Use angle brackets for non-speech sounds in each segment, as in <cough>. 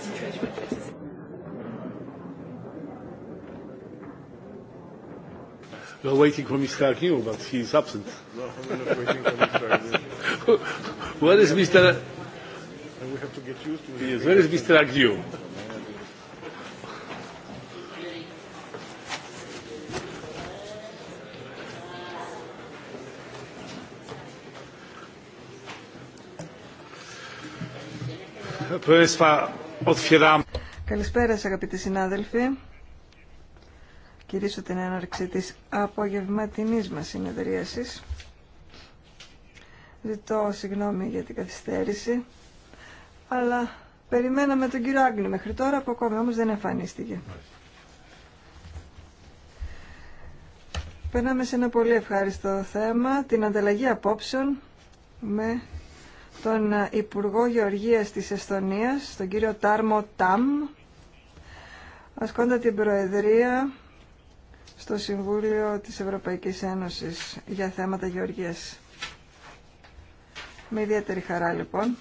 situation waiting for Mr. Agnew, but he's absent. is Mr. yes, Where is Mr. Agnew? Καλησπέρα σας αγαπητοί συνάδελφοι. Κυρίσω την έναρξη της απογευματινής μας συνεδρίασης. Ζητώ συγγνώμη για την καθυστέρηση, αλλά περιμέναμε τον κύριο Άγγλη μέχρι τώρα που ακόμη όμως δεν εμφανίστηκε. Περνάμε σε ένα πολύ ευχάριστο θέμα, την ανταλλαγή απόψεων με τον Υπουργό Γεωργίας της Εστονίας, τον κύριο Τάρμο Τάμ, ασκώντα την Προεδρία στο Συμβούλιο της Ευρωπαϊκής Ένωσης για θέματα γεωργίας. Με ιδιαίτερη χαρά λοιπόν,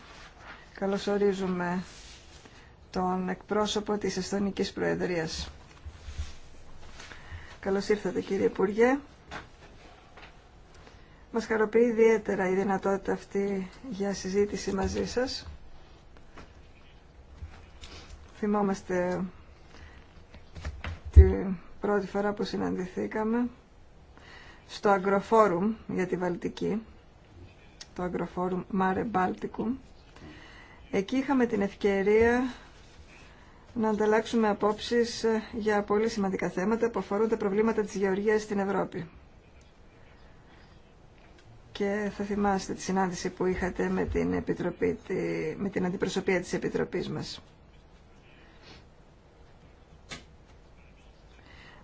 καλωσορίζουμε τον εκπρόσωπο της Εστονικής Προεδρίας. Καλώς ήρθατε κύριε Υπουργέ. Μας χαροποιεί ιδιαίτερα η δυνατότητα αυτή για συζήτηση μαζί σας. Θυμόμαστε την πρώτη φορά που συναντηθήκαμε στο Αγκροφόρουμ για τη Βαλτική, το Αγκροφόρουμ Mare Balticum. Εκεί είχαμε την ευκαιρία να ανταλλάξουμε απόψεις για πολύ σημαντικά θέματα που αφορούν τα προβλήματα της γεωργίας στην Ευρώπη και θα θυμάστε τη συνάντηση που είχατε με την, Επιτροπή, με την αντιπροσωπεία της Επιτροπής μας.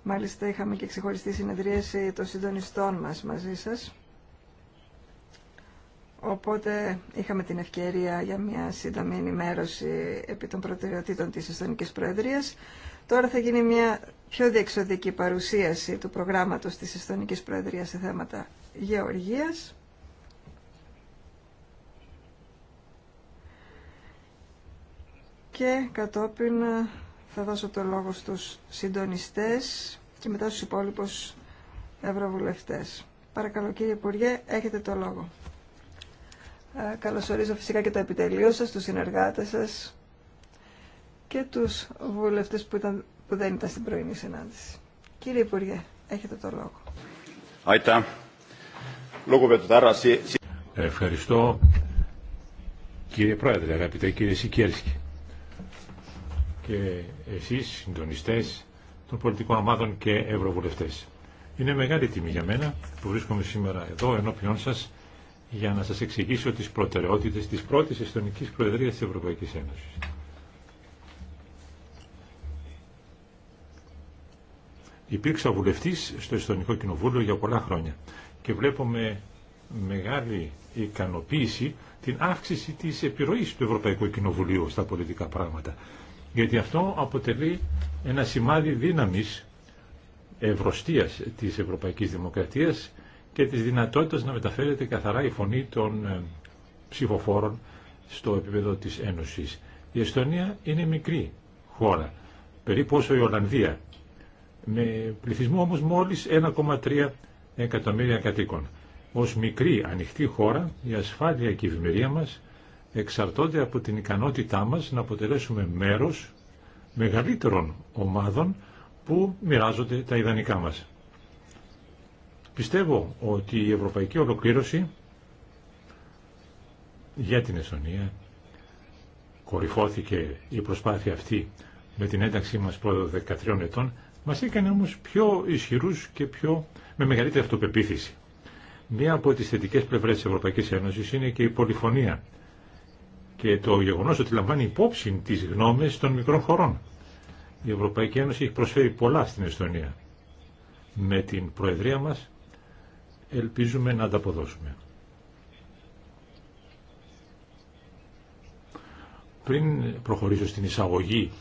Μάλιστα είχαμε και ξεχωριστή συνεδρίαση των συντονιστών μας μαζί σας. Οπότε είχαμε την ευκαιρία για μια σύντομη ενημέρωση επί των προτεραιοτήτων της Εστονικής Προεδρίας. Τώρα θα γίνει μια πιο διεξοδική παρουσίαση του προγράμματος της Εστονικής Προεδρίας σε θέματα γεωργίας. και κατόπιν ε, θα δώσω το λόγο στους συντονιστές και μετά στους υπόλοιπους ευρωβουλευτές. Παρακαλώ κύριε Υπουργέ, έχετε το λόγο. Ε, καλωσορίζω φυσικά και το επιτελείο σας, τους συνεργάτες σας και τους βουλευτές που, ήταν, που δεν ήταν στην πρωινή συνάντηση. Κύριε Υπουργέ, έχετε το λόγο. Ευχαριστώ κύριε Πρόεδρε, αγαπητέ κύριε Σικέρσκη και εσείς συντονιστές των πολιτικών ομάδων και ευρωβουλευτές. Είναι μεγάλη τιμή για μένα που βρίσκομαι σήμερα εδώ ενώπιόν σας για να σας εξηγήσω τις προτεραιότητες της πρώτης εστονικής προεδρίας της Ευρωπαϊκής Ένωσης. Υπήρξα βουλευτής στο Εστονικό Κοινοβούλιο για πολλά χρόνια και βλέπω με μεγάλη ικανοποίηση την αύξηση της επιρροής του Ευρωπαϊκού Κοινοβουλίου στα πολιτικά πράγματα γιατί αυτό αποτελεί ένα σημάδι δύναμης ευρωστίας της ευρωπαϊκής δημοκρατίας και της δυνατότητας να μεταφέρεται καθαρά η φωνή των ε, ψηφοφόρων στο επίπεδο της Ένωσης. Η Εστονία είναι μικρή χώρα, περίπου όσο η Ολλανδία, με πληθυσμό όμως μόλις 1,3 εκατομμύρια κατοίκων. Ως μικρή ανοιχτή χώρα η ασφάλεια και η ευημερία μας εξαρτώνται από την ικανότητά μας να αποτελέσουμε μέρος μεγαλύτερων ομάδων που μοιράζονται τα ιδανικά μας. Πιστεύω ότι η ευρωπαϊκή ολοκλήρωση για την Εσονία κορυφώθηκε η προσπάθεια αυτή με την ένταξή μας πρώτα 13 ετών, μας έκανε όμως πιο ισχυρούς και πιο, με μεγαλύτερη αυτοπεποίθηση. Μία από τις θετικές πλευρές της Ευρωπαϊκής Ένωσης είναι και η πολυφωνία και το γεγονός ότι λαμβάνει υπόψη τις γνώμες των μικρών χωρών. Η Ευρωπαϊκή Ένωση έχει προσφέρει πολλά στην Εστονία. Με την Προεδρία μας ελπίζουμε να ανταποδώσουμε. Πριν προχωρήσω στην εισαγωγή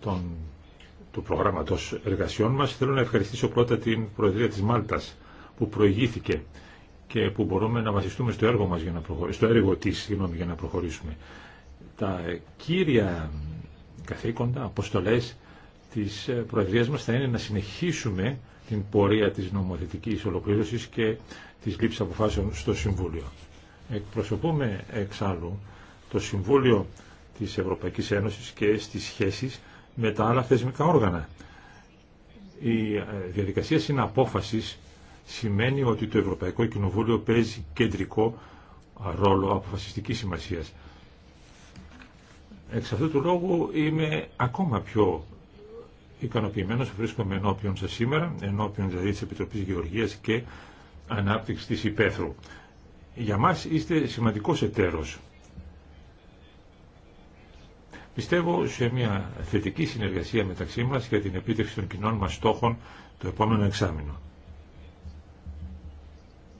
των, του προγράμματος εργασιών μας, θέλω να ευχαριστήσω πρώτα την Προεδρία της Μάλτας που προηγήθηκε και που μπορούμε να βασιστούμε στο έργο μας για να προχωρήσουμε, στο έργο της, συγγνώμη, για να προχωρήσουμε. Τα κύρια καθήκοντα, αποστολές της ε, Προεδρίας μας θα είναι να συνεχίσουμε την πορεία της νομοθετικής ολοκλήρωσης και της λήψης αποφάσεων στο Συμβούλιο. Εκπροσωπούμε εξάλλου το Συμβούλιο της Ευρωπαϊκής Ένωσης και στις σχέσεις με τα άλλα θεσμικά όργανα. Η ε, διαδικασία συναπόφασης σημαίνει ότι το Ευρωπαϊκό Κοινοβούλιο παίζει κεντρικό ρόλο αποφασιστικής σημασίας. Εξ αυτού του λόγου είμαι ακόμα πιο ικανοποιημένος που βρίσκομαι ενώπιον σας σήμερα, ενώπιον δηλαδή της Επιτροπής Γεωργίας και Ανάπτυξης της Υπέθρου. Για μας είστε σημαντικός εταίρος. Πιστεύω σε μια θετική συνεργασία μεταξύ μας για την επίτευξη των κοινών μας στόχων το επόμενο εξάμεινο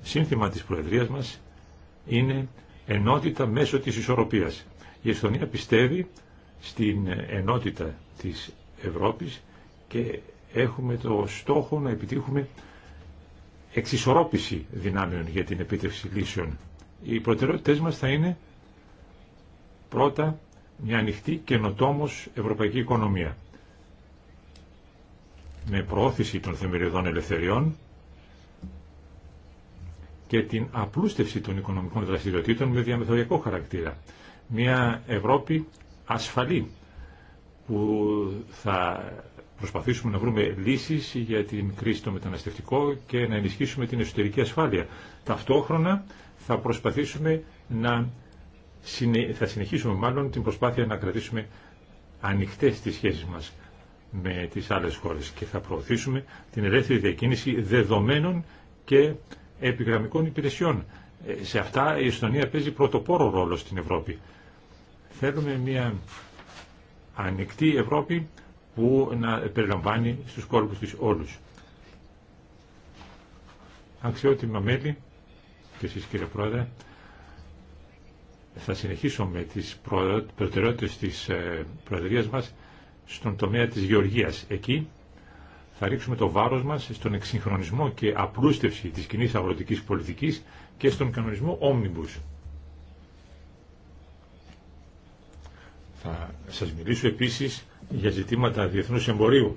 σύνθημα της Προεδρίας μας είναι ενότητα μέσω της ισορροπίας. Η Εστονία πιστεύει στην ενότητα της Ευρώπης και έχουμε το στόχο να επιτύχουμε εξισορρόπηση δυνάμεων για την επίτευξη λύσεων. Οι προτεραιότητες μας θα είναι πρώτα μια ανοιχτή καινοτόμως ευρωπαϊκή οικονομία με προώθηση των θεμελιωδών ελευθεριών και την απλούστευση των οικονομικών δραστηριοτήτων με διαμεθοριακό χαρακτήρα. Μια Ευρώπη ασφαλή που θα προσπαθήσουμε να βρούμε λύσεις για την κρίση το μεταναστευτικό και να ενισχύσουμε την εσωτερική ασφάλεια. Ταυτόχρονα θα προσπαθήσουμε να θα συνεχίσουμε μάλλον την προσπάθεια να κρατήσουμε ανοιχτές τις σχέσεις μας με τις άλλες χώρες και θα προωθήσουμε την ελεύθερη διακίνηση δεδομένων και επιγραμμικών υπηρεσιών. Ε, σε αυτά η Ιστονία παίζει πρωτοπόρο ρόλο στην Ευρώπη. Θέλουμε μια ανοιχτή Ευρώπη που να περιλαμβάνει στους κόλπους της όλους. Αξιότιμα μέλη και εσείς κύριε Πρόεδρε, θα συνεχίσω με τις προτεραιότητες της ε, Προεδρίας μας στον τομέα της γεωργίας. Εκεί θα ρίξουμε το βάρος μας στον εξυγχρονισμό και απλούστευση της κοινή αγροτική πολιτικής και στον κανονισμό Omnibus. Θα σας μιλήσω επίσης για ζητήματα διεθνούς εμπορίου.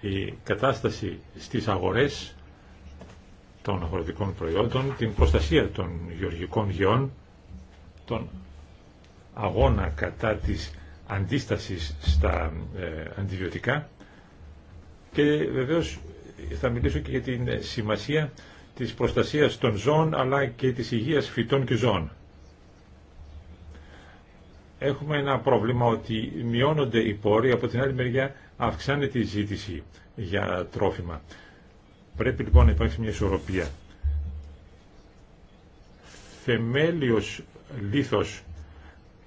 Η κατάσταση στις αγορές των αγροτικών προϊόντων, την προστασία των γεωργικών γεών, τον αγώνα κατά της αντίστασης στα ε, αντιβιωτικά και βεβαίω θα μιλήσω και για την σημασία της προστασία των ζώων αλλά και της υγεία φυτών και ζώων. Έχουμε ένα πρόβλημα ότι μειώνονται οι πόροι, από την άλλη μεριά αυξάνεται η ζήτηση για τρόφιμα. Πρέπει λοιπόν να υπάρξει μια ισορροπία. Θεμέλιος λίθος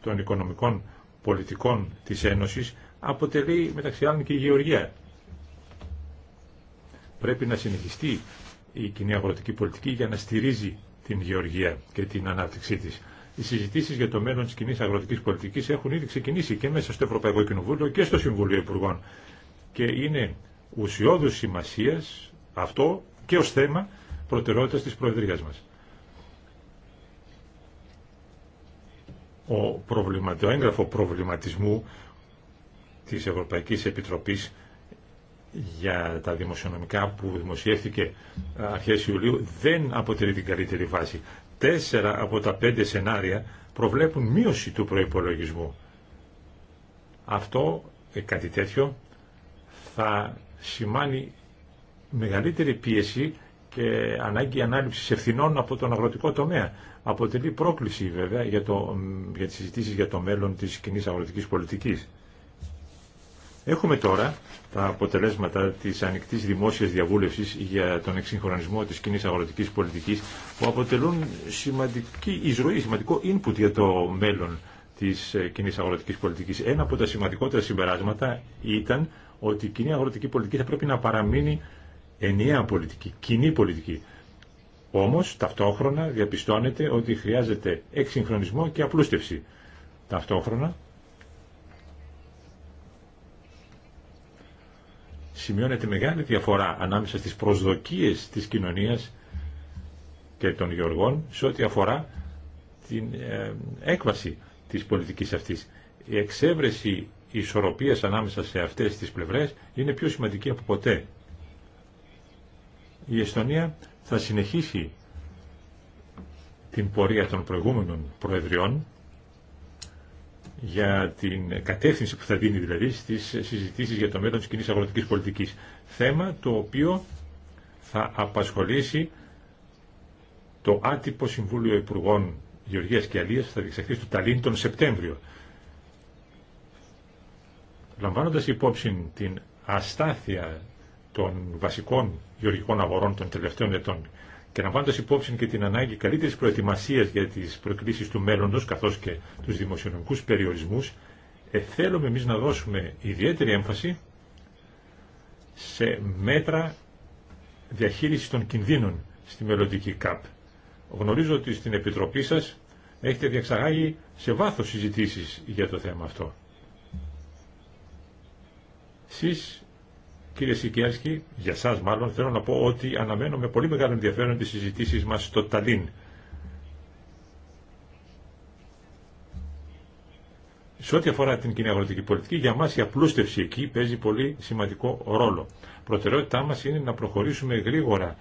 των οικονομικών πολιτικών της Ένωσης αποτελεί μεταξύ άλλων και η γεωργία. Πρέπει να συνεχιστεί η κοινή αγροτική πολιτική για να στηρίζει την γεωργία και την ανάπτυξή της. Οι συζητήσει για το μέλλον τη κοινή αγροτική πολιτική έχουν ήδη ξεκινήσει και μέσα στο Ευρωπαϊκό Κοινοβούλιο και στο Συμβούλιο Υπουργών. Και είναι ουσιώδου σημασία αυτό και ω θέμα προτεραιότητα τη Προεδρία μα. Ο Το έγγραφο προβληματισμού της Ευρωπαϊκής Επιτροπής για τα δημοσιονομικά που δημοσιεύθηκε ε, αρχές Ιουλίου δεν αποτελεί την καλύτερη βάση. Τέσσερα από τα πέντε σενάρια προβλέπουν μείωση του προϋπολογισμού. Αυτό, ε, κάτι τέτοιο, θα σημάνει μεγαλύτερη πίεση και ανάγκη ανάληψης ευθυνών από τον αγροτικό τομέα. Αποτελεί πρόκληση βέβαια για, το, για τις συζητήσεις για το μέλλον της κοινή αγροτικής πολιτικής. Έχουμε τώρα τα αποτελέσματα της ανοιχτής δημόσιας διαβούλευσης για τον εξυγχρονισμό της κοινή αγροτικής πολιτικής που αποτελούν σημαντική εισρωή, σημαντικό input για το μέλλον της ε, κοινή αγροτικής πολιτικής. Ένα από τα σημαντικότερα συμπεράσματα ήταν ότι η κοινή αγροτική πολιτική θα πρέπει να παραμείνει ενιαία πολιτική, κοινή πολιτική. Όμως ταυτόχρονα διαπιστώνεται ότι χρειάζεται εξυγχρονισμό και απλούστευση. Ταυτόχρονα σημειώνεται μεγάλη διαφορά ανάμεσα στις προσδοκίες της κοινωνίας και των γεωργών σε ό,τι αφορά την ε, έκβαση της πολιτικής αυτής. Η εξέβρεση ισορροπίας ανάμεσα σε αυτές τις πλευρές είναι πιο σημαντική από ποτέ. Η Εστονία θα συνεχίσει την πορεία των προηγούμενων προεδριών για την κατεύθυνση που θα δίνει δηλαδή στις συζητήσεις για το μέλλον της κοινή αγροτικής πολιτικής. Θέμα το οποίο θα απασχολήσει το άτυπο Συμβούλιο Υπουργών Γεωργίας και Αλίας θα διεξαχθεί στο Ταλίν τον Σεπτέμβριο. Λαμβάνοντας υπόψη την αστάθεια των βασικών γεωργικών αγορών των τελευταίων ετών και λαμβάνοντα υπόψη και την ανάγκη καλύτερη προετοιμασία για τι προκλήσει του μέλλοντο καθώ και του δημοσιονομικού περιορισμού, ε, θέλουμε εμεί να δώσουμε ιδιαίτερη έμφαση σε μέτρα διαχείριση των κινδύνων στη μελλοντική ΚΑΠ. Γνωρίζω ότι στην Επιτροπή σα έχετε διαξαγάγει σε βάθο συζητήσει για το θέμα αυτό. Κύριε Σικιάσκη, για σας μάλλον θέλω να πω ότι αναμένω με πολύ μεγάλο ενδιαφέρον τι συζητήσεις μας στο Ταλίν. Σε ό,τι αφορά την κοινή αγροτική πολιτική, για μα η απλούστευση εκεί παίζει πολύ σημαντικό ρόλο. Προτεραιότητά μα είναι να προχωρήσουμε γρήγορα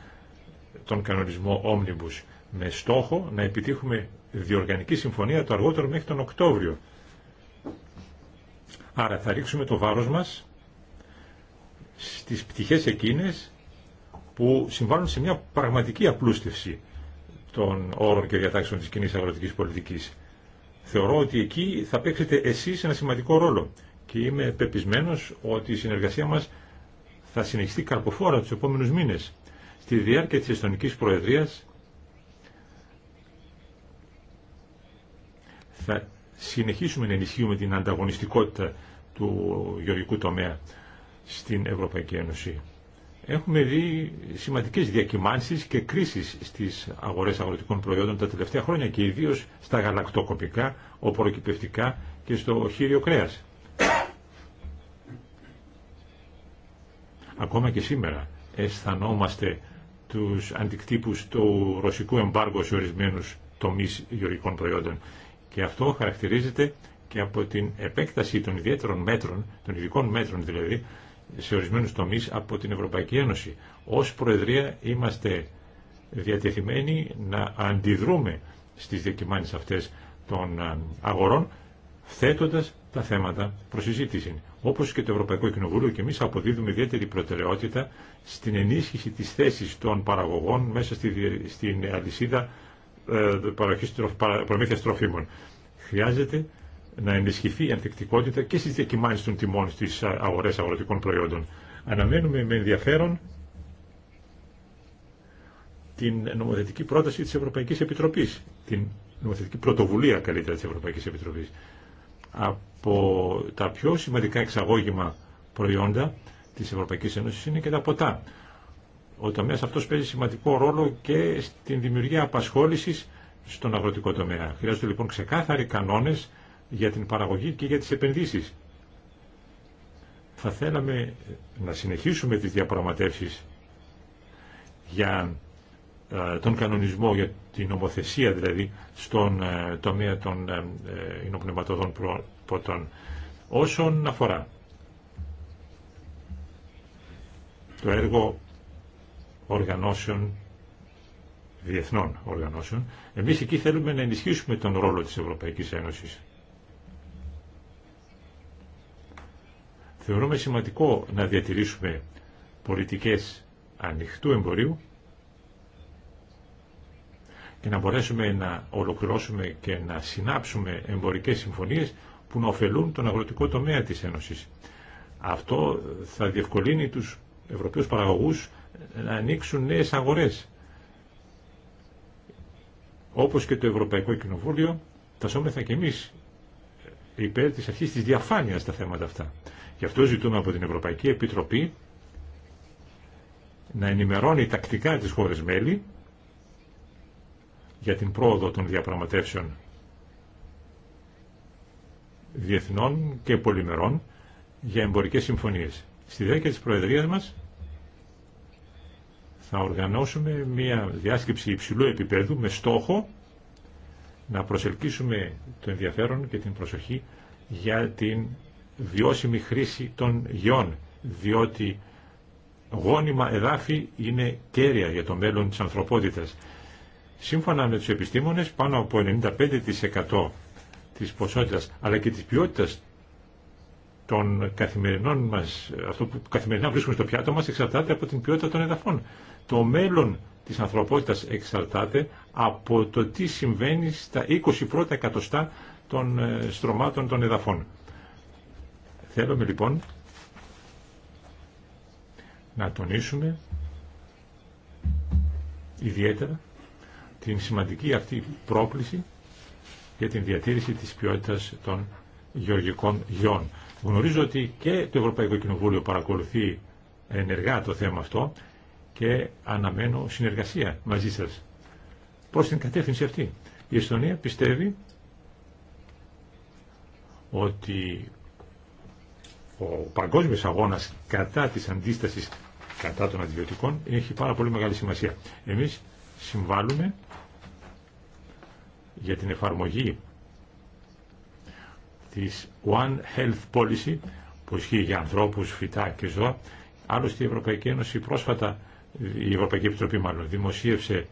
τον κανονισμό Omnibus με στόχο να επιτύχουμε διοργανική συμφωνία το αργότερο μέχρι τον Οκτώβριο. Άρα θα ρίξουμε το βάρος μας στις πτυχές εκείνες που συμβάλλουν σε μια πραγματική απλούστευση των όρων και διατάξεων της κοινή αγροτικής πολιτικής. Θεωρώ ότι εκεί θα παίξετε εσείς ένα σημαντικό ρόλο και είμαι πεπισμένος ότι η συνεργασία μας θα συνεχιστεί καρποφόρα τους επόμενους μήνες. Στη διάρκεια της Εστονικής Προεδρίας θα συνεχίσουμε να ενισχύουμε την ανταγωνιστικότητα του γεωργικού τομέα στην Ευρωπαϊκή Ένωση. Έχουμε δει σημαντικές διακυμάνσεις και κρίσεις στις αγορές αγροτικών προϊόντων τα τελευταία χρόνια και ιδίως στα γαλακτοκοπικά, οποροκυπευτικά και στο χείριο κρέας. Ακόμα και σήμερα αισθανόμαστε τους αντικτύπους του ρωσικού εμπάργου σε ορισμένους τομείς γεωργικών προϊόντων. Και αυτό χαρακτηρίζεται και από την επέκταση των ιδιαίτερων μέτρων, των ειδικών μέτρων δηλαδή, σε ορισμένους τομείς από την Ευρωπαϊκή Ένωση. Ως Προεδρία είμαστε διατεθειμένοι να αντιδρούμε στις διακυμάνεις αυτές των ε, αγορών θέτοντας τα θέματα προς συζήτηση. Όπως και το Ευρωπαϊκό Κοινοβούλιο και εμείς αποδίδουμε ιδιαίτερη προτεραιότητα στην ενίσχυση της θέσης των παραγωγών μέσα στη, στην αλυσίδα ε, παροχής προμήθειας τροφίμων. Χρειάζεται να ενισχυθεί η ανθεκτικότητα και στις διακυμάνσεις των τιμών στις αγορές αγροτικών προϊόντων. Αναμένουμε με ενδιαφέρον την νομοθετική πρόταση της Ευρωπαϊκής Επιτροπής, την νομοθετική πρωτοβουλία καλύτερα της Ευρωπαϊκής Επιτροπής. Από τα πιο σημαντικά εξαγώγημα προϊόντα της Ευρωπαϊκής Ένωσης είναι και τα ποτά. Ο τομέας αυτός παίζει σημαντικό ρόλο και στην δημιουργία απασχόλησης στον αγροτικό τομέα. Χρειάζονται λοιπόν ξεκάθαροι κανόνες για την παραγωγή και για τις επενδύσεις. Θα θέλαμε να συνεχίσουμε τις διαπραγματεύσεις για ε, τον κανονισμό, για την νομοθεσία δηλαδή, στον ε, τομέα των υνοπνευματοδών ε, ποτών. Όσον αφορά το έργο οργανώσεων διεθνών οργανώσεων, εμείς εκεί θέλουμε να ενισχύσουμε τον ρόλο της Ευρωπαϊκής Ένωσης. Θεωρούμε σημαντικό να διατηρήσουμε πολιτικές ανοιχτού εμπορίου και να μπορέσουμε να ολοκληρώσουμε και να συνάψουμε εμπορικές συμφωνίες που να ωφελούν τον αγροτικό τομέα της Ένωσης. Αυτό θα διευκολύνει τους Ευρωπαίους παραγωγούς να ανοίξουν νέες αγορές. Όπως και το Ευρωπαϊκό Κοινοβούλιο, σώμεθα και εμείς υπέρ της αρχής της διαφάνειας στα θέματα αυτά. Γι' αυτό ζητούμε από την Ευρωπαϊκή Επιτροπή να ενημερώνει τακτικά τις χώρες μέλη για την πρόοδο των διαπραγματεύσεων διεθνών και πολυμερών για εμπορικές συμφωνίες. Στη διάρκεια της Προεδρίας μας θα οργανώσουμε μια διάσκεψη υψηλού επίπεδου με στόχο να προσελκύσουμε το ενδιαφέρον και την προσοχή για την βιώσιμη χρήση των γεών, διότι γόνιμα εδάφη είναι κέρια για το μέλλον της ανθρωπότητας. Σύμφωνα με τους επιστήμονες, πάνω από 95% της ποσότητας αλλά και της ποιότητας των καθημερινών μας, αυτό που καθημερινά βρίσκουμε στο πιάτο μας εξαρτάται από την ποιότητα των εδαφών. Το μέλλον της ανθρωπότητας εξαρτάται από το τι συμβαίνει στα 20 πρώτα εκατοστά των ε, στρωμάτων των εδαφών. Θέλουμε λοιπόν να τονίσουμε ιδιαίτερα την σημαντική αυτή πρόκληση για την διατήρηση της ποιότητας των γεωργικών γεών. Γνωρίζω ότι και το Ευρωπαϊκό Κοινοβούλιο παρακολουθεί ενεργά το θέμα αυτό και αναμένω συνεργασία μαζί σας προς την κατεύθυνση αυτή. Η Εστονία πιστεύει ότι ο παγκόσμιος αγώνας κατά της αντίστασης κατά των αντιβιωτικών έχει πάρα πολύ μεγάλη σημασία. Εμείς συμβάλλουμε για την εφαρμογή της One Health Policy που ισχύει για ανθρώπους, φυτά και ζώα. Άλλωστε η Ευρωπαϊκή Ένωση πρόσφατα η Ευρωπαϊκή Επιτροπή μάλλον δημοσίευσε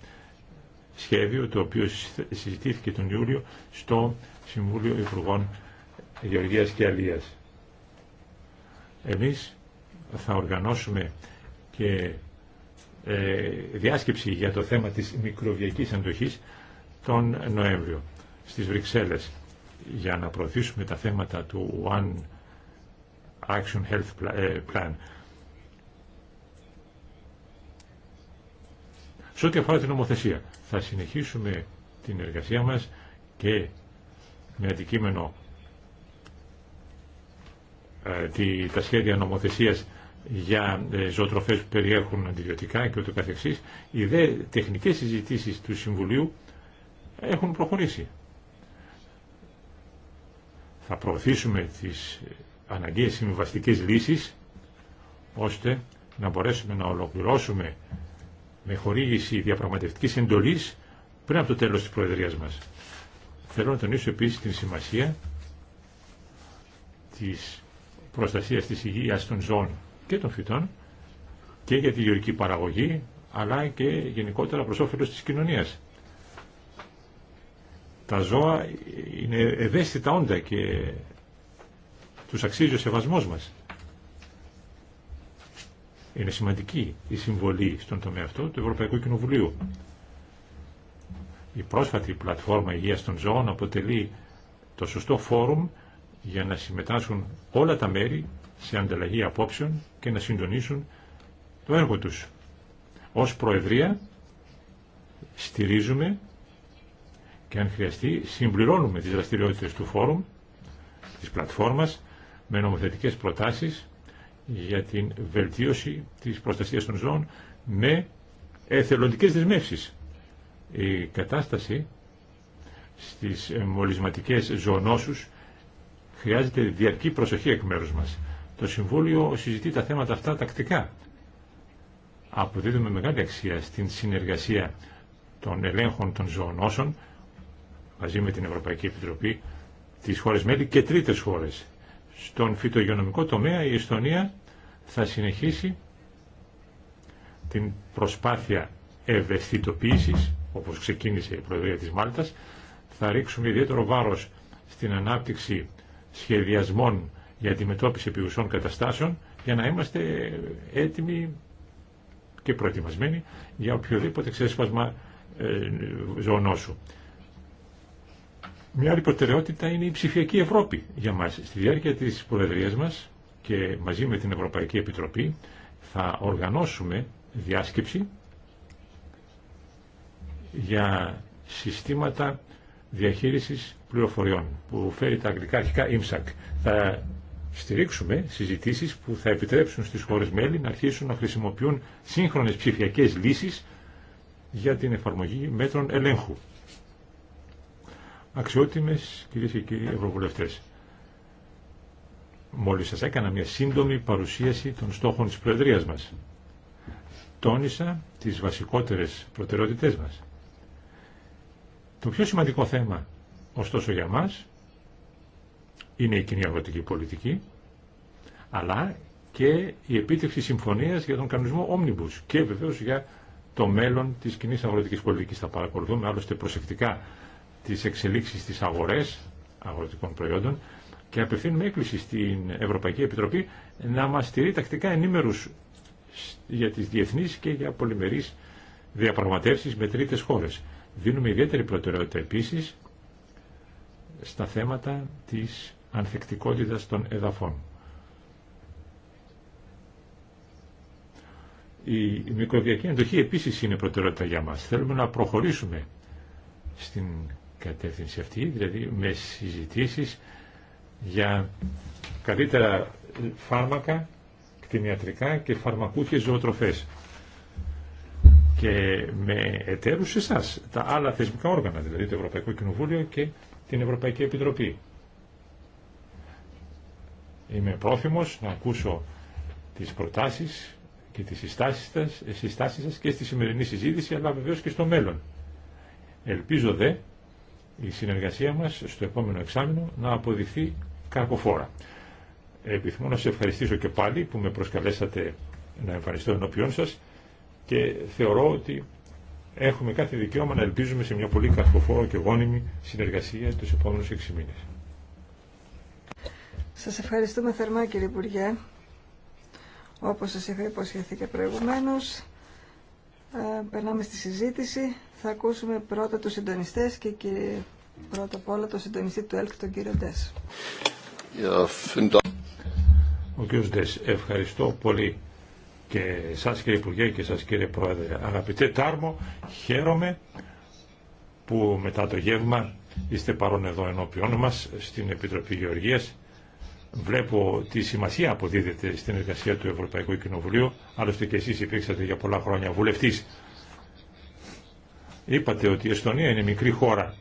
σχέδιο το οποίο συζητήθηκε τον Ιούλιο στο Συμβούλιο Υπουργών Γεωργίας και Αλίας. Εμείς θα οργανώσουμε και ε, διάσκεψη για το θέμα της μικροβιακής αντοχής τον Νοέμβριο στις Βρυξέλλες για να προωθήσουμε τα θέματα του One Action Health ε, Plan Σε ό,τι αφορά την νομοθεσία, θα συνεχίσουμε την εργασία μας και με αντικείμενο ε, τα σχέδια νομοθεσίας για ε, ζωοτροφές που περιέχουν αντιβιωτικά και ούτω καθεξής, οι δε τεχνικές συζητήσεις του Συμβουλίου έχουν προχωρήσει. Θα προωθήσουμε τις αναγκαίες συμβιβαστικές λύσεις, ώστε να μπορέσουμε να ολοκληρώσουμε με χορήγηση διαπραγματευτική εντολή πριν από το τέλος της Προεδρίας μας. Θέλω να τονίσω επίσης την σημασία της προστασία της υγεία των ζώων και των φυτών και για τη γεωρική παραγωγή αλλά και γενικότερα προ όφελο της κοινωνία. Τα ζώα είναι ευαίσθητα όντα και τους αξίζει ο σεβασμός μας. Είναι σημαντική η συμβολή στον τομέα αυτό του Ευρωπαϊκού Κοινοβουλίου. Η πρόσφατη πλατφόρμα υγεία των ζώων αποτελεί το σωστό φόρουμ για να συμμετάσχουν όλα τα μέρη σε ανταλλαγή απόψεων και να συντονίσουν το έργο τους. Ως Προεδρία στηρίζουμε και αν χρειαστεί συμπληρώνουμε τις δραστηριότητες του φόρουμ, της πλατφόρμας, με νομοθετικές προτάσεις για την βελτίωση της προστασίας των ζώων με εθελοντικές δεσμεύσεις. Η κατάσταση στις μολυσματικές ζωονόσους χρειάζεται διαρκή προσοχή εκ μέρους μας. Το Συμβούλιο συζητεί τα θέματα αυτά τακτικά. Αποδίδουμε μεγάλη αξία στην συνεργασία των ελέγχων των ζωονόσων μαζί με την Ευρωπαϊκή Επιτροπή, τις χώρες μέλη και τρίτες χώρες. Στον φυτογειονομικό τομέα η Εστονία θα συνεχίσει την προσπάθεια ευαισθητοποίησης, όπως ξεκίνησε η Προεδρία της Μάλτας, θα ρίξουμε ιδιαίτερο βάρος στην ανάπτυξη σχεδιασμών για αντιμετώπιση επιουσών καταστάσεων, για να είμαστε έτοιμοι και προετοιμασμένοι για οποιοδήποτε ξέσπασμα ε, ζωονόσου. Μια άλλη προτεραιότητα είναι η ψηφιακή Ευρώπη για μας. Στη διάρκεια της Προεδρίας μας και μαζί με την Ευρωπαϊκή Επιτροπή θα οργανώσουμε διάσκεψη για συστήματα διαχείρισης πληροφοριών που φέρει τα αγγλικά αρχικά IMSAC. Θα στηρίξουμε συζητήσεις που θα επιτρέψουν στις χώρες μέλη να αρχίσουν να χρησιμοποιούν σύγχρονες ψηφιακές λύσεις για την εφαρμογή μέτρων ελέγχου. Αξιότιμες κυρίες και κύριοι ευρωβουλευτές, μόλις σας έκανα μια σύντομη παρουσίαση των στόχων της Προεδρίας μας. Τόνισα τις βασικότερες προτεραιότητές μας. Το πιο σημαντικό θέμα, ωστόσο για μας, είναι η κοινή αγροτική πολιτική, αλλά και η επίτευξη συμφωνίας για τον κανονισμό Omnibus και βεβαίως για το μέλλον της κοινή αγροτικής πολιτικής. Θα παρακολουθούμε άλλωστε προσεκτικά τι εξελίξεις στις αγορές αγροτικών προϊόντων και απευθύνουμε έκκληση στην Ευρωπαϊκή Επιτροπή να μας στηρεί τακτικά ενήμερους για τις διεθνείς και για πολυμερείς διαπραγματεύσεις με τρίτες χώρες. Δίνουμε ιδιαίτερη προτεραιότητα επίσης στα θέματα της ανθεκτικότητας των εδαφών. Η μικροβιακή αντοχή επίσης είναι προτεραιότητα για μας. Θέλουμε να προχωρήσουμε στην κατεύθυνση αυτή, δηλαδή με συζητήσει για καλύτερα φάρμακα, κτηνιατρικά και φαρμακούχες ζωοτροφές. Και με εταίρους εσά, τα άλλα θεσμικά όργανα, δηλαδή το Ευρωπαϊκό Κοινοβούλιο και την Ευρωπαϊκή Επιτροπή. Είμαι πρόθυμος να ακούσω τις προτάσεις και τις συστάσεις σας, συστάσεις και στη σημερινή συζήτηση, αλλά βεβαίως και στο μέλλον. Ελπίζω δε η συνεργασία μας στο επόμενο εξάμεινο να αποδειχθεί κακοφόρα. Επιθυμώ να σε ευχαριστήσω και πάλι που με προσκαλέσατε να εμφανιστώ ενώπιόν σας και θεωρώ ότι έχουμε κάθε δικαίωμα να ελπίζουμε σε μια πολύ κακοφόρο και γόνιμη συνεργασία τους επόμενους έξι μήνες. Σας ευχαριστούμε θερμά κύριε Υπουργέ. Όπως σας είχα υποσχεθεί και προηγουμένως, ε, περνάμε στη συζήτηση. Θα ακούσουμε πρώτα τους συντονιστές και και πρώτα απ' όλα τον συντονιστή του ΕΛΚ, τον κύριο Ντες. Ο κύριος Ντες, ευχαριστώ πολύ και σας κύριε Υπουργέ και σας κύριε Πρόεδρε. Αγαπητέ Τάρμο, χαίρομαι που μετά το γεύμα είστε παρόν εδώ ενώπιόν μας στην Επιτροπή Γεωργίας Βλέπω τη σημασία αποδίδεται στην εργασία του Ευρωπαϊκού Κοινοβουλίου, άλλωστε και εσείς υπήρξατε για πολλά χρόνια βουλευτής. Είπατε ότι η Εστονία είναι μικρή χώρα.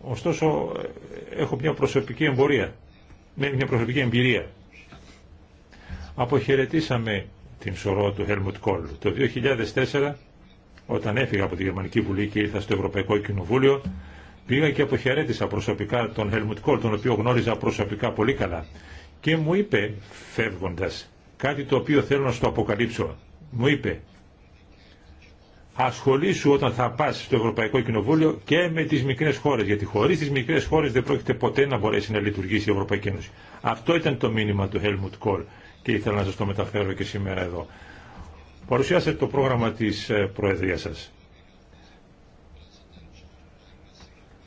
Ωστόσο, έχω μια προσωπική εμπορία, μια προσωπική εμπειρία. Αποχαιρετήσαμε την σωρό του Helmut Kohl. Το 2004, όταν έφυγα από τη Γερμανική Βουλή και ήρθα στο Ευρωπαϊκό Κοινοβούλιο, Πήγα και αποχαιρέτησα προσωπικά τον Helmut Kohl, τον οποίο γνώριζα προσωπικά πολύ καλά. Και μου είπε, φεύγοντα, κάτι το οποίο θέλω να σου το αποκαλύψω. Μου είπε, ασχολήσου όταν θα πά στο Ευρωπαϊκό Κοινοβούλιο και με τι μικρέ χώρε, γιατί χωρί τι μικρέ χώρε δεν πρόκειται ποτέ να μπορέσει να λειτουργήσει η Ευρωπαϊκή Ένωση. Αυτό ήταν το μήνυμα του Helmut Kohl και ήθελα να σα το μεταφέρω και σήμερα εδώ. Παρουσιάσετε το πρόγραμμα της ε, Προεδρίας σας.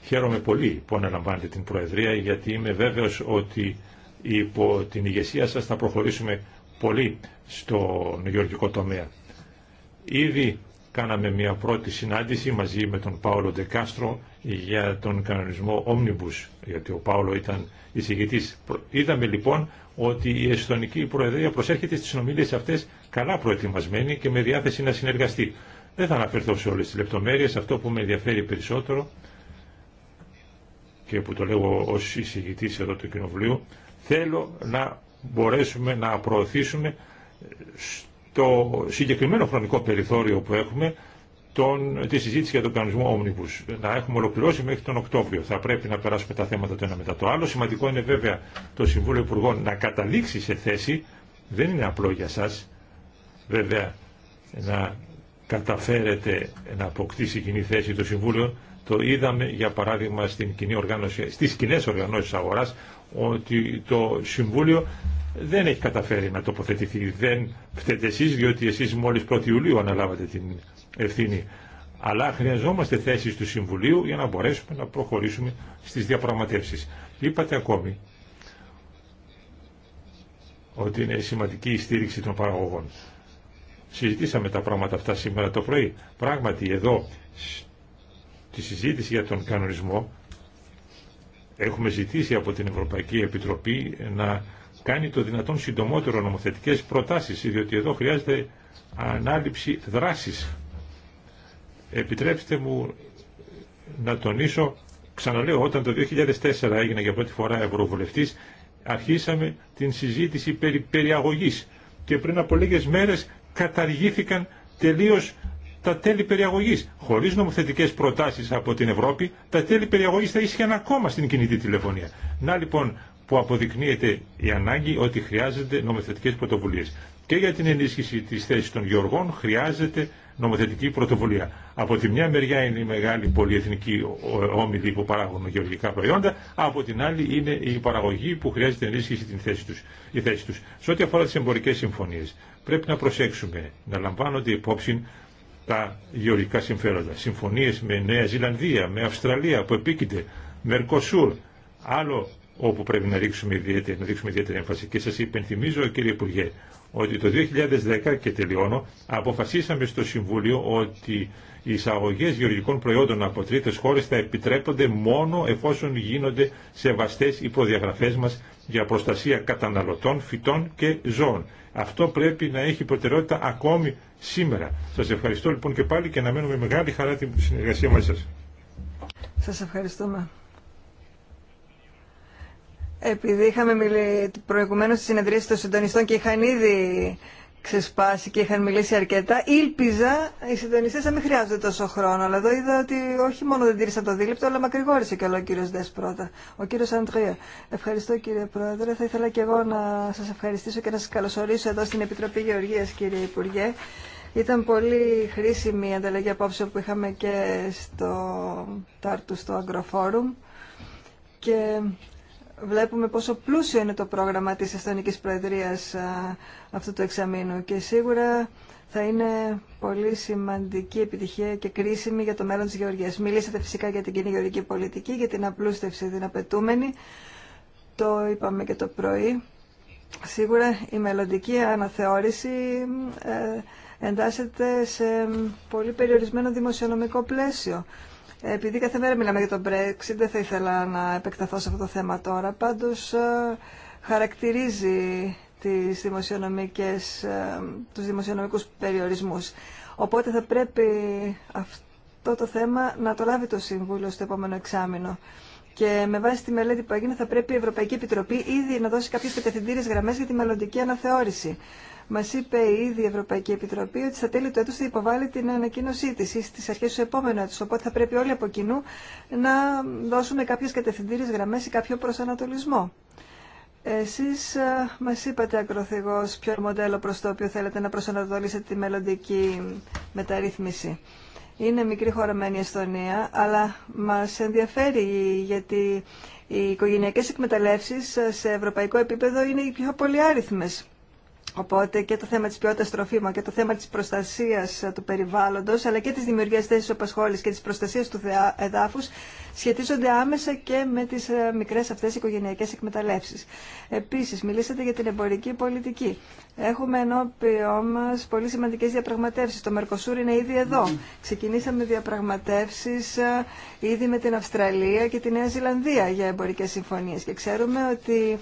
Χαίρομαι πολύ που αναλαμβάνετε την Προεδρία γιατί είμαι βέβαιος ότι υπό την ηγεσία σας θα προχωρήσουμε πολύ στον γεωργικό τομέα. Ήδη κάναμε μια πρώτη συνάντηση μαζί με τον Πάολο Ντεκάστρο για τον κανονισμό Omnibus, γιατί ο Πάολο ήταν εισηγητής. Είδαμε λοιπόν ότι η Εσθονική Προεδρία προσέρχεται στις συνομιλίες αυτές καλά προετοιμασμένη και με διάθεση να συνεργαστεί. Δεν θα αναφερθώ σε όλες τις λεπτομέρειες, αυτό που με ενδιαφέρει περισσότερο και που το λέγω ως εισηγητής εδώ του Κοινοβουλίου, θέλω να μπορέσουμε να προωθήσουμε στο συγκεκριμένο χρονικό περιθώριο που έχουμε τον, τη συζήτηση για τον κανονισμό Omnibus. Να έχουμε ολοκληρώσει μέχρι τον Οκτώβριο. Θα πρέπει να περάσουμε τα θέματα το ένα μετά το άλλο. Σημαντικό είναι βέβαια το Συμβούλιο Υπουργών να καταλήξει σε θέση. Δεν είναι απλό για σας βέβαια να καταφέρετε να αποκτήσει κοινή θέση το Συμβούλιο το είδαμε για παράδειγμα στην κοινή οργάνωση, στις κοινέ οργανώσεις αγοράς ότι το Συμβούλιο δεν έχει καταφέρει να τοποθετηθεί. Δεν φταίτε εσείς διότι εσείς μόλις 1η Ιουλίου αναλάβατε την ευθύνη. Αλλά χρειαζόμαστε θέσεις του Συμβουλίου για να μπορέσουμε να προχωρήσουμε στις διαπραγματεύσεις. Είπατε ακόμη ότι είναι σημαντική η στήριξη των παραγωγών. Συζητήσαμε τα πράγματα αυτά σήμερα το πρωί. Πράγματι εδώ τη συζήτηση για τον κανονισμό έχουμε ζητήσει από την Ευρωπαϊκή Επιτροπή να κάνει το δυνατόν συντομότερο νομοθετικές προτάσεις, διότι εδώ χρειάζεται ανάληψη δράσης. Επιτρέψτε μου να τονίσω, ξαναλέω, όταν το 2004 έγινε για πρώτη φορά Ευρωβουλευτής, αρχίσαμε την συζήτηση περί περιαγωγής και πριν από λίγες μέρες καταργήθηκαν τελείως τα τέλη περιαγωγή. χωρί νομοθετικέ προτάσει από την Ευρώπη, τα τέλη περιαγωγή θα ίσχυαν ακόμα στην κινητή τηλεφωνία. Να λοιπόν που αποδεικνύεται η ανάγκη ότι χρειάζονται νομοθετικέ πρωτοβουλίε. Και για την ενίσχυση τη θέση των γεωργών χρειάζεται νομοθετική πρωτοβουλία. Από τη μια μεριά είναι η μεγάλη πολυεθνικοί όμιλοι που παράγουν γεωργικά προϊόντα, από την άλλη είναι η παραγωγή που χρειάζεται ενίσχυση την θέση τους, η θέση τους. Σε ό,τι αφορά τι εμπορικές συμφωνίες, πρέπει να προσέξουμε, να λαμβάνονται υπόψη τα γεωργικά συμφέροντα. Συμφωνίε με Νέα Ζηλανδία, με Αυστραλία που επίκειται, Μερκοσούρ, άλλο όπου πρέπει να ρίξουμε ιδιαίτερη, να ρίξουμε ιδιαίτερη έμφαση. Και σα υπενθυμίζω κύριε Υπουργέ ότι το 2010 και τελειώνω αποφασίσαμε στο Συμβούλιο ότι οι εισαγωγέ γεωργικών προϊόντων από τρίτε χώρε θα επιτρέπονται μόνο εφόσον γίνονται σεβαστέ οι προδιαγραφέ μα για προστασία καταναλωτών, φυτών και ζώων. Αυτό πρέπει να έχει προτεραιότητα ακόμη σήμερα. Σας ευχαριστώ λοιπόν και πάλι και μένουμε με μεγάλη χαρά την συνεργασία μαζί σας. Σας ευχαριστούμε. Επειδή είχαμε μιλήσει προηγουμένως στη συνεδρίαση των συντονιστών και είχαν ήδη ξεσπάσει και είχαν μιλήσει αρκετά. Ήλπιζα οι συντονιστέ να μην χρειάζονται τόσο χρόνο. Αλλά εδώ είδα ότι όχι μόνο δεν τήρησαν το δίληπτο, αλλά μακρηγόρησε και όλο ο κύριο πρώτα. Ο κύριο Αντρέα. Ευχαριστώ κύριε Πρόεδρε. Θα ήθελα και εγώ να σα ευχαριστήσω και να σα καλωσορίσω εδώ στην Επιτροπή Γεωργία, κύριε Υπουργέ. Ήταν πολύ χρήσιμη η ανταλλαγή απόψε που είχαμε και στο Τάρτου, στο Αγκροφόρουμ. Και βλέπουμε πόσο πλούσιο είναι το πρόγραμμα της Εστονικής Προεδρίας αυτού του εξαμήνου και σίγουρα θα είναι πολύ σημαντική επιτυχία και κρίσιμη για το μέλλον της Γεωργίας. Μιλήσατε φυσικά για την κοινή γεωργική πολιτική, για την απλούστευση, την απαιτούμενη. Το είπαμε και το πρωί. Σίγουρα η μελλοντική αναθεώρηση ε, εντάσσεται σε πολύ περιορισμένο δημοσιονομικό πλαίσιο. Επειδή κάθε μέρα μιλάμε για τον Brexit, δεν θα ήθελα να επεκταθώ σε αυτό το θέμα τώρα. Πάντως, ε, χαρακτηρίζει τις δημοσιονομικές, ε, τους δημοσιονομικούς περιορισμούς. Οπότε θα πρέπει αυτό το θέμα να το λάβει το Συμβούλιο στο επόμενο εξάμεινο. Και με βάση τη μελέτη που έγινε θα πρέπει η Ευρωπαϊκή Επιτροπή ήδη να δώσει κάποιες κατευθυντήριες γραμμές για τη μελλοντική αναθεώρηση. Μα είπε ήδη η Ευρωπαϊκή Επιτροπή ότι στα τέλη του έτου θα υποβάλει την ανακοίνωσή τη ή στι αρχέ του επόμενου έτου. Οπότε θα πρέπει όλοι από κοινού να δώσουμε κάποιε κατευθυντήριε γραμμέ ή κάποιο προσανατολισμό. Εσεί ε, μα είπατε ακροθυγώ ποιο μοντέλο προ το οποίο θέλετε να προσανατολίσετε τη μελλοντική μεταρρύθμιση. Είναι μικρή χώρα μεν η Εστονία, αλλά μα ενδιαφέρει γιατί οι οικογενειακέ εκμεταλλεύσει ε, σε ευρωπαϊκό επίπεδο είναι οι πιο πολυάριθμε. Οπότε και το θέμα της ποιότητα τροφίμων και το θέμα τη προστασία ε, του περιβάλλοντος αλλά και τη δημιουργία θέσης απασχόληση και τη προστασία του εδάφου, σχετίζονται άμεσα και με τι ε, μικρέ αυτέ οικογενειακές εκμεταλλεύσει. Επίση, μιλήσατε για την εμπορική πολιτική. Έχουμε ενώπιό μα πολύ σημαντικέ διαπραγματεύσει. Το Μερκοσούρ είναι ήδη εδώ. Ναι. Ξεκινήσαμε διαπραγματεύσει ε, ήδη με την Αυστραλία και τη Νέα Ζηλανδία για εμπορικέ συμφωνίε και ξέρουμε ότι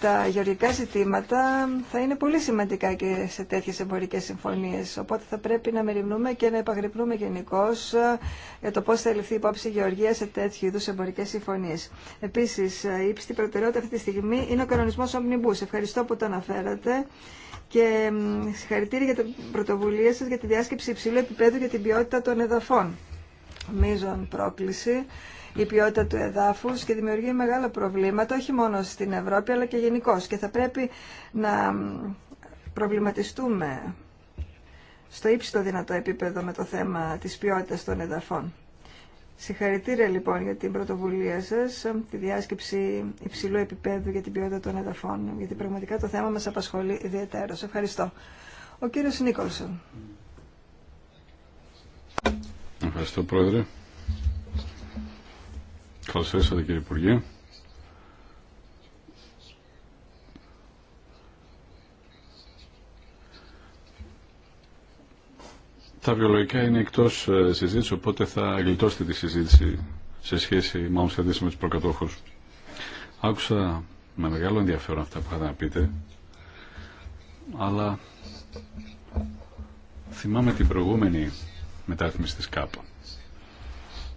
τα γεωργικά ζητήματα θα είναι πολύ σημαντικά και σε τέτοιες εμπορικές συμφωνίες. Οπότε θα πρέπει να μεριμνούμε και να επαγρυπνούμε γενικώ ε, για το πώς θα η υπόψη η γεωργία σε τέτοιου είδους εμπορικές συμφωνίες. Επίσης, ε, η ύψιστη προτεραιότητα αυτή τη στιγμή είναι ο κανονισμός Omnibus. Ευχαριστώ που το αναφέρατε και συγχαρητήρια για την πρωτοβουλία σας για τη διάσκεψη υψηλού επίπεδου για την ποιότητα των εδαφών. Μίζων πρόκληση η ποιότητα του εδάφους και δημιουργεί μεγάλα προβλήματα όχι μόνο στην Ευρώπη αλλά και γενικώ. και θα πρέπει να προβληματιστούμε στο ύψιστο δυνατό επίπεδο με το θέμα της ποιότητας των εδαφών. Συγχαρητήρια λοιπόν για την πρωτοβουλία σας, τη διάσκεψη υψηλού επίπεδου για την ποιότητα των εδαφών, γιατί πραγματικά το θέμα μας απασχολεί Σε Ευχαριστώ. Ο κύριος Νίκολσον. Ευχαριστώ πρόεδρε. Καλώς ήρθατε κύριε Υπουργέ. Τα βιολογικά είναι εκτός ε, συζήτηση, οπότε θα γλιτώσετε τη συζήτηση σε σχέση με σε αντίστοιχα με τους προκατόχους. Άκουσα με μεγάλο ενδιαφέρον αυτά που είχατε να πείτε, αλλά θυμάμαι την προηγούμενη μετάρρυθμιση της ΚΑΠΑ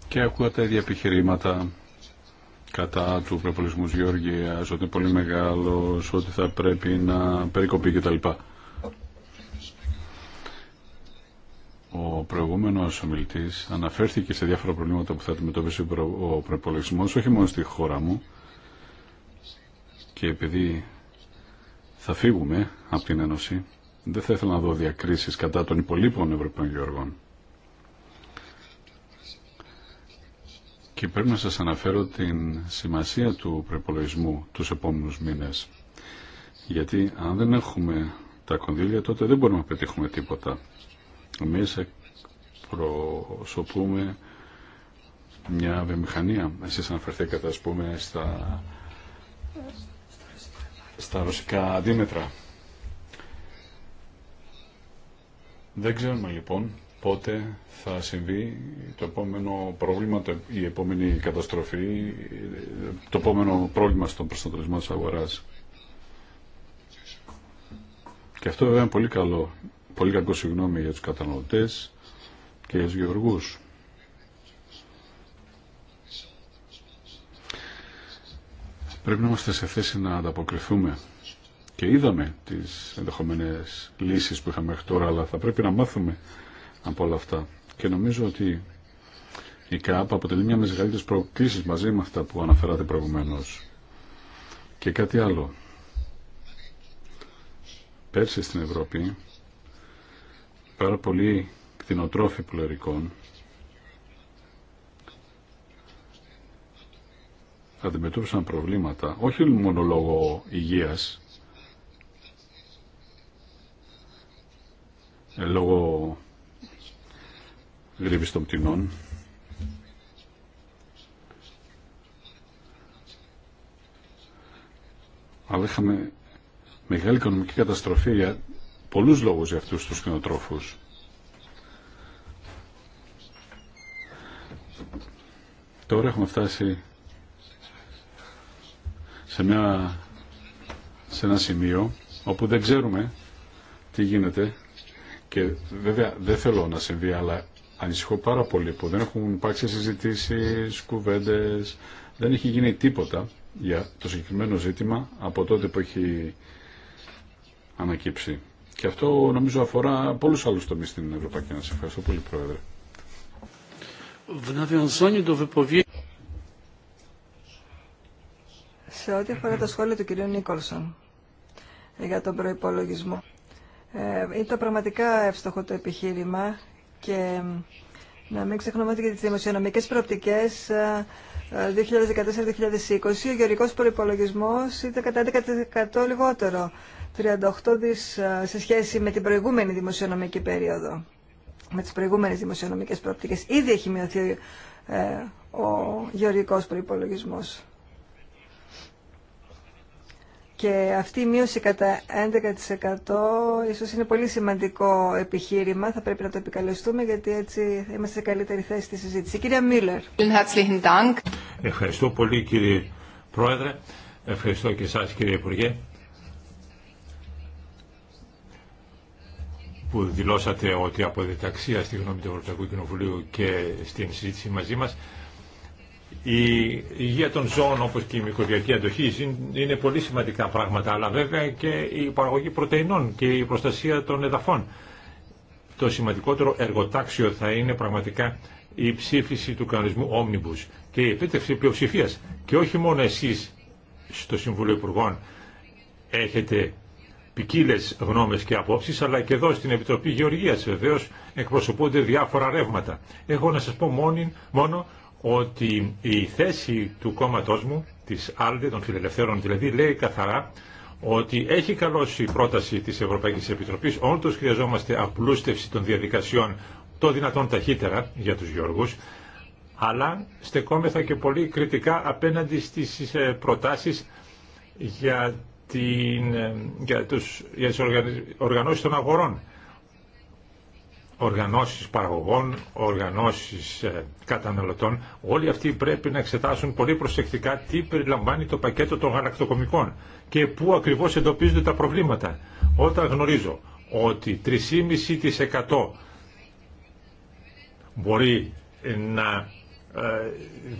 και ακούω τα ίδια επιχειρήματα κατά του προπολισμού Γεωργία, ότι είναι πολύ μεγάλο, ότι θα πρέπει να περικοπεί κτλ. Ο προηγούμενο ομιλητή αναφέρθηκε σε διάφορα προβλήματα που θα αντιμετωπίσει ο προπολογισμό, όχι μόνο στη χώρα μου. Και επειδή θα φύγουμε από την Ένωση, δεν θα ήθελα να δω διακρίσει κατά των υπολείπων Ευρωπαίων Γεωργών. και πρέπει να σας αναφέρω την σημασία του προπολογισμού τους επόμενους μήνες. Γιατί αν δεν έχουμε τα κονδύλια τότε δεν μπορούμε να πετύχουμε τίποτα. Εμείς προσωπούμε μια βιομηχανία. Εσείς αναφερθήκατε ας πούμε στα, στα ρωσικά αντίμετρα. Δεν ξέρουμε λοιπόν πότε θα συμβεί το επόμενο πρόβλημα, η επόμενη καταστροφή, το επόμενο πρόβλημα στον προστατολισμό της αγοράς. Και αυτό βέβαια είναι πολύ καλό, πολύ κακό συγγνώμη για τους καταναλωτές και για τους γεωργούς. Πρέπει να είμαστε σε θέση να ανταποκριθούμε. Και είδαμε τις ενδεχομένες λύσεις που είχαμε μέχρι τώρα, αλλά θα πρέπει να μάθουμε από όλα αυτά. Και νομίζω ότι η ΚΑΠ αποτελεί μια μεγαλύτερε προκλήσεις μαζί με αυτά που αναφέρατε προηγουμένως. Και κάτι άλλο. Πέρσι στην Ευρώπη πάρα πολλοί κτηνοτρόφοι πλωρικών αντιμετώπισαν προβλήματα όχι μόνο λόγω υγείας ε, λόγω γρήβης των πτηνών. Αλλά είχαμε μεγάλη οικονομική καταστροφή για πολλούς λόγους για αυτούς τους κτηνοτρόφους. Τώρα έχουμε φτάσει σε, σε ένα σημείο όπου δεν ξέρουμε τι γίνεται και βέβαια δεν θέλω να συμβεί αλλά Ανησυχώ πάρα πολύ που δεν έχουν υπάρξει συζητήσει, κουβέντε, δεν έχει γίνει τίποτα για το συγκεκριμένο ζήτημα από τότε που έχει ανακύψει. Και αυτό νομίζω αφορά πολλούς άλλους τομεί στην Ευρωπαϊκή Ένωση. Ευχαριστώ πολύ, Πρόεδρε. Σε ό,τι αφορά τα σχόλια του κυρίου Νίκολσον για τον προϋπολογισμό. Ε, ήταν πραγματικά εύστοχο το επιχείρημα και να μην ξεχνούμε ότι για τις δημοσιονομικές προοπτικές 2014-2020 ε, ε, ο γεωργικός προϋπολογισμός ήταν κατά 11% λιγότερο, 38 ε, σε σχέση με την προηγούμενη δημοσιονομική περίοδο, με τις προηγούμενες δημοσιονομικές προοπτικές. Ήδη έχει μειωθεί ο γεωργικός προϋπολογισμός. Και αυτή η μείωση κατά 11% ίσως είναι πολύ σημαντικό επιχείρημα. Θα πρέπει να το επικαλεστούμε γιατί έτσι θα είμαστε σε καλύτερη θέση στη συζήτηση. Κυρία Μίλλερ. Ευχαριστώ πολύ κύριε Πρόεδρε. Ευχαριστώ και εσάς κύριε Υπουργέ. που δηλώσατε ότι από διταξία στη γνώμη του Ευρωπαϊκού Κοινοβουλίου και στην συζήτηση μαζί μας η υγεία των ζώων όπως και η μικροβιακή αντοχή είναι πολύ σημαντικά πράγματα αλλά βέβαια και η παραγωγή πρωτεϊνών και η προστασία των εδαφών. Το σημαντικότερο εργοτάξιο θα είναι πραγματικά η ψήφιση του κανονισμού Omnibus και η επίτευξη πλειοψηφία. Και όχι μόνο εσείς στο Συμβούλιο Υπουργών έχετε ποικίλε γνώμε και απόψει, αλλά και εδώ στην Επιτροπή Γεωργία βεβαίω εκπροσωπούνται διάφορα ρεύματα. Έχω να σα πω μόνο ότι η θέση του κόμματός μου, της ΑΛΔΕ, των φιλελευθέρων δηλαδή, λέει καθαρά ότι έχει καλώσει η πρόταση της Ευρωπαϊκής Επιτροπής, όντως χρειαζόμαστε απλούστευση των διαδικασιών το δυνατόν ταχύτερα για τους Γιώργους, αλλά στεκόμεθα και πολύ κριτικά απέναντι στις ε, προτάσεις για, την, ε, για, τους, για τις οργανώσεις των αγορών οργανώσεις παραγωγών, οργανώσεις ε, καταναλωτών, όλοι αυτοί πρέπει να εξετάσουν πολύ προσεκτικά τι περιλαμβάνει το πακέτο των γαλακτοκομικών και πού ακριβώς εντοπίζονται τα προβλήματα. Όταν γνωρίζω ότι 3,5% μπορεί να,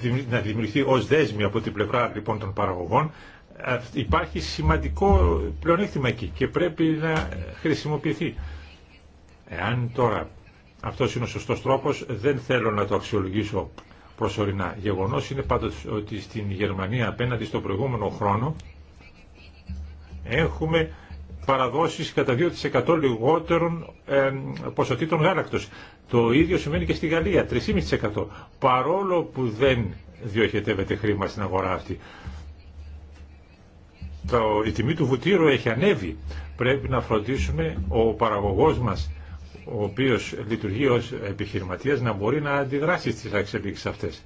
ε, να δημιουργηθεί ως δέσμη από την πλευρά λοιπόν των παραγωγών, ε, υπάρχει σημαντικό πλεονέκτημα εκεί και πρέπει να χρησιμοποιηθεί. Εάν τώρα αυτό είναι ο σωστό τρόπος, δεν θέλω να το αξιολογήσω προσωρινά. Γεγονός είναι πάντως ότι στην Γερμανία απέναντι στο προηγούμενο χρόνο έχουμε παραδόσεις κατά 2% λιγότερων ποσοτήτων γάλακτο. Το ίδιο σημαίνει και στη Γαλλία, 3,5%. Παρόλο που δεν διοχετεύεται χρήμα στην αγορά αυτή. Το, η τιμή του βουτύρου έχει ανέβει. Πρέπει να φροντίσουμε ο παραγωγός μας ο οποίο λειτουργεί ω επιχειρηματίας να μπορεί να αντιδράσει στις εξελίξει αυτές.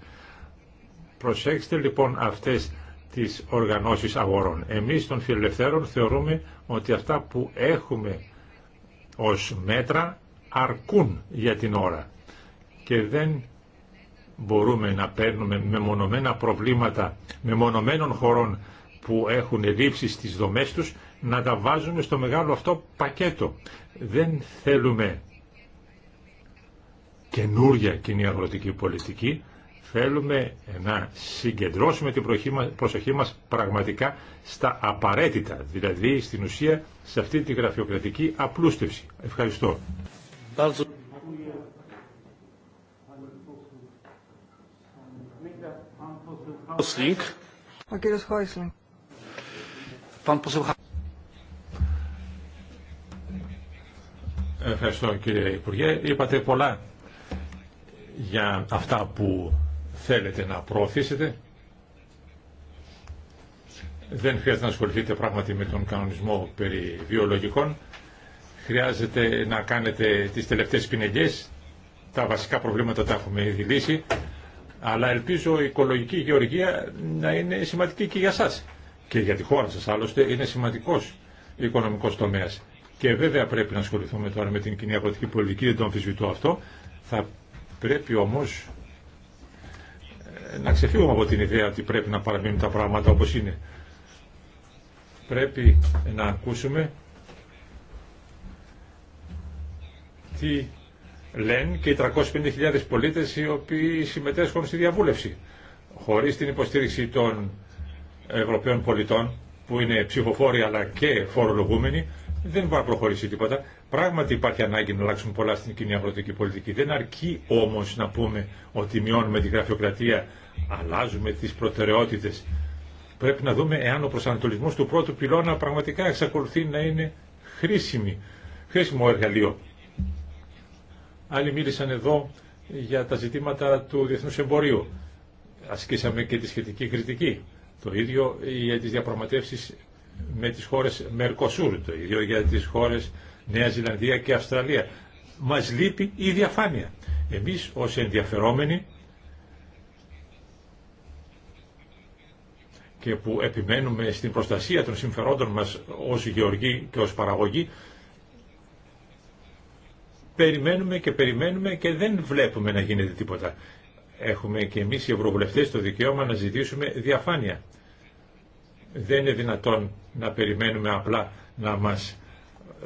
Προσέξτε λοιπόν αυτές τις οργανώσεις αγορών. Εμείς των φιλελευθέρων θεωρούμε ότι αυτά που έχουμε ως μέτρα αρκούν για την ώρα και δεν μπορούμε να παίρνουμε μονομένα προβλήματα με μονομένων χωρών που έχουν ελλείψει στις δομές τους να τα βάζουμε στο μεγάλο αυτό πακέτο. Δεν θέλουμε καινούρια κοινή αγροτική πολιτική, θέλουμε να συγκεντρώσουμε την προσοχή μας πραγματικά στα απαραίτητα, δηλαδή στην ουσία σε αυτή τη γραφειοκρατική απλούστευση. Ευχαριστώ. Ο κύριος Χόισλινγκ. Ευχαριστώ κύριε Υπουργέ. Είπατε πολλά για αυτά που θέλετε να προωθήσετε. Δεν χρειάζεται να ασχοληθείτε πράγματι με τον κανονισμό περί βιολογικών. Χρειάζεται να κάνετε τις τελευταίες πινελιές. Τα βασικά προβλήματα τα έχουμε ήδη λύσει. Αλλά ελπίζω η οικολογική γεωργία να είναι σημαντική και για σας. Και για τη χώρα σας άλλωστε είναι σημαντικός οικονομικός τομέας. Και βέβαια πρέπει να ασχοληθούμε τώρα με την κοινή αγροτική πολιτική, δεν το αμφισβητώ αυτό. Θα Πρέπει όμως ε, να ξεφύγουμε από την ιδέα ότι πρέπει να παραμείνουν τα πράγματα όπως είναι. Πρέπει να ακούσουμε τι λένε και οι 350.000 πολίτες οι οποίοι συμμετέσχουν στη διαβούλευση. Χωρίς την υποστήριξη των Ευρωπαίων πολιτών που είναι ψηφοφόροι αλλά και φορολογούμενοι δεν μπορεί να προχωρήσει τίποτα. Πράγματι υπάρχει ανάγκη να αλλάξουμε πολλά στην κοινή αγροτική πολιτική. Δεν αρκεί όμω να πούμε ότι μειώνουμε τη γραφειοκρατία, αλλάζουμε τι προτεραιότητες. Πρέπει να δούμε εάν ο προσανατολισμός του πρώτου πυλώνα πραγματικά εξακολουθεί να είναι χρήσιμη, χρήσιμο εργαλείο. Άλλοι μίλησαν εδώ για τα ζητήματα του Διεθνού εμπορίου. Ασκήσαμε και τη σχετική κριτική. Το ίδιο για τι διαπραγματεύσει με τις χώρες Μερκοσούρ, το ίδιο για τις χώρες Νέα Ζηλανδία και Αυστραλία. Μας λείπει η διαφάνεια. Εμείς ως ενδιαφερόμενοι και που επιμένουμε στην προστασία των συμφερόντων μας ως γεωργοί και ως παραγωγή, περιμένουμε και περιμένουμε και δεν βλέπουμε να γίνεται τίποτα. Έχουμε και εμείς οι ευρωβουλευτές το δικαίωμα να ζητήσουμε διαφάνεια. Δεν είναι δυνατόν να περιμένουμε απλά να μας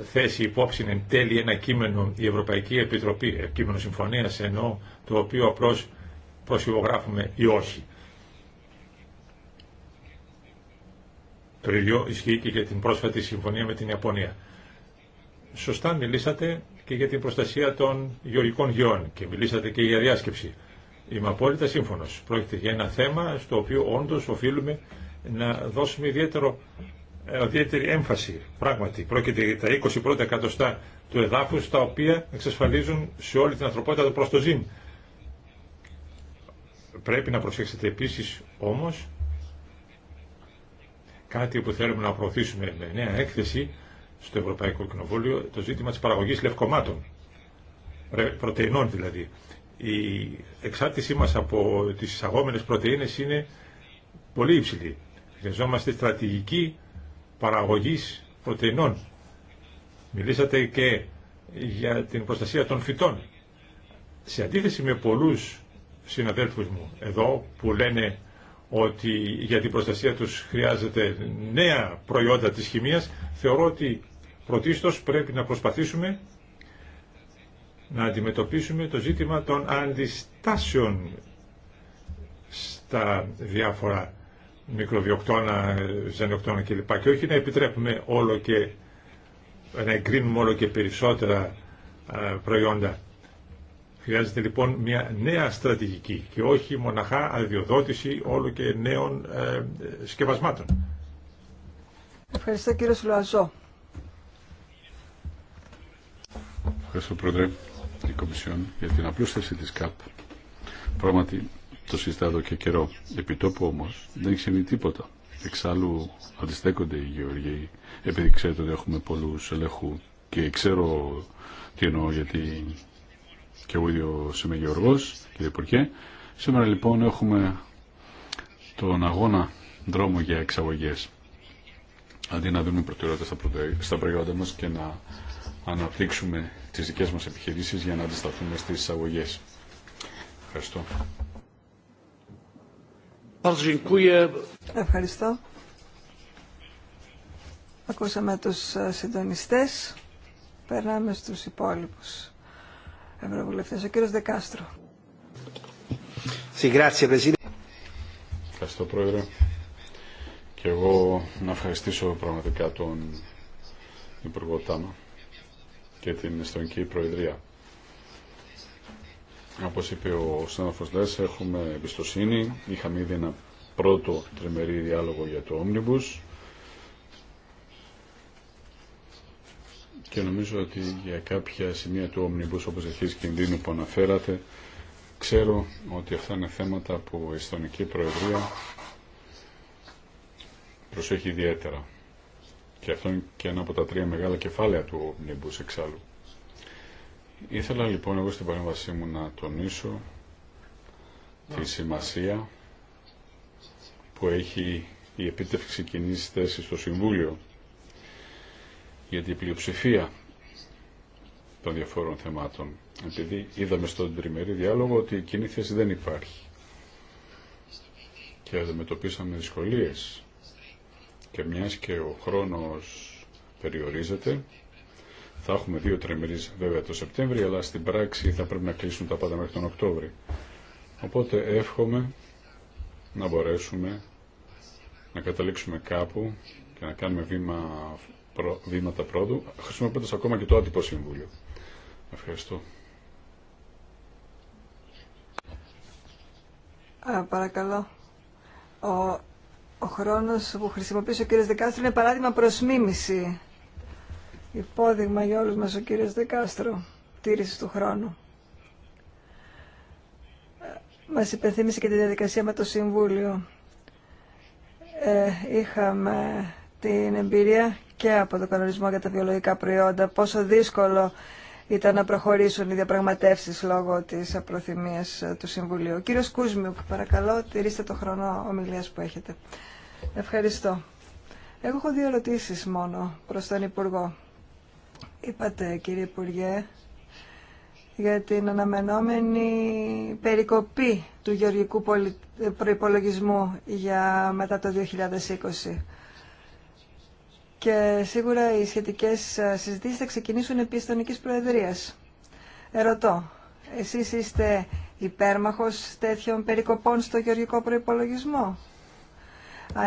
θέση υπόψη εν τέλει ένα κείμενο η Ευρωπαϊκή Επιτροπή, ε, κείμενο συμφωνίας ενώ το οποίο απλώ προσυπογράφουμε ή όχι. Το ίδιο ισχύει και για την πρόσφατη συμφωνία με την Ιαπωνία. Σωστά μιλήσατε και για την προστασία των γεωργικών γεών και μιλήσατε και για διάσκεψη. Είμαι απόλυτα σύμφωνος. Πρόκειται για ένα θέμα στο οποίο όντως οφείλουμε να δώσουμε ιδιαίτερο ε, ιδιαίτερη έμφαση. Πράγματι, πρόκειται για τα 20 πρώτα εκατοστά του εδάφους, τα οποία εξασφαλίζουν σε όλη την ανθρωπότητα το προστοζήν. Πρέπει να προσέξετε επίσης όμως κάτι που θέλουμε να προωθήσουμε με νέα έκθεση στο Ευρωπαϊκό Κοινοβούλιο, το ζήτημα της παραγωγής λευκομάτων, πρωτεϊνών δηλαδή. Η εξάρτησή μα από τι εισαγόμενε πρωτεΐνες είναι πολύ υψηλή. Χρειαζόμαστε στρατηγική παραγωγής πρωτεϊνών. Μιλήσατε και για την προστασία των φυτών. Σε αντίθεση με πολλούς συναδέλφους μου εδώ που λένε ότι για την προστασία τους χρειάζεται νέα προϊόντα της χημίας, θεωρώ ότι πρωτίστως πρέπει να προσπαθήσουμε να αντιμετωπίσουμε το ζήτημα των αντιστάσεων στα διάφορα μικροβιοκτώνα, ζενιοκτώνα κλπ. Και όχι να επιτρέπουμε όλο και να εγκρίνουμε όλο και περισσότερα προϊόντα. Χρειάζεται λοιπόν μια νέα στρατηγική και όχι μοναχά αδειοδότηση όλο και νέων ε, σκευασμάτων. Ευχαριστώ κύριο Σουλαζό. Ευχαριστώ πρόεδρε την Κομισιόν για την απλούστευση της ΚΑΠ. Πράγματι το συζητάω εδώ και καιρό. Επιτόπου όμω δεν έχει συμβεί τίποτα. Εξάλλου αντιστέκονται οι Γεωργοί επειδή ξέρετε ότι έχουμε πολλού ελεγχού και ξέρω τι εννοώ γιατί και εγώ ίδιο είμαι Γεωργό, κύριε Υπουργέ. Σήμερα λοιπόν έχουμε τον αγώνα δρόμο για εξαγωγέ, Αντί να δούμε προτεραιότητα στα προϊόντα μα και να αναπτύξουμε τι δικέ μα επιχειρήσει για να αντισταθούμε στι εισαγωγέ. Ευχαριστώ. Ευχαριστώ. Ακούσαμε τους ε, συντονιστές. Περνάμε στους υπόλοιπους ευρωβουλευτές. Ο κύριος Δεκάστρο. Ευχαριστώ πρόεδρε. Και εγώ να ευχαριστήσω πραγματικά τον Υπουργό Τάμα και την Εστονική Προεδρία. Όπω είπε ο Στάναφος έχουμε εμπιστοσύνη. Είχαμε ήδη ένα πρώτο τριμερή διάλογο για το Omnibus. Και νομίζω ότι για κάποια σημεία του Omnibus, όπως έχει κινδύνου που αναφέρατε, ξέρω ότι αυτά είναι θέματα που η Ιστονική Προεδρία προσέχει ιδιαίτερα. Και αυτό είναι και ένα από τα τρία μεγάλα κεφάλαια του Omnibus εξάλλου. Ήθελα λοιπόν εγώ στην παρέμβασή μου να τονίσω τη σημασία που έχει η επίτευξη κοινή θέση στο Συμβούλιο για την πλειοψηφία των διαφόρων θεμάτων. Επειδή είδαμε στον τριμερή διάλογο ότι η κοινή θέση δεν υπάρχει και αντιμετωπίσαμε δυσκολίες και μιας και ο χρόνος περιορίζεται θα έχουμε δύο τριμερείς βέβαια το Σεπτέμβριο, αλλά στην πράξη θα πρέπει να κλείσουν τα πάντα μέχρι τον Οκτώβριο. Οπότε εύχομαι να μπορέσουμε να καταλήξουμε κάπου και να κάνουμε βήμα, προ, βήματα πρόοδου, χρησιμοποιώντας ακόμα και το άτυπο συμβούλιο. Ευχαριστώ. Α, παρακαλώ. Ο, ο χρόνος που χρησιμοποιήσει ο κ. Δεκάστρο είναι παράδειγμα προς μίμηση υπόδειγμα για όλους μας ο κύριος Δεκάστρο, τήρηση του χρόνου. Μας υπενθύμισε και τη διαδικασία με το Συμβούλιο. Ε, είχαμε την εμπειρία και από το κανονισμό για τα βιολογικά προϊόντα, πόσο δύσκολο ήταν να προχωρήσουν οι διαπραγματεύσει λόγω τη απροθυμία ε, του Συμβουλίου. Κύριο Κούσμιουκ, παρακαλώ, τηρήστε το χρόνο ομιλία που έχετε. Ευχαριστώ. έχω δύο ερωτήσει μόνο προ τον Υπουργό είπατε κύριε Υπουργέ για την αναμενόμενη περικοπή του γεωργικού ε, προϋπολογισμού για μετά το 2020. Και σίγουρα οι σχετικές ε, συζητήσεις θα ξεκινήσουν επί Προεδρίας. Ερωτώ, εσείς είστε υπέρμαχος τέτοιων περικοπών στο γεωργικό προϋπολογισμό.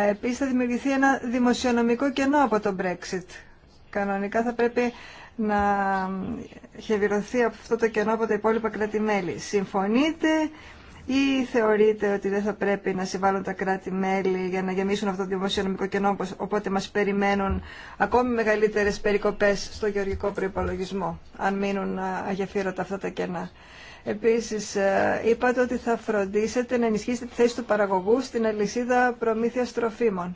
Επίσης θα δημιουργηθεί ένα δημοσιονομικό κενό από το Brexit κανονικά θα πρέπει να χεβηρωθεί αυτό το κενό από τα υπόλοιπα κράτη-μέλη. Συμφωνείτε ή θεωρείτε ότι δεν θα πρέπει να συμβάλλουν τα κράτη-μέλη για να γεμίσουν αυτό το δημοσιονομικό κενό, οπότε μας περιμένουν ακόμη μεγαλύτερες περικοπές στο γεωργικό προϋπολογισμό, αν μείνουν αγεφύρωτα αυτά τα κενά. Επίσης, ε, είπατε ότι θα φροντίσετε να ενισχύσετε τη θέση του παραγωγού στην αλυσίδα προμήθειας τροφίμων.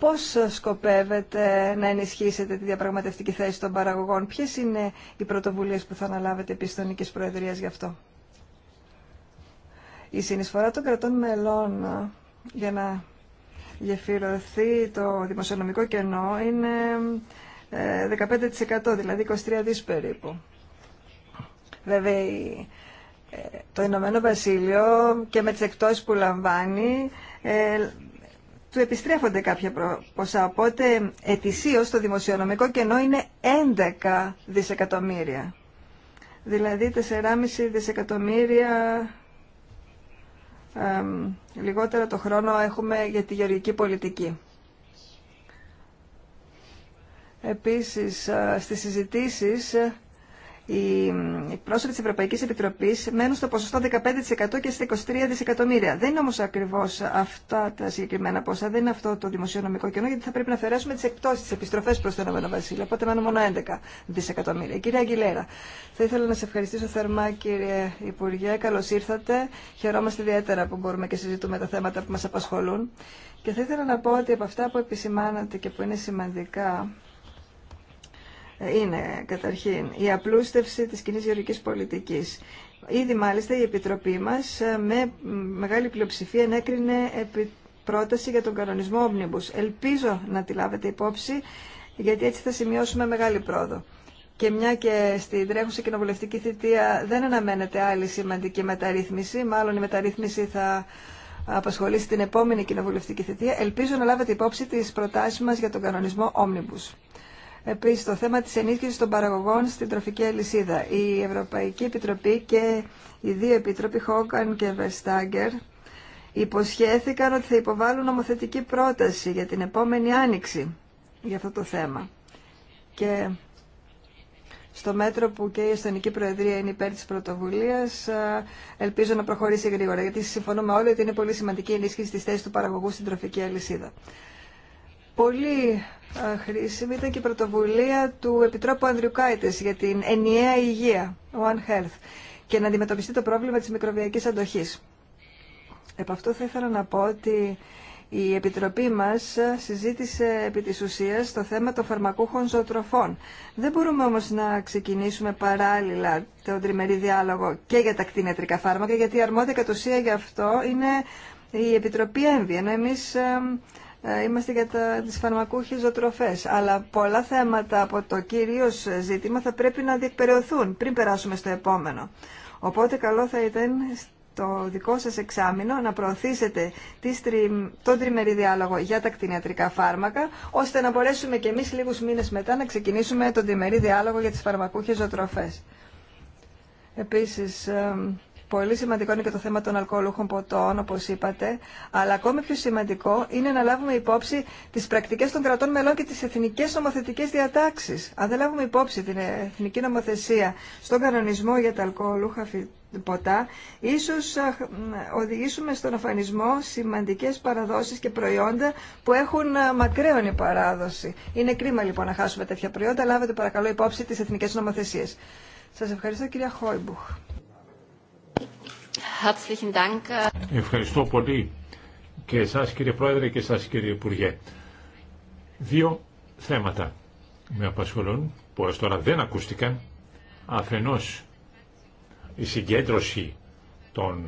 Πώς σκοπεύετε να ενισχύσετε τη διαπραγματευτική θέση των παραγωγών, ποιες είναι οι πρωτοβουλίες που θα αναλάβετε επί της Προεδρίας γι' αυτό. Η συνεισφορά των κρατών μελών ε, για να γεφυρωθεί το δημοσιονομικό κενό είναι 15% ε, δηλαδή 23 δις περίπου. Βέβαια ε, το Ηνωμένο Βασίλειο και με τις εκτός που λαμβάνει του επιστρέφονται κάποια ποσά. Οπότε ετησίως το δημοσιονομικό κενό είναι 11 δισεκατομμύρια. Δηλαδή 4,5 δισεκατομμύρια λιγότερα το χρόνο έχουμε για τη γεωργική πολιτική. Επίσης, ε, στις συζητήσεις οι πρόσωποι της Ευρωπαϊκής Επιτροπής μένουν στο ποσοστό 15% και στα 23 δισεκατομμύρια. Δεν είναι όμως ακριβώς αυτά τα συγκεκριμένα ποσά, δεν είναι αυτό το δημοσιονομικό κενό, γιατί θα πρέπει να αφαιρέσουμε τις εκπτώσεις, τις επιστροφές προς το Ηνωμένο Βασίλειο, οπότε μένουν μόνο 11 δισεκατομμύρια. Κυρία Αγγιλέρα, θα ήθελα να σε ευχαριστήσω θερμά κύριε Υπουργέ, καλώς ήρθατε, χαιρόμαστε ιδιαίτερα που μπορούμε και συζητούμε τα θέματα που μας απασχολούν. Και θα ήθελα να πω ότι από αυτά που επισημάνατε και που είναι σημαντικά είναι καταρχήν η απλούστευση της κοινή γεωργικής πολιτικής. Ήδη μάλιστα η Επιτροπή μας ε, με μεγάλη πλειοψηφία ενέκρινε πρόταση για τον κανονισμό όμνιμπους. Ελπίζω να τη λάβετε υπόψη γιατί έτσι θα σημειώσουμε μεγάλη πρόοδο. Και μια και στην τρέχουσα κοινοβουλευτική θητεία δεν αναμένεται άλλη σημαντική μεταρρύθμιση, μάλλον η μεταρρύθμιση θα απασχολήσει την επόμενη κοινοβουλευτική θητεία, ελπίζω να λάβετε υπόψη τις προτάσεις μας για τον κανονισμό Omnibus. Επίσης, το θέμα της ενίσχυσης των παραγωγών στην τροφική αλυσίδα. Η Ευρωπαϊκή Επιτροπή και οι δύο επιτροποί, Χόγκαν και Βεστάγκερ, υποσχέθηκαν ότι θα υποβάλουν νομοθετική πρόταση για την επόμενη άνοιξη για αυτό το θέμα. Και στο μέτρο που και η Εστονική Προεδρία είναι υπέρ της πρωτοβουλίας, ελπίζω να προχωρήσει γρήγορα, γιατί συμφωνούμε όλοι ότι είναι πολύ σημαντική η ενίσχυση της θέσης του παραγωγού στην τροφική αλυσίδα. Πολύ χρήσιμη ήταν και η πρωτοβουλία του Επιτρόπου Ανδριουκάητης για την ενιαία υγεία, One Health, και να αντιμετωπιστεί το πρόβλημα της μικροβιακής αντοχής. Επ' αυτό θα ήθελα να πω ότι η Επιτροπή μας συζήτησε επί της ουσίας το θέμα των φαρμακούχων ζωοτροφών. Δεν μπορούμε όμως να ξεκινήσουμε παράλληλα τον τριμερή διάλογο και για τα κτηνιατρικά φάρμακα, γιατί η αρμόδια κατ' ουσία για αυτό είναι η Επιτροπή Έμβη, ε, είμαστε για τα, τις φαρμακούχες ζωτροφές, Αλλά πολλά θέματα από το κυρίως ζήτημα θα πρέπει να διεκπαιρεωθούν πριν περάσουμε στο επόμενο. Οπότε καλό θα ήταν στο δικό σας εξάμεινο να προωθήσετε τον τριμερή διάλογο για τα κτηνιατρικά φάρμακα, ώστε να μπορέσουμε και εμείς λίγους μήνες μετά να ξεκινήσουμε τον τριμερή διάλογο για τις φαρμακούχες ζωοτροφές. Επίσης, Πολύ σημαντικό είναι και το θέμα των αλκοολούχων ποτών, όπω είπατε. Αλλά ακόμη πιο σημαντικό είναι να λάβουμε υπόψη τι πρακτικέ των κρατών μελών και τι εθνικέ νομοθετικέ διατάξει. Αν δεν λάβουμε υπόψη την εθνική νομοθεσία στον κανονισμό για τα αλκοολούχα ποτά, ίσω οδηγήσουμε στον αφανισμό σημαντικέ παραδόσει και προϊόντα που έχουν μακραίωνη παράδοση. Είναι κρίμα λοιπόν να χάσουμε τέτοια προϊόντα. Λάβετε παρακαλώ υπόψη τι εθνικέ νομοθεσίε. Σα ευχαριστώ κυρία Χόιμπουχ. Äh, Ευχαριστώ πολύ και εσά κύριε Πρόεδρε και εσά κύριε Υπουργέ. Δύο θέματα με απασχολούν που ω τώρα δεν ακούστηκαν. Αφενό η συγκέντρωση των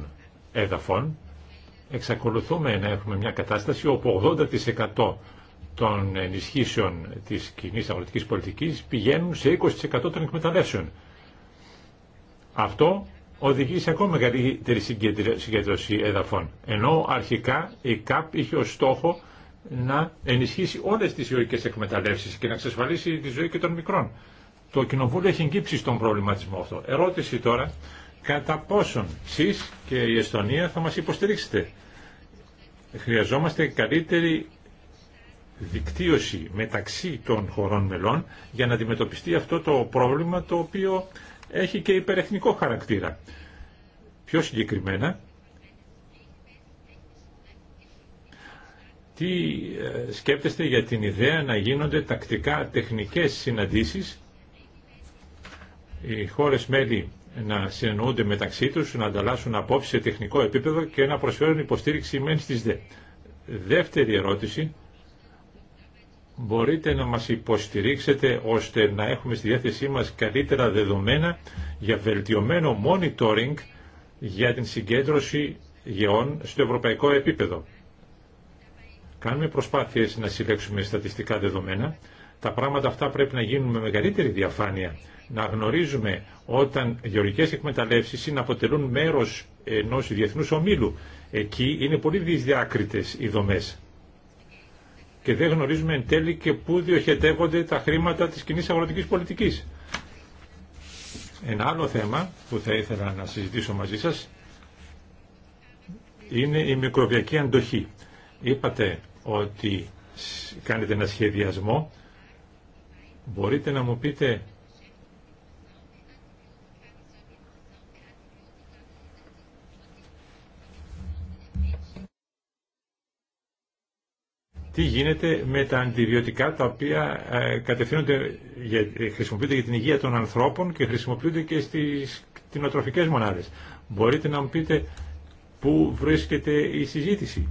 έδαφων. Εξακολουθούμε να έχουμε μια κατάσταση όπου 80% των ενισχύσεων της κοινή αγροτικής πολιτικής πηγαίνουν σε 20% των εκμεταλλεύσεων. Αυτό οδηγεί σε ακόμα μεγαλύτερη συγκέντρωση εδαφών. Ενώ αρχικά η ΚΑΠ είχε ως στόχο να ενισχύσει όλες τις ιωικές εκμεταλλεύσεις και να εξασφαλίσει τη ζωή και των μικρών. Το Κοινοβούλιο έχει εγκύψει στον προβληματισμό αυτό. Ερώτηση τώρα, κατά πόσον εσείς και η Εστονία θα μας υποστηρίξετε. Χρειαζόμαστε καλύτερη δικτύωση μεταξύ των χωρών μελών για να αντιμετωπιστεί αυτό το πρόβλημα το οποίο έχει και υπερεθνικό χαρακτήρα. Πιο συγκεκριμένα, τι ε, σκέπτεστε για την ιδέα να γίνονται τακτικά τεχνικές συναντήσεις, οι χώρες μέλη να συνεννοούνται μεταξύ τους, να ανταλλάσσουν απόψεις σε τεχνικό επίπεδο και να προσφέρουν υποστήριξη μεν στις δε. Δεύτερη ερώτηση, μπορείτε να μας υποστηρίξετε ώστε να έχουμε στη διάθεσή μας καλύτερα δεδομένα για βελτιωμένο monitoring για την συγκέντρωση γεών στο ευρωπαϊκό επίπεδο. Κάνουμε προσπάθειες να συλλέξουμε στατιστικά δεδομένα. Τα πράγματα αυτά πρέπει να γίνουν με μεγαλύτερη διαφάνεια. Να γνωρίζουμε όταν γεωργικές εκμεταλλεύσεις είναι αποτελούν μέρος ενός διεθνούς ομίλου. Εκεί είναι πολύ δυσδιάκριτες οι δομές και δεν γνωρίζουμε εν τέλει και πού διοχετεύονται τα χρήματα της κοινή αγροτικής πολιτικής. Ένα άλλο θέμα που θα ήθελα να συζητήσω μαζί σας είναι η μικροβιακή αντοχή. Είπατε ότι κάνετε ένα σχεδιασμό. Μπορείτε να μου πείτε τι γίνεται με τα αντιβιωτικά τα οποία ε, κατευθύνονται, ε, χρησιμοποιούνται για την υγεία των ανθρώπων και χρησιμοποιούνται και στις κτηνοτροφικές μονάδες. Μπορείτε να μου πείτε πού βρίσκεται η συζήτηση.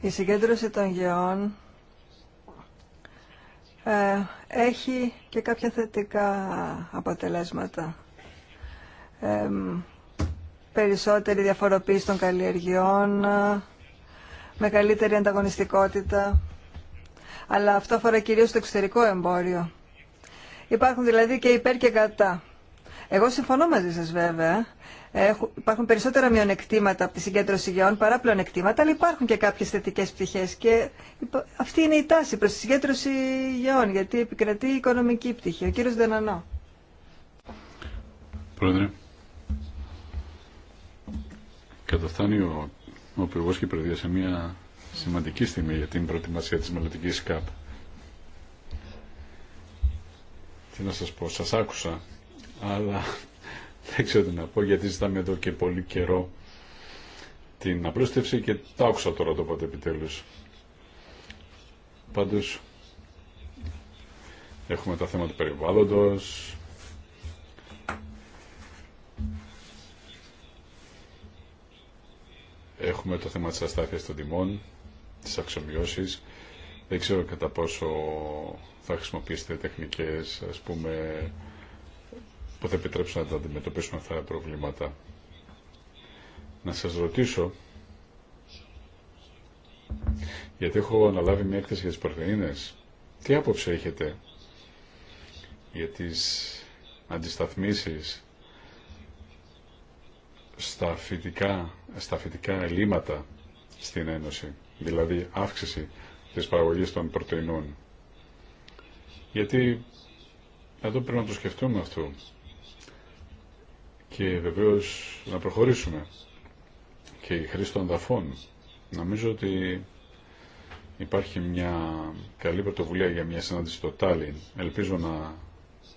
Η συγκέντρωση των γεών ε, έχει και κάποια θετικά αποτελέσματα περισσότερη διαφοροποίηση των καλλιεργειών, με καλύτερη ανταγωνιστικότητα. Αλλά αυτό αφορά κυρίως το εξωτερικό εμπόριο. Υπάρχουν δηλαδή και υπέρ και κατά. Εγώ συμφωνώ μαζί σας βέβαια. υπάρχουν περισσότερα μειονεκτήματα από τη συγκέντρωση γεών παρά πλεονεκτήματα, αλλά υπάρχουν και κάποιες θετικές πτυχές και αυτή είναι η τάση προς τη συγκέντρωση γεών, γιατί επικρατεί η οικονομική πτυχή. Ο κύριος Δενανό καταφτάνει ο, ο Υπουργό σε μια σημαντική στιγμή για την προετοιμασία της μελλοντική ΚΑΠ. Τι να σας πω, σα άκουσα, αλλά <laughs> δεν ξέρω τι να πω γιατί ζητάμε εδώ και πολύ καιρό την απλούστευση και τα άκουσα τώρα το πότε επιτέλου. Πάντω. έχουμε τα θέματα του περιβάλλοντος, Έχουμε το θέμα της αστάθειας των τιμών, της αξιομοιώσης. Δεν ξέρω κατά πόσο θα χρησιμοποιήσετε τεχνικές, ας πούμε, που θα επιτρέψουν να τα αντιμετωπίσουμε αυτά τα προβλήματα. Να σας ρωτήσω, γιατί έχω αναλάβει μια έκθεση για τις παρθενίνες; τι άποψη έχετε για τις αντισταθμίσεις στα φυτικά στα φυτικά ελλείμματα στην Ένωση, δηλαδή αύξηση της παραγωγής των πρωτεϊνών. Γιατί εδώ πρέπει να το σκεφτούμε αυτό και βεβαίως να προχωρήσουμε και η χρήση των δαφών. Νομίζω ότι υπάρχει μια καλή πρωτοβουλία για μια συνάντηση στο Τάλιν. Ελπίζω να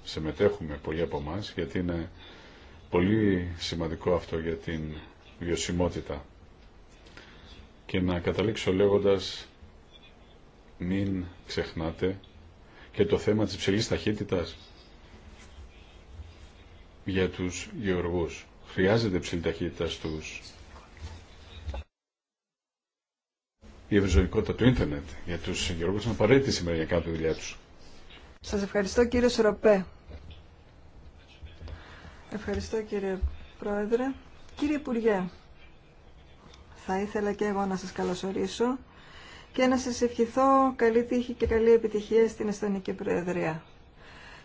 συμμετέχουμε πολλοί από εμά γιατί είναι πολύ σημαντικό αυτό για την βιωσιμότητα. Και να καταλήξω λέγοντας μην ξεχνάτε και το θέμα της ψηλής ταχύτητας για τους γεωργούς. Χρειάζεται ψηλή ταχύτητα στους η ευρυζωνικότητα του ίντερνετ για τους γεωργούς είναι απαραίτητη σήμερα για κάτω δουλειά τους. Σας ευχαριστώ κύριε Σουροπέ. Ευχαριστώ κύριε Πρόεδρε. Κύριε Υπουργέ, θα ήθελα και εγώ να σας καλωσορίσω και να σας ευχηθώ καλή τύχη και καλή επιτυχία στην Εσθονική Προεδρία.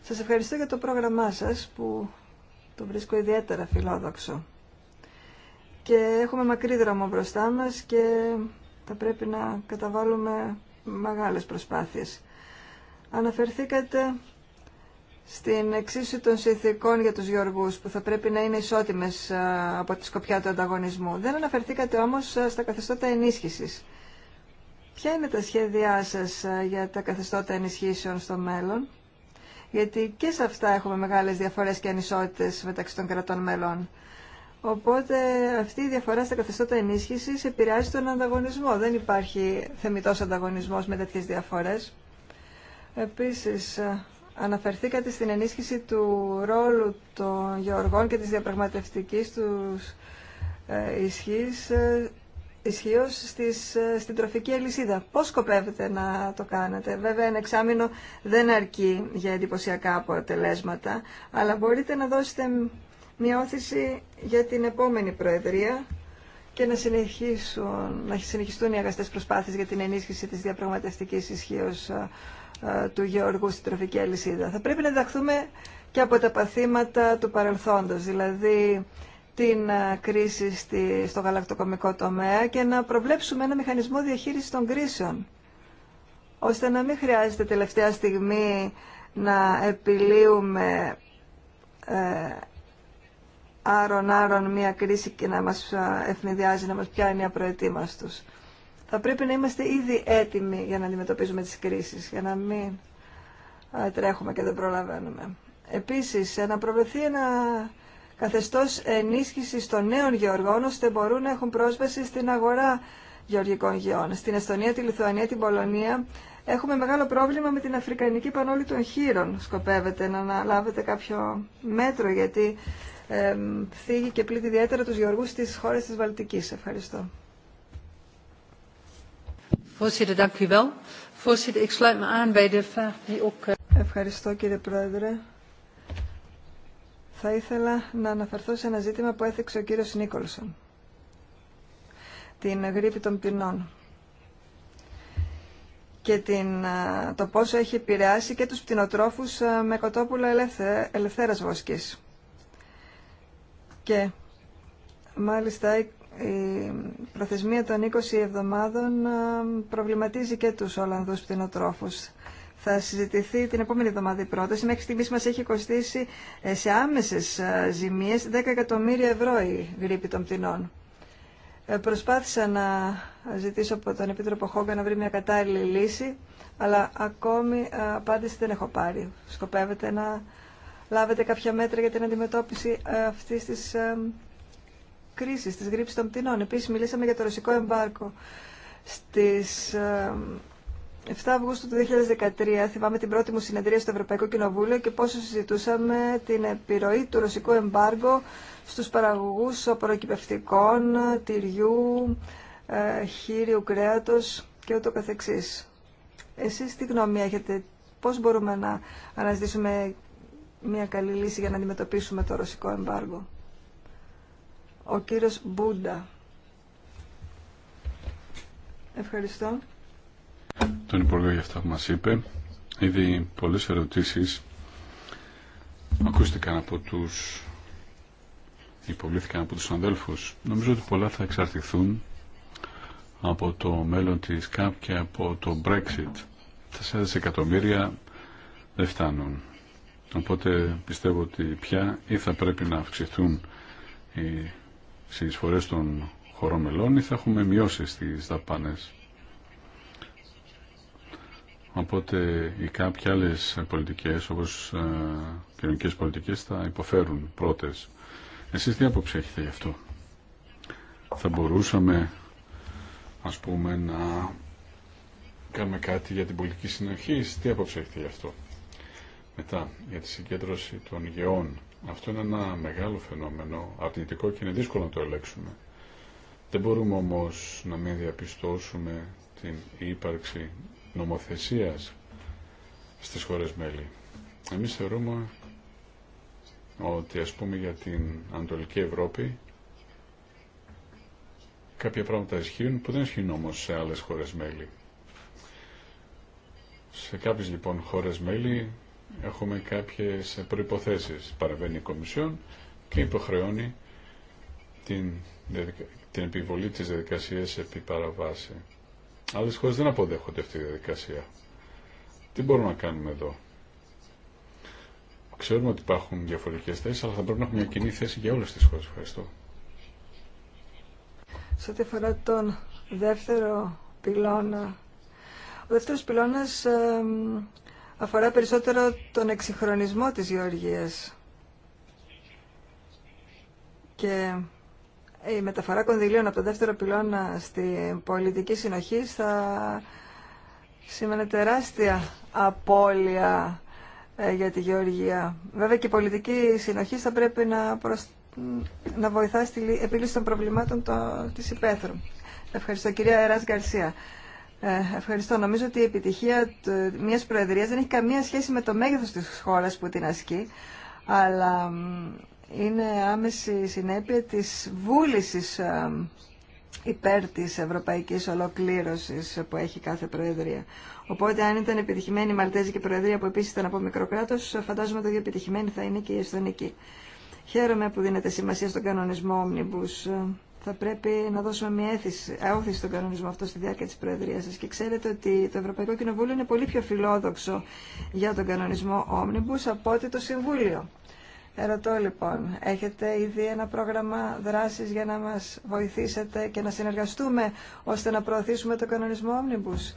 Σας ευχαριστώ για το πρόγραμμά σας που το βρίσκω ιδιαίτερα φιλόδοξο. Και έχουμε μακρύ δρόμο μπροστά μας και θα πρέπει να καταβάλουμε μεγάλες προσπάθειες. Αναφερθήκατε στην εξίσου των συνθηκών για τους γεωργούς που θα πρέπει να είναι ισότιμες από τη σκοπιά του ανταγωνισμού. Δεν αναφερθήκατε όμως στα καθεστώτα ενίσχυσης. Ποια είναι τα σχέδιά σας για τα καθεστώτα ενισχύσεων στο μέλλον, γιατί και σε αυτά έχουμε μεγάλες διαφορές και ανισότητες μεταξύ των κρατών μελών. Οπότε αυτή η διαφορά στα καθεστώτα ενίσχυση επηρεάζει τον ανταγωνισμό. Δεν υπάρχει θεμητός ανταγωνισμός με τέτοιες διαφορές. Επίσης, Αναφερθήκατε στην ενίσχυση του ρόλου των γεωργών και της διαπραγματευτικής τους ε, ισχύς, ε, ισχύως στις, ε, στην τροφική αλυσίδα. Πώς σκοπεύετε να το κάνετε. Βέβαια ένα εξάμεινο δεν αρκεί για εντυπωσιακά αποτελέσματα, αλλά μπορείτε να δώσετε μια όθηση για την επόμενη Προεδρία και να, συνεχίσουν, να συνεχιστούν οι αγαστές προσπάθειες για την ενίσχυση της διαπραγματευτικής ισχύω του γεωργού στην τροφική αλυσίδα. Θα πρέπει να διδαχθούμε και από τα παθήματα του παρελθόντος, δηλαδή την κρίση στη, στο γαλακτοκομικό τομέα και να προβλέψουμε ένα μηχανισμό διαχείρισης των κρίσεων, ώστε να μην χρειάζεται τελευταία στιγμή να επιλύουμε ε, άρον-άρον μία κρίση και να μας ευνηδιάζει, να μας πιάνει απροετοίμαστος θα πρέπει να είμαστε ήδη έτοιμοι για να αντιμετωπίζουμε τις κρίσεις, για να μην τρέχουμε και δεν προλαβαίνουμε. Επίσης, ε, να προβληθεί ένα καθεστώς ενίσχυσης των νέων γεωργών, ώστε μπορούν να έχουν πρόσβαση στην αγορά γεωργικών γεών. Στην Εστονία, τη Λιθουανία, την Πολωνία έχουμε μεγάλο πρόβλημα με την Αφρικανική Πανόλη των Χείρων. Σκοπεύετε να λάβετε κάποιο μέτρο, γιατί ε, και πλήττει ιδιαίτερα τους γεωργούς στις χώρες της Βαλτικής. Ευχαριστώ. Ευχαριστώ κύριε Πρόεδρε. Θα ήθελα να αναφερθώ σε ένα ζήτημα που έθεξε ο κύριος Νίκολσον. Την γρήπη των ποινών. Και το πόσο έχει επηρεάσει και τους πτηνοτρόφους με κοτόπουλα ελεύθε, ελευθέρας βοσκής. Και μάλιστα η προθεσμία των 20 εβδομάδων ε, προβληματίζει και τους Ολλανδούς πτυνοτρόφους. Θα συζητηθεί την επόμενη εβδομάδα η πρόταση. Μέχρι στιγμής μας έχει κοστίσει ε, σε άμεσες ε, ζημίες 10 εκατομμύρια ευρώ η γρήπη των πτηνών. Προσπάθησα να ζητήσω από τον Επίτροπο Χόγκα να βρει μια κατάλληλη λύση, αλλά ακόμη απάντηση δεν έχω πάρει. Σκοπεύετε να λάβετε κάποια μέτρα για την αντιμετώπιση αυτής της κρίση, τη γρήψη των πτηνών. Επίση, μιλήσαμε για το ρωσικό εμπάρκο. Στι 7 Αυγούστου του 2013 θυμάμαι την πρώτη μου συνεδρία στο Ευρωπαϊκό Κοινοβούλιο και πόσο συζητούσαμε την επιρροή του ρωσικού εμπάργου στους παραγωγούς προκυπευτικών τυριού, ε, χείριου κρέατος και ούτω καθεξής. Εσείς τι γνώμη έχετε, πώς μπορούμε να αναζητήσουμε μια καλή λύση για να αντιμετωπίσουμε το ρωσικό εμπάργο ο κύριος Μπούντα. Ευχαριστώ. Τον Υπουργό για αυτά που μας είπε. Ήδη πολλές ερωτήσεις ακούστηκαν από τους υποβλήθηκαν από τους αδέλφους. Νομίζω ότι πολλά θα εξαρτηθούν από το μέλλον της ΚΑΠ και από το Brexit. Τα σε εκατομμύρια δεν φτάνουν. Οπότε πιστεύω ότι πια ή θα πρέπει να αυξηθούν οι εισφορές των χωρών μελών ή θα έχουμε μειώσει στις δαπάνες. Οπότε οι κάποιοι άλλες πολιτικές όπως ε, κοινωνικές πολιτικές θα υποφέρουν πρώτες. Εσείς τι άποψη έχετε γι' αυτό. Θα μπορούσαμε ας πούμε να κάνουμε κάτι για την πολιτική συνοχή. Τι άποψη έχετε γι' αυτό. Μετά για τη συγκέντρωση των γεών αυτό είναι ένα μεγάλο φαινόμενο, αρνητικό και είναι δύσκολο να το ελέγξουμε. Δεν μπορούμε όμως να μην διαπιστώσουμε την ύπαρξη νομοθεσίας στις χώρες μέλη. Εμείς θεωρούμε ότι ας πούμε για την Ανατολική Ευρώπη κάποια πράγματα ισχύουν που δεν ισχύουν όμως σε άλλες χώρες μέλη. Σε κάποιες λοιπόν χώρες μέλη έχουμε κάποιες προϋποθέσεις. Παραβαίνει η Κομισιόν και υποχρεώνει την, την επιβολή της διαδικασίας επί παραβάση. Άλλες χώρες δεν αποδέχονται αυτή τη διαδικασία. Τι μπορούμε να κάνουμε εδώ. Ξέρουμε ότι υπάρχουν διαφορετικές θέσεις, αλλά θα πρέπει να έχουμε μια κοινή θέση για όλες τις χώρες. Ευχαριστώ. Σε ό,τι αφορά τον δεύτερο πυλώνα, ο δεύτερος πυλώνας αφορά περισσότερο τον εξυγχρονισμό της γεωργίας. Και η μεταφορά κονδυλίων από το δεύτερο πυλώνα στη πολιτική συνοχή θα σήμαινε τεράστια απώλεια ε, για τη γεωργία. Βέβαια και η πολιτική συνοχή θα πρέπει να, προσ... να βοηθά στη επίλυση των προβλημάτων το... της υπαίθρου. Ευχαριστώ κυρία Εράς Γκαρσία. Ε, ευχαριστώ. Νομίζω ότι η επιτυχία μια Προεδρία δεν έχει καμία σχέση με το μέγεθο τη χώρα που την ασκεί, αλλά είναι άμεση συνέπεια τη βούληση ε, υπέρ της ευρωπαϊκή ολοκλήρωση που έχει κάθε Προεδρία. Οπότε, αν ήταν επιτυχημένη η Μαλτέζικη Προεδρία, που επίση ήταν από μικρό κράτο, φαντάζομαι το επιτυχημένη θα είναι και η Εσθονική. Χαίρομαι που δίνεται σημασία στον κανονισμό Omnibus θα πρέπει να δώσουμε μια αόθηση στον κανονισμό αυτό στη διάρκεια τη Προεδρία σα Και ξέρετε ότι το Ευρωπαϊκό Κοινοβούλιο είναι πολύ πιο φιλόδοξο για τον κανονισμό Omnibus από ότι το Συμβούλιο. Ερωτώ λοιπόν, έχετε ήδη ένα πρόγραμμα δράσης για να μας βοηθήσετε και να συνεργαστούμε ώστε να προωθήσουμε τον κανονισμό Omnibus.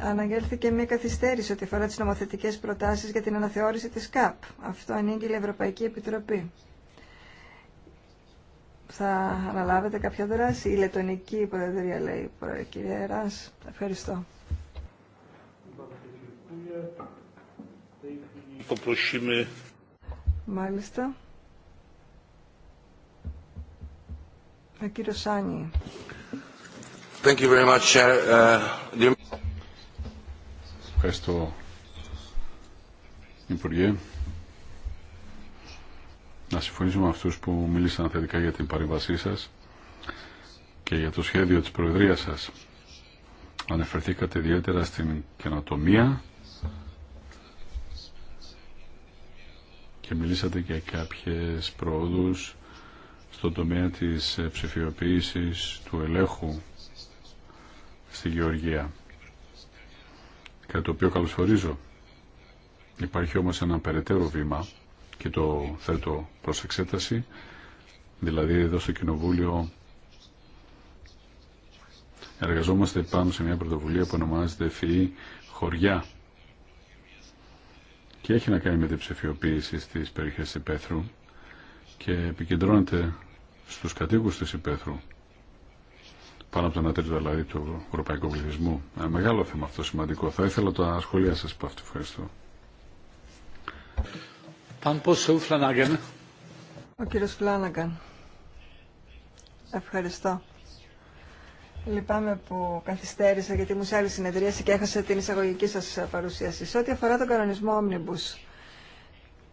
Αναγγέλθηκε μια καθυστέρηση ό,τι αφορά τις νομοθετικές προτάσεις για την αναθεώρηση της ΚΑΠ. Αυτό ανήγγειλε η Ευρωπαϊκή Επιτροπή θα αναλάβετε κάποια δράση. Η Λετωνική Προεδρία λέει, κύριε Ράς. Ευχαριστώ. Μάλιστα. Ο κύριο Σάνι. Uh, ευχαριστώ, Υπουργέ να συμφωνήσω με αυτούς που μίλησαν θετικά για την παρέμβασή σας και για το σχέδιο της Προεδρίας σας. Αναφερθήκατε ιδιαίτερα στην καινοτομία και μιλήσατε για κάποιες προόδους στον τομέα της ψηφιοποίησης του ελέγχου στη Γεωργία. Κάτι το οποίο καλωσορίζω. Υπάρχει όμως ένα περαιτέρω βήμα και το θέτω προς εξέταση. Δηλαδή εδώ στο Κοινοβούλιο εργαζόμαστε πάνω σε μια πρωτοβουλία που ονομάζεται ΦΥΗ Χωριά και έχει να κάνει με την ψηφιοποίηση στις περιοχές της και επικεντρώνεται στους κατοίκους της Υπέθρου πάνω από το 1 τρίτο δηλαδή του ευρωπαϊκού πληθυσμού. Ένα ε, μεγάλο θέμα αυτό σημαντικό. Θα ήθελα τα σχόλια σας από αυτό. Ευχαριστώ. Ο κύριος Φλάνναγκαν. Ευχαριστώ. Λυπάμαι που καθυστέρησα γιατί μου σε άλλη συνεδρίαση και έχασα την εισαγωγική σας παρουσίαση. Σε ό,τι αφορά τον κανονισμό Omnibus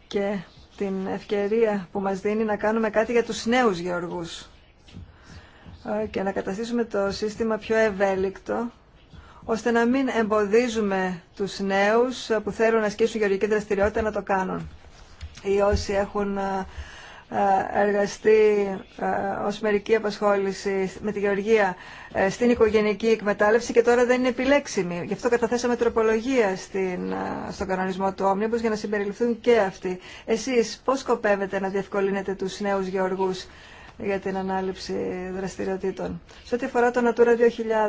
και την ευκαιρία που μας δίνει να κάνουμε κάτι για τους νέους γεωργούς ε, και να καταστήσουμε το σύστημα πιο ευέλικτο ώστε να μην εμποδίζουμε τους νέους ε, που θέλουν να ασκήσουν γεωργική δραστηριότητα να το κάνουν ή όσοι έχουν ε, ε, εργαστεί ε, ως μερική απασχόληση με τη γεωργία στην οικογενική εκμετάλλευση και τώρα δεν είναι επιλέξιμη. Γι' αυτό καταθέσαμε τροπολογία στην, στον κανονισμό του Όμνιμπους για να συμπεριληφθούν και αυτοί. Εσείς πώς σκοπεύετε να διευκολύνετε τους νέους γεωργούς για την ανάληψη δραστηριοτήτων. Σε ό,τι αφορά το Natura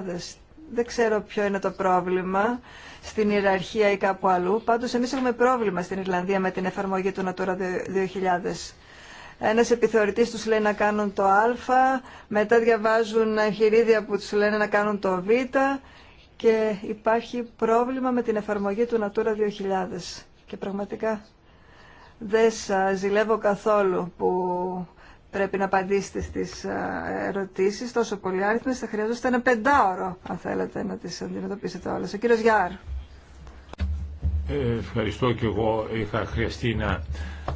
2000, δεν ξέρω ποιο είναι το πρόβλημα στην ιεραρχία ή κάπου αλλού. Πάντως εμείς έχουμε πρόβλημα στην Ιρλανδία με την εφαρμογή του Natura 2000. Ένας επιθεωρητής τους λέει να κάνουν το α, μετά διαβάζουν εγχειρίδια που τους λένε να κάνουν το β και υπάρχει πρόβλημα με την εφαρμογή του Natura 2000. Και πραγματικά δεν σας ζηλεύω καθόλου που πρέπει να απαντήσετε στις ε, ερωτήσεις, τόσο πολύ άριθμες, θα χρειάζεστε ένα πεντάωρο, αν θέλετε, να τις αντιμετωπίσετε όλες. Ο κύριος Γιάρ. Ε, ευχαριστώ και εγώ είχα χρειαστεί να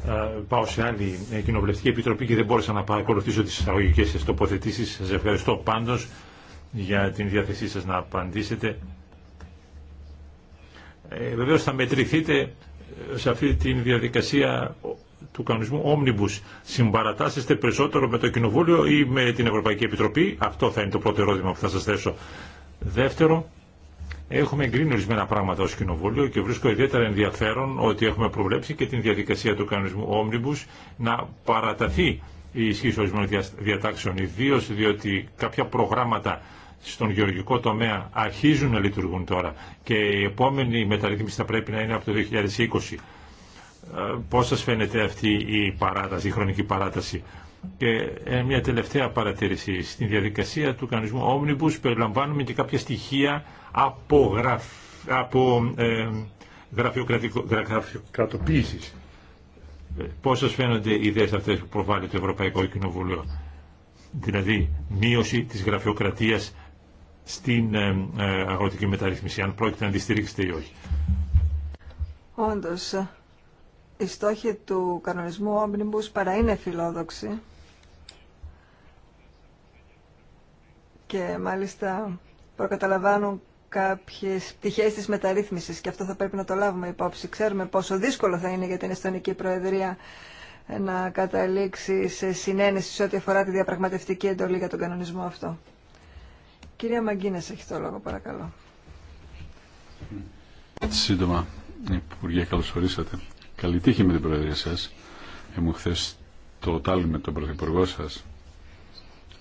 ε, πάω σε άλλη ε, κοινοβουλευτική επιτροπή και δεν μπόρεσα να παρακολουθήσω τις εισαγωγικές σας τοποθετήσεις. Σας ευχαριστώ πάντως για την διάθεσή σας να απαντήσετε. Ε, βεβαίως θα μετρηθείτε σε αυτή τη διαδικασία του κανονισμού Omnibus συμπαρατάσσεστε περισσότερο με το Κοινοβούλιο ή με την Ευρωπαϊκή Επιτροπή. Αυτό θα είναι το πρώτο ερώτημα που θα σας θέσω. Δεύτερο, έχουμε εγκρίνει ορισμένα πράγματα ως Κοινοβούλιο και βρίσκω ιδιαίτερα ενδιαφέρον ότι έχουμε προβλέψει και την διαδικασία του κανονισμού Omnibus να παραταθεί η ισχύ ορισμένων διατάξεων, ιδίω διότι κάποια προγράμματα στον γεωργικό τομέα αρχίζουν να λειτουργούν τώρα και η επόμενη μεταρρύθμιση θα πρέπει να είναι από το 2020. Ε, πώς σας φαίνεται αυτή η παράταση, η χρονική παράταση. Και ε, μια τελευταία παρατήρηση. Στην διαδικασία του κανονισμού Omnibus περιλαμβάνουμε και κάποια στοιχεία από, γραφ, από ε, γραφειοκρατοποίησης. Ε, πώς σας φαίνονται οι ιδέες αυτές που προβάλλει το Ευρωπαϊκό Κοινοβουλίο. Δηλαδή μείωση της γραφειοκρατίας στην αγροτική μεταρρύθμιση, αν πρόκειται να τη στηρίξετε ή όχι. Όντως, η στόχοι του κανονισμού Omnibus παρά είναι φιλόδοξοι και μάλιστα προκαταλαμβάνουν κάποιες πτυχές της μεταρρύθμισης και αυτό θα πρέπει να το λάβουμε υπόψη. Ξέρουμε πόσο δύσκολο θα είναι για την Εστονική Προεδρία να καταλήξει σε συνένεση σε ό,τι αφορά τη διαπραγματευτική εντολή για τον κανονισμό αυτό. Κυρία Μαγκίνες έχει το λόγο παρακαλώ. Σύντομα, Υπουργέ, καλώς ορίσατε. Καλή τύχη με την Προεδρία σα Έμουν χθε το τάλι με τον Πρωθυπουργό σα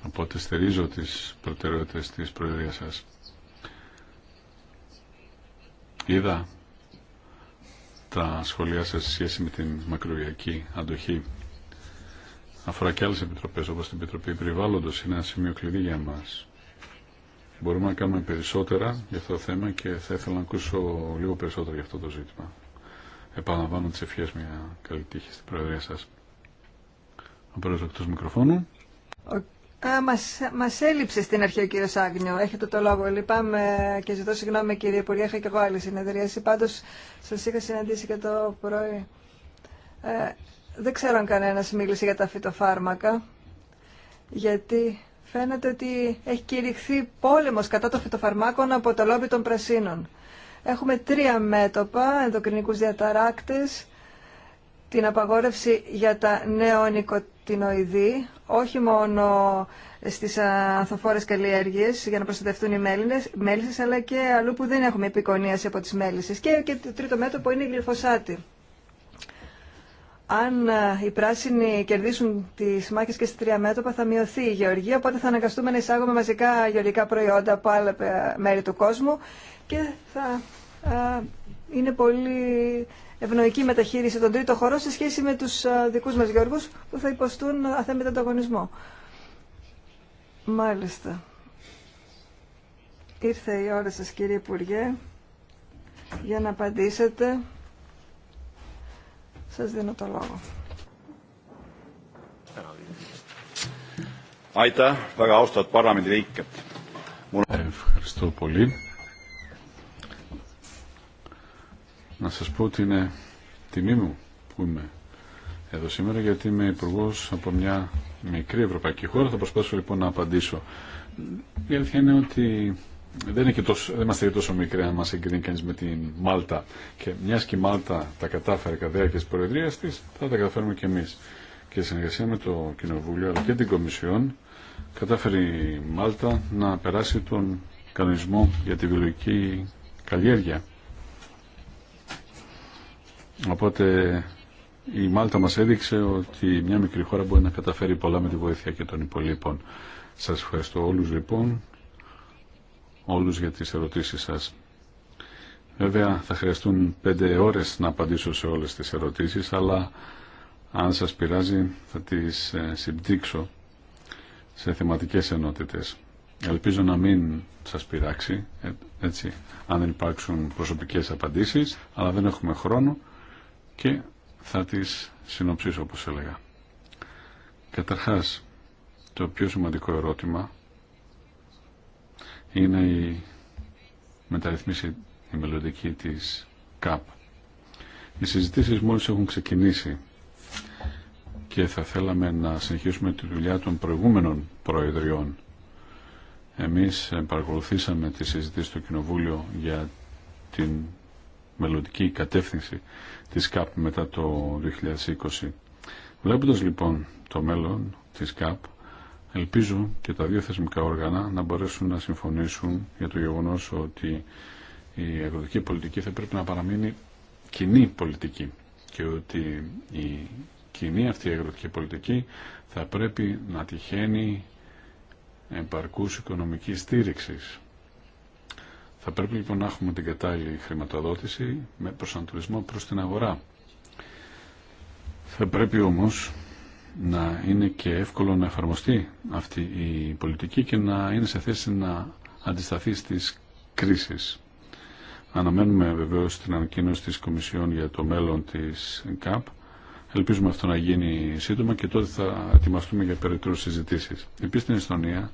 Οπότε στερίζω τι προτεραιότητε τη προεδρία σα. Είδα τα σχολεία σας σε σχέση με την μακροβιακή αντοχή. Αφορά και άλλες επιτροπές, όπως την Επιτροπή περιβάλλοντο είναι ένα σημείο κλειδί για μας. Μπορούμε να κάνουμε περισσότερα για αυτό το θέμα και θα ήθελα να ακούσω λίγο περισσότερο για αυτό το ζήτημα. Επαναλαμβάνω τις ευχές μια καλή τύχη στην Προεδρία σας. Ο πρόεδρος εκτός μικροφώνου. Α, μας, έλειψε στην αρχή ο κύριος Άγνιο. Έχετε το λόγο. Λυπάμαι και ζητώ συγγνώμη κύριε Υπουργέ. Είχα και εγώ άλλη συνεδρίαση. Πάντως σας είχα συναντήσει και το πρωί. Ε, δεν ξέρω αν κανένα μίλησε για τα φυτοφάρμακα. Γιατί φαίνεται ότι έχει κηρυχθεί πόλεμος κατά των φυτοφαρμάκων από το λόμπι των πρασίνων. Έχουμε τρία μέτωπα, ενδοκρινικούς διαταράκτες, την απαγόρευση για τα νεονικοτινοειδή, όχι μόνο στις ανθοφόρες καλλιέργειες για να προστατευτούν οι μέλισσες, μέλισσες αλλά και αλλού που δεν έχουμε επικονίαση από τις μέλισσες. Και, και το τρίτο μέτωπο είναι η γλυφοσάτη αν ε, οι πράσινοι κερδίσουν τι μάχε και στα τρία μέτωπα, θα μειωθεί η γεωργία. Οπότε θα αναγκαστούμε να εισάγουμε μαζικά γεωργικά προϊόντα από άλλα ε, μέρη του κόσμου και θα α, ε, είναι πολύ ευνοϊκή μεταχείριση των τρίτων χωρών σε σχέση με του δικού μα γεωργού που θα υποστούν αθέμητο ανταγωνισμό. Μάλιστα. Ήρθε η ώρα σας κύριε Υπουργέ για να απαντήσετε. Σας δίνω το λόγο. Ευχαριστώ πολύ. Να σας πω ότι είναι τιμή μου που είμαι εδώ σήμερα γιατί είμαι υπουργό από μια μικρή ευρωπαϊκή χώρα. Θα προσπαθήσω λοιπόν να απαντήσω. Η αλήθεια είναι ότι δεν, είναι και τόσο, δεν είμαστε και τόσο μικροί αν μα εγκρίνει κανεί με την Μάλτα. Και μια και η Μάλτα τα κατάφερε κατά διάρκεια τη, Προεδρία της, θα τα καταφέρουμε και εμεί Και συνεργασία με το Κοινοβούλιο αλλά και την Κομισιόν κατάφερε η Μάλτα να περάσει τον κανονισμό για τη βιολογική καλλιέργεια. Οπότε η Μάλτα μας έδειξε ότι μια μικρή χώρα μπορεί να καταφέρει πολλά με τη βοήθεια και των υπολείπων. Σας ευχαριστώ όλους λοιπόν όλους για τις ερωτήσεις σας. Βέβαια θα χρειαστούν πέντε ώρες να απαντήσω σε όλες τις ερωτήσεις, αλλά αν σας πειράζει θα τις ε, συμπτύξω σε θεματικές ενότητες. Ελπίζω να μην σας πειράξει, ε, έτσι, αν δεν υπάρξουν προσωπικές απαντήσεις, αλλά δεν έχουμε χρόνο και θα τις συνοψίσω όπως έλεγα. Καταρχάς, το πιο σημαντικό ερώτημα είναι η μεταρρυθμίση η μελλοντική της ΚΑΠ. Οι συζητήσεις μόλις έχουν ξεκινήσει και θα θέλαμε να συνεχίσουμε τη δουλειά των προηγούμενων προεδριών. Εμείς παρακολουθήσαμε τη συζητήσεις στο Κοινοβούλιο για την μελλοντική κατεύθυνση της ΚΑΠ μετά το 2020. Βλέποντας λοιπόν το μέλλον της ΚΑΠ, Ελπίζω και τα δύο θεσμικά όργανα να μπορέσουν να συμφωνήσουν για το γεγονός ότι η αγροτική πολιτική θα πρέπει να παραμείνει κοινή πολιτική και ότι η κοινή αυτή η αγροτική πολιτική θα πρέπει να τυχαίνει εμπαρκούς οικονομικής στήριξης. Θα πρέπει λοιπόν να έχουμε την κατάλληλη χρηματοδότηση με προσανατολισμό προς την αγορά. Θα πρέπει όμως να είναι και εύκολο να εφαρμοστεί αυτή η πολιτική και να είναι σε θέση να αντισταθεί στις κρίσεις. Αναμένουμε βεβαίως την ανακοίνωση της Κομισιόν για το μέλλον της ΚΑΠ. Ελπίζουμε αυτό να γίνει σύντομα και τότε θα ετοιμαστούμε για περαιτέρω συζητήσει. Επίση στην Εστονία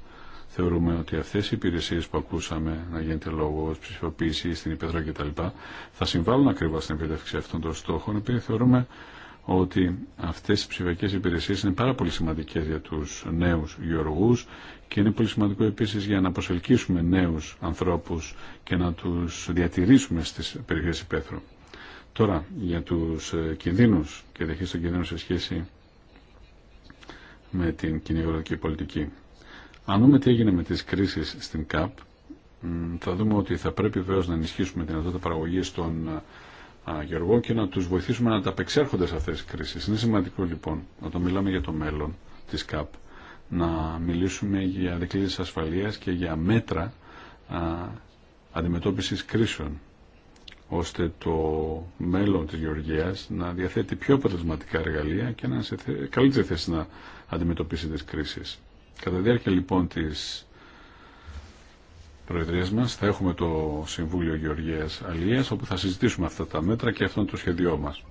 θεωρούμε ότι αυτέ οι υπηρεσίε που ακούσαμε να γίνεται λόγο ψηφιοποίηση στην Υπέδρα κτλ. θα συμβάλλουν ακριβώ στην επίτευξη αυτών των στόχων, επειδή θεωρούμε ότι αυτές οι ψηφιακές υπηρεσίες είναι πάρα πολύ σημαντικές για τους νέους γεωργούς και είναι πολύ σημαντικό επίσης για να προσελκύσουμε νέους ανθρώπους και να τους διατηρήσουμε στις περιοχές υπαίθρου. Τώρα, για τους ε, κινδύνους και δεχείς των κινδύνων σε σχέση με την κοινή πολιτική. Αν δούμε τι έγινε με τις κρίσεις στην ΚΑΠ, θα δούμε ότι θα πρέπει βέβαια να ενισχύσουμε την δυνατότητα παραγωγή των ε, Γεωργό και να τους βοηθήσουμε να ταπεξέρχονται σε αυτές τις κρίσεις. Είναι σημαντικό λοιπόν όταν μιλάμε για το μέλλον της ΚΑΠ να μιλήσουμε για δικλείδες ασφαλείας και για μέτρα α, αντιμετώπισης κρίσεων ώστε το μέλλον της Γεωργίας να διαθέτει πιο αποτελεσματικά εργαλεία και να σε καλύτερη θέση να αντιμετωπίσει τις κρίσεις. Κατά διάρκεια λοιπόν της Προεδρίας μας θα έχουμε το Συμβούλιο Γεωργίας Αλίας όπου θα συζητήσουμε αυτά τα μέτρα και αυτό είναι το σχέδιό μας.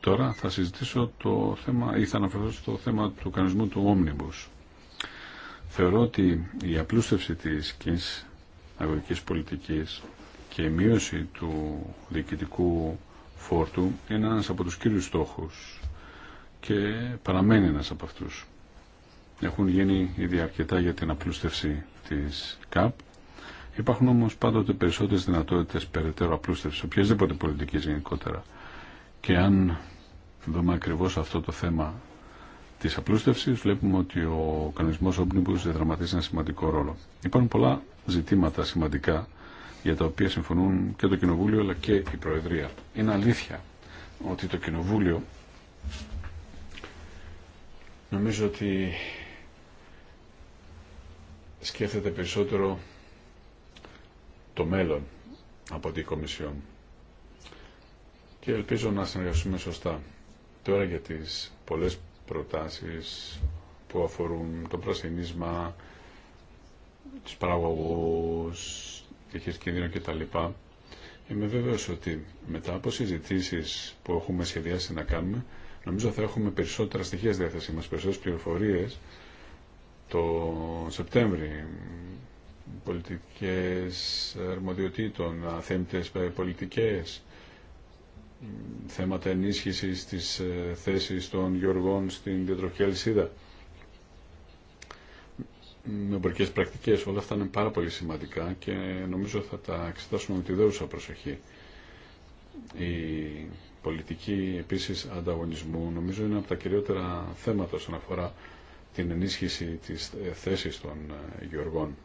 Τώρα θα συζητήσω το θέμα ή θα αναφερθώ στο θέμα του κανονισμού του Omnibus. Θεωρώ ότι η απλούστευση της κοινή αγωγική πολιτικής και η μείωση του διοικητικού φόρτου είναι ένας από τους κύριους στόχους και παραμένει ένας από αυτούς. Έχουν γίνει ήδη αρκετά για την απλούστευση της ΚΑΠ Υπάρχουν όμω πάντοτε περισσότερε δυνατότητε περαιτέρω απλούστευση, οποιασδήποτε πολιτική γενικότερα. Και αν δούμε ακριβώ αυτό το θέμα τη απλούστευση, βλέπουμε ότι ο κανονισμό Omnibus διαδραματίζει ένα σημαντικό ρόλο. Υπάρχουν πολλά ζητήματα σημαντικά για τα οποία συμφωνούν και το Κοινοβούλιο αλλά και η Προεδρία. Είναι αλήθεια ότι το Κοινοβούλιο νομίζω ότι σκέφτεται περισσότερο το μέλλον από την Κομισιόν. Και ελπίζω να συνεργαστούμε σωστά. Τώρα για τις πολλές προτάσεις που αφορούν το προσθενίσμα, τους παραγωγούς, τη κίνδυνο κτλ. Είμαι βέβαιος ότι μετά από συζητήσει που έχουμε σχεδιάσει να κάνουμε, νομίζω θα έχουμε περισσότερα στοιχεία στη διάθεσή μας, περισσότερες πληροφορίες το Σεπτέμβρη πολιτικές αρμοδιοτήτων, αθέμητες πολιτικές, θέματα ενίσχυσης της ε, θέσης των γεωργών στην διατροφική αλυσίδα, με εμπορικές πρακτικές, όλα αυτά είναι πάρα πολύ σημαντικά και νομίζω θα τα εξετάσουμε με τη δέουσα προσοχή. Η πολιτική επίσης ανταγωνισμού νομίζω είναι από τα κυριότερα θέματα όσον αφορά την ενίσχυση της ε, θέσης των ε, γεωργών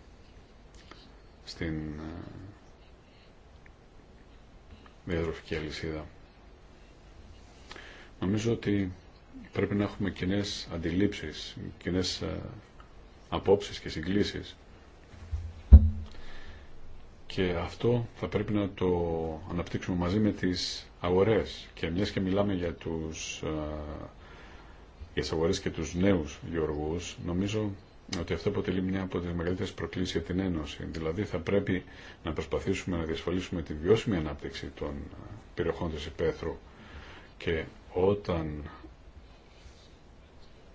στην ε, διαδροφική αλυσίδα. Νομίζω ότι πρέπει να έχουμε κοινέ αντιλήψεις, κοινέ ε, απόψεις και συγκλήσεις. Και αυτό θα πρέπει να το αναπτύξουμε μαζί με τις αγορές. Και μιας και μιλάμε για τους ε, για τις αγορές και τους νέους γεωργούς, νομίζω ότι αυτό αποτελεί μια από τι μεγαλύτερε προκλήσει για την Ένωση. Δηλαδή θα πρέπει να προσπαθήσουμε να διασφαλίσουμε τη βιώσιμη ανάπτυξη των ε, περιοχών τη υπαίθρου και όταν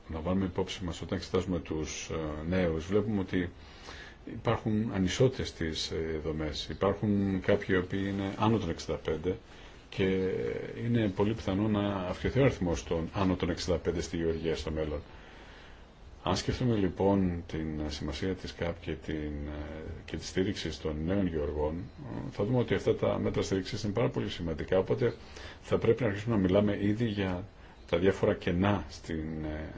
να βάλουμε υπόψη μα όταν εξετάζουμε του ε, νέου, βλέπουμε ότι υπάρχουν ανισότητες στι ε, δομές. Υπάρχουν κάποιοι οποίοι είναι άνω των 65 και είναι πολύ πιθανό να αυξηθεί ο αριθμό των άνω των 65 στη Γεωργία στο μέλλον. Αν σκεφτούμε λοιπόν την σημασία της ΚΑΠ και, την, ε, και τη στήριξη των νέων γεωργών, ε, θα δούμε ότι αυτά τα μέτρα στήριξη είναι πάρα πολύ σημαντικά, οπότε θα πρέπει να αρχίσουμε να μιλάμε ήδη για τα διάφορα κενά στην ε,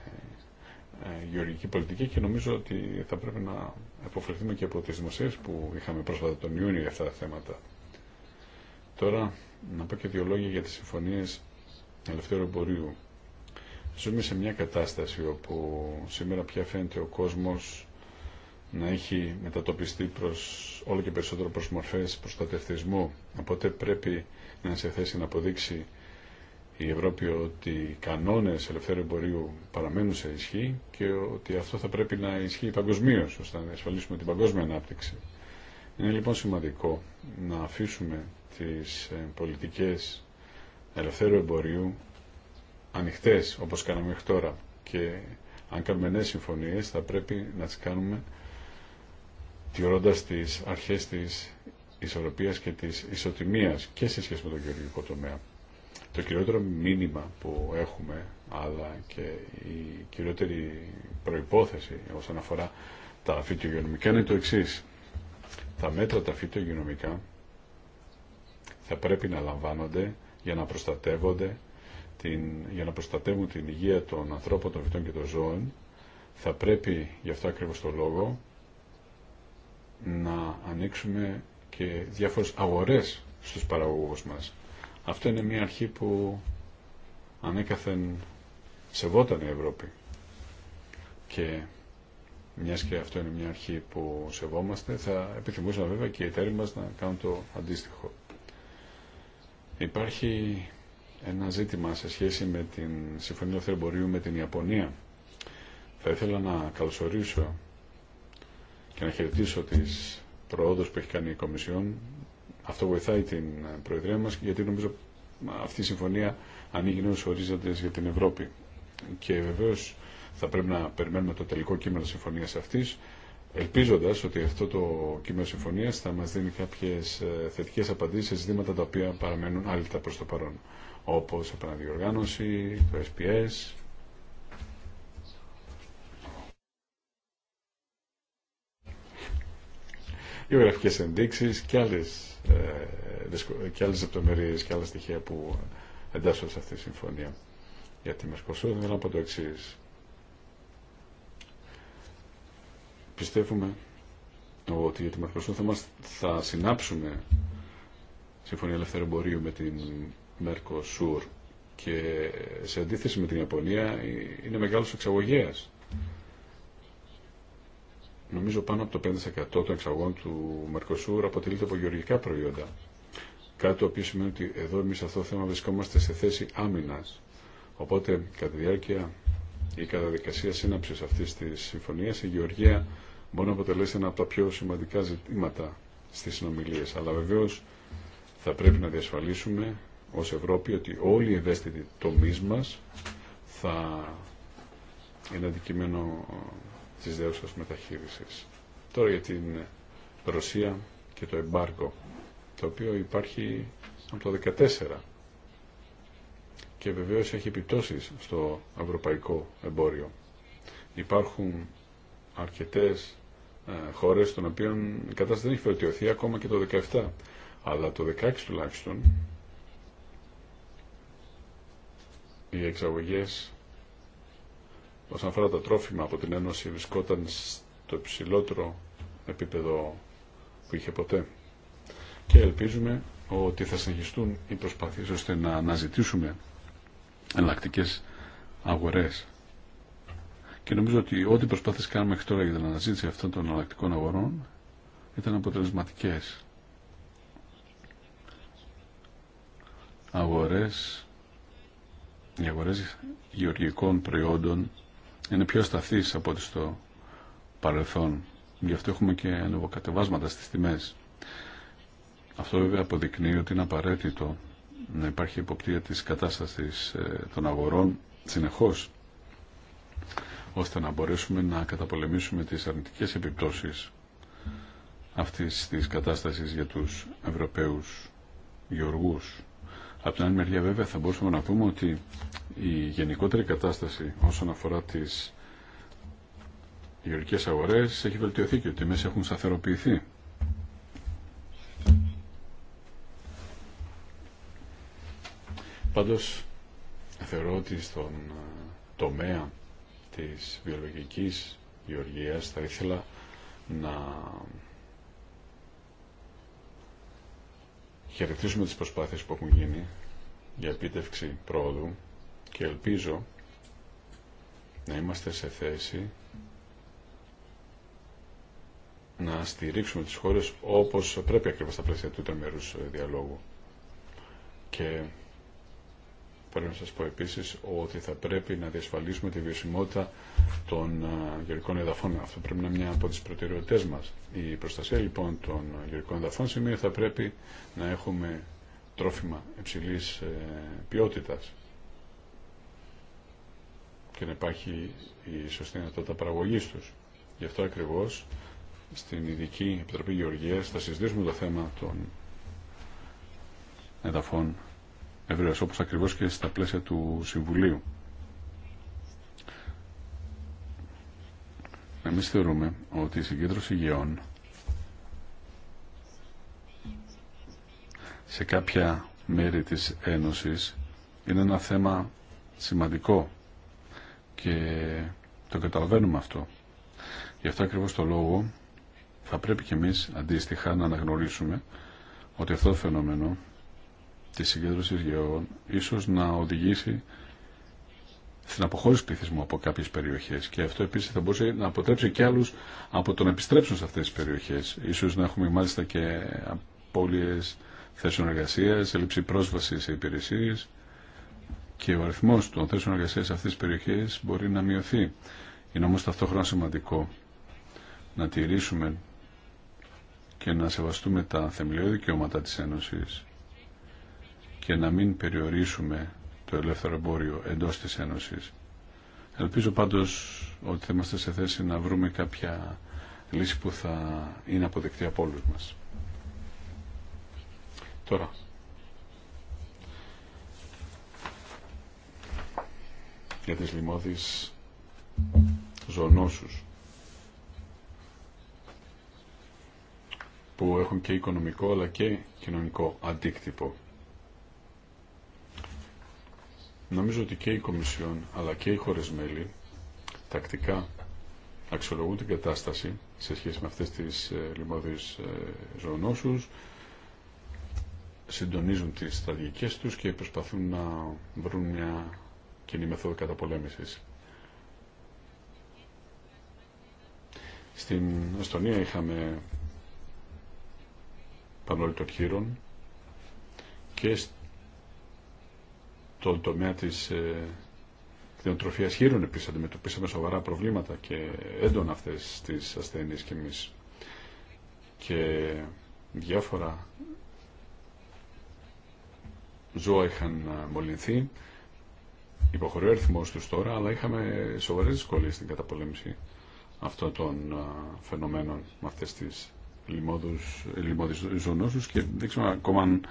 γεωργική πολιτική και νομίζω ότι θα πρέπει να εποφελθούμε και από τις δημοσίες που είχαμε πρόσφατα τον Ιούνιο για αυτά τα θέματα. Τώρα, να πω και δύο λόγια για τις συμφωνίες ελευθέρου εμπορίου Ζούμε σε μια κατάσταση όπου σήμερα πια φαίνεται ο κόσμος να έχει μετατοπιστεί προς όλο και περισσότερο προς μορφές προστατευτισμού. Οπότε πρέπει να είναι σε θέση να αποδείξει η Ευρώπη ότι οι κανόνες ελευθέρου εμπορίου παραμένουν σε ισχύ και ότι αυτό θα πρέπει να ισχύει παγκοσμίω ώστε να ασφαλίσουμε την παγκόσμια ανάπτυξη. Είναι λοιπόν σημαντικό να αφήσουμε τις ε, πολιτικές ελευθέρου εμπορίου ανοιχτές όπως κάναμε μέχρι τώρα και αν κάνουμε νέες συμφωνίες θα πρέπει να τις κάνουμε τηρώντας τις αρχές της ισορροπίας και της ισοτιμίας και σε σχέση με τον γεωργικό τομέα. Το κυριότερο μήνυμα που έχουμε, αλλά και η κυριότερη προϋπόθεση όσον αφορά τα φυτογενομικά είναι το εξής. Τα μέτρα τα φυτογενομικά θα πρέπει να λαμβάνονται για να προστατεύονται για να προστατεύουν την υγεία των ανθρώπων, των φυτών και των ζώων, θα πρέπει γι' αυτό ακριβώς το λόγο να ανοίξουμε και διάφορες αγορές στους παραγωγούς μας. Αυτό είναι μια αρχή που ανέκαθεν σεβόταν η Ευρώπη. Και μιας και αυτό είναι μια αρχή που σεβόμαστε, θα επιθυμούσαμε βέβαια και οι εταίροι μας να κάνουν το αντίστοιχο. Υπάρχει ένα ζήτημα σε σχέση με την Συμφωνία Θερμορίου με την Ιαπωνία. Θα ήθελα να καλωσορίσω και να χαιρετήσω τι προόδου που έχει κάνει η Κομισιόν. Αυτό βοηθάει την Προεδρία μα γιατί νομίζω αυτή η συμφωνία ανοίγει νέου ορίζοντες για την Ευρώπη. Και βεβαίω θα πρέπει να περιμένουμε το τελικό κείμενο συμφωνία αυτή, ελπίζοντα ότι αυτό το κείμενο συμφωνία θα μα δίνει κάποιε θετικέ απαντήσει σε ζητήματα τα οποία παραμένουν άλυτα προ το παρόν όπως επαναδιοργάνωση, το SPS, γεωγραφικές ενδείξεις και άλλες, ε, και άλλες λεπτομερίες και άλλα στοιχεία που εντάσσονται σε αυτή τη συμφωνία. Για τη Μερκοσούρ δεν πω το εξή. Πιστεύουμε ότι για τη Μερκοσούρ θα, μας, θα συνάψουμε συμφωνία ελευθερου εμπορίου με την Μερκοσούρ και σε αντίθεση με την Ιαπωνία είναι μεγάλος εξαγωγέας. Νομίζω πάνω από το 5% των εξαγών του Μερκοσούρ αποτελείται από γεωργικά προϊόντα. Κάτι το οποίο σημαίνει ότι εδώ εμεί αυτό το θέμα βρισκόμαστε σε θέση άμυνα. Οπότε, κατά τη διάρκεια η δικασια σύναψη αυτης της συμφωνιας η γεωργία μπορεί να αποτελέσει ένα από τα πιο σημαντικά ζητήματα στι συνομιλίε. Αλλά βεβαίω θα πρέπει να διασφαλίσουμε ως Ευρώπη ότι όλοι οι ευαίσθητοι τομείς μας θα είναι αντικείμενο ε, της δέουσας μεταχείρισης. Τώρα για την Ρωσία και το εμπάργκο, το οποίο υπάρχει από το 2014 και βεβαίως έχει επιπτώσεις στο ευρωπαϊκό εμπόριο. Υπάρχουν αρκετές ε, χώρες των οποίων η κατάσταση δεν έχει βελτιωθεί ακόμα και το 2017, αλλά το 2016 τουλάχιστον οι εξαγωγές όσον αφορά τα τρόφιμα από την Ένωση βρισκόταν στο υψηλότερο επίπεδο που είχε ποτέ. Και ελπίζουμε ότι θα συνεχιστούν οι προσπαθήσεις ώστε να αναζητήσουμε εναλλακτικέ αγορές. Και νομίζω ότι ό,τι προσπάθειες κάνουμε μέχρι τώρα για την αναζήτηση αυτών των εναλλακτικών αγορών ήταν αποτελεσματικές. Αγορές οι αγορέ γεωργικών προϊόντων είναι πιο σταθεί από ό,τι στο παρελθόν. Γι' αυτό έχουμε και ανεβοκατεβάσματα στις τιμές. Αυτό βέβαια αποδεικνύει ότι είναι απαραίτητο να υπάρχει υποπτία της κατάστασης ε, των αγορών συνεχώς ώστε να μπορέσουμε να καταπολεμήσουμε τις αρνητικές επιπτώσεις αυτής της κατάστασης για τους Ευρωπαίους γεωργούς. Από την άλλη μεριά βέβαια θα μπορούσαμε να πούμε ότι η γενικότερη κατάσταση όσον αφορά τις γεωργικές αγορές έχει βελτιωθεί και οι τιμές έχουν σταθεροποιηθεί. Πάντως θεωρώ ότι στον ε, τομέα της βιολογικής γεωργίας θα ήθελα να χαιρετίζουμε τις προσπάθειες που έχουν γίνει για επίτευξη πρόοδου και ελπίζω να είμαστε σε θέση να στηρίξουμε τις χώρες όπως πρέπει ακριβώς στα πλαίσια του μέρους ε, διαλόγου. Και Πρέπει να σας πω επίσης ότι θα πρέπει να διασφαλίσουμε τη βιωσιμότητα των ε, γερικών εδαφών. Αυτό πρέπει να είναι μια από τις προτεραιότητές μας. Η προστασία λοιπόν των ε, γερικών εδαφών σημαίνει θα πρέπει να έχουμε τρόφιμα υψηλής ε, ποιότητας και να υπάρχει η σωστή δυνατότητα παραγωγή του. Γι' αυτό ακριβώ στην Ειδική Επιτροπή Γεωργία θα συζητήσουμε το θέμα των εδαφών ευρέως, όπως ακριβώς και στα πλαίσια του Συμβουλίου. Εμείς θεωρούμε ότι η συγκέντρωση γεών σε κάποια μέρη της Ένωσης είναι ένα θέμα σημαντικό και το καταλαβαίνουμε αυτό. Γι' αυτό ακριβώς το λόγο θα πρέπει και εμείς αντίστοιχα να αναγνωρίσουμε ότι αυτό το φαινόμενο της συγκέντρωσης γεών ίσως να οδηγήσει στην αποχώρηση πληθυσμού από κάποιες περιοχές και αυτό επίσης θα μπορούσε να αποτρέψει και άλλους από το να επιστρέψουν σε αυτές τις περιοχές. Ίσως να έχουμε μάλιστα και απώλειες θέσεων εργασίας, έλλειψη πρόσβαση σε υπηρεσίες και ο αριθμός των θέσεων εργασίας σε αυτές τις περιοχές μπορεί να μειωθεί. Είναι όμως ταυτόχρονα σημαντικό να τηρήσουμε και να σεβαστούμε τα θεμελιώδη δικαιώματα της Ένωσης και να μην περιορίσουμε το ελεύθερο εμπόριο εντός της Ένωσης. Ελπίζω πάντως ότι θα είμαστε σε θέση να βρούμε κάποια λύση που θα είναι αποδεκτή από όλους μας. Τώρα. Για τις λοιμώδεις ζωνόσους που έχουν και οικονομικό αλλά και κοινωνικό αντίκτυπο. Νομίζω ότι και η Κομισιόν αλλά και οι χώρες μέλη τακτικά αξιολογούν την κατάσταση σε σχέση με αυτές τις ε, λιμωδείς ε, ζωονόσους, συντονίζουν τις στρατηγικές τους και προσπαθούν να βρουν μια κοινή μεθόδο καταπολέμησης. Στην Εστονία είχαμε πανόλη των και τον τομέα της ε, κτηνοτροφία χείρων επίση αντιμετωπίσαμε σοβαρά προβλήματα και έντονα αυτές τι ασθένειες κι εμεί. Και διάφορα ζώα είχαν μολυνθεί, υποχωρεί ο αριθμό του τώρα, αλλά είχαμε σοβαρέ δυσκολίε στην καταπολέμηση αυτών των ε, φαινομένων με αυτέ τι λοιμώδει ζωνόσου και δεν ξέρω ακόμα αν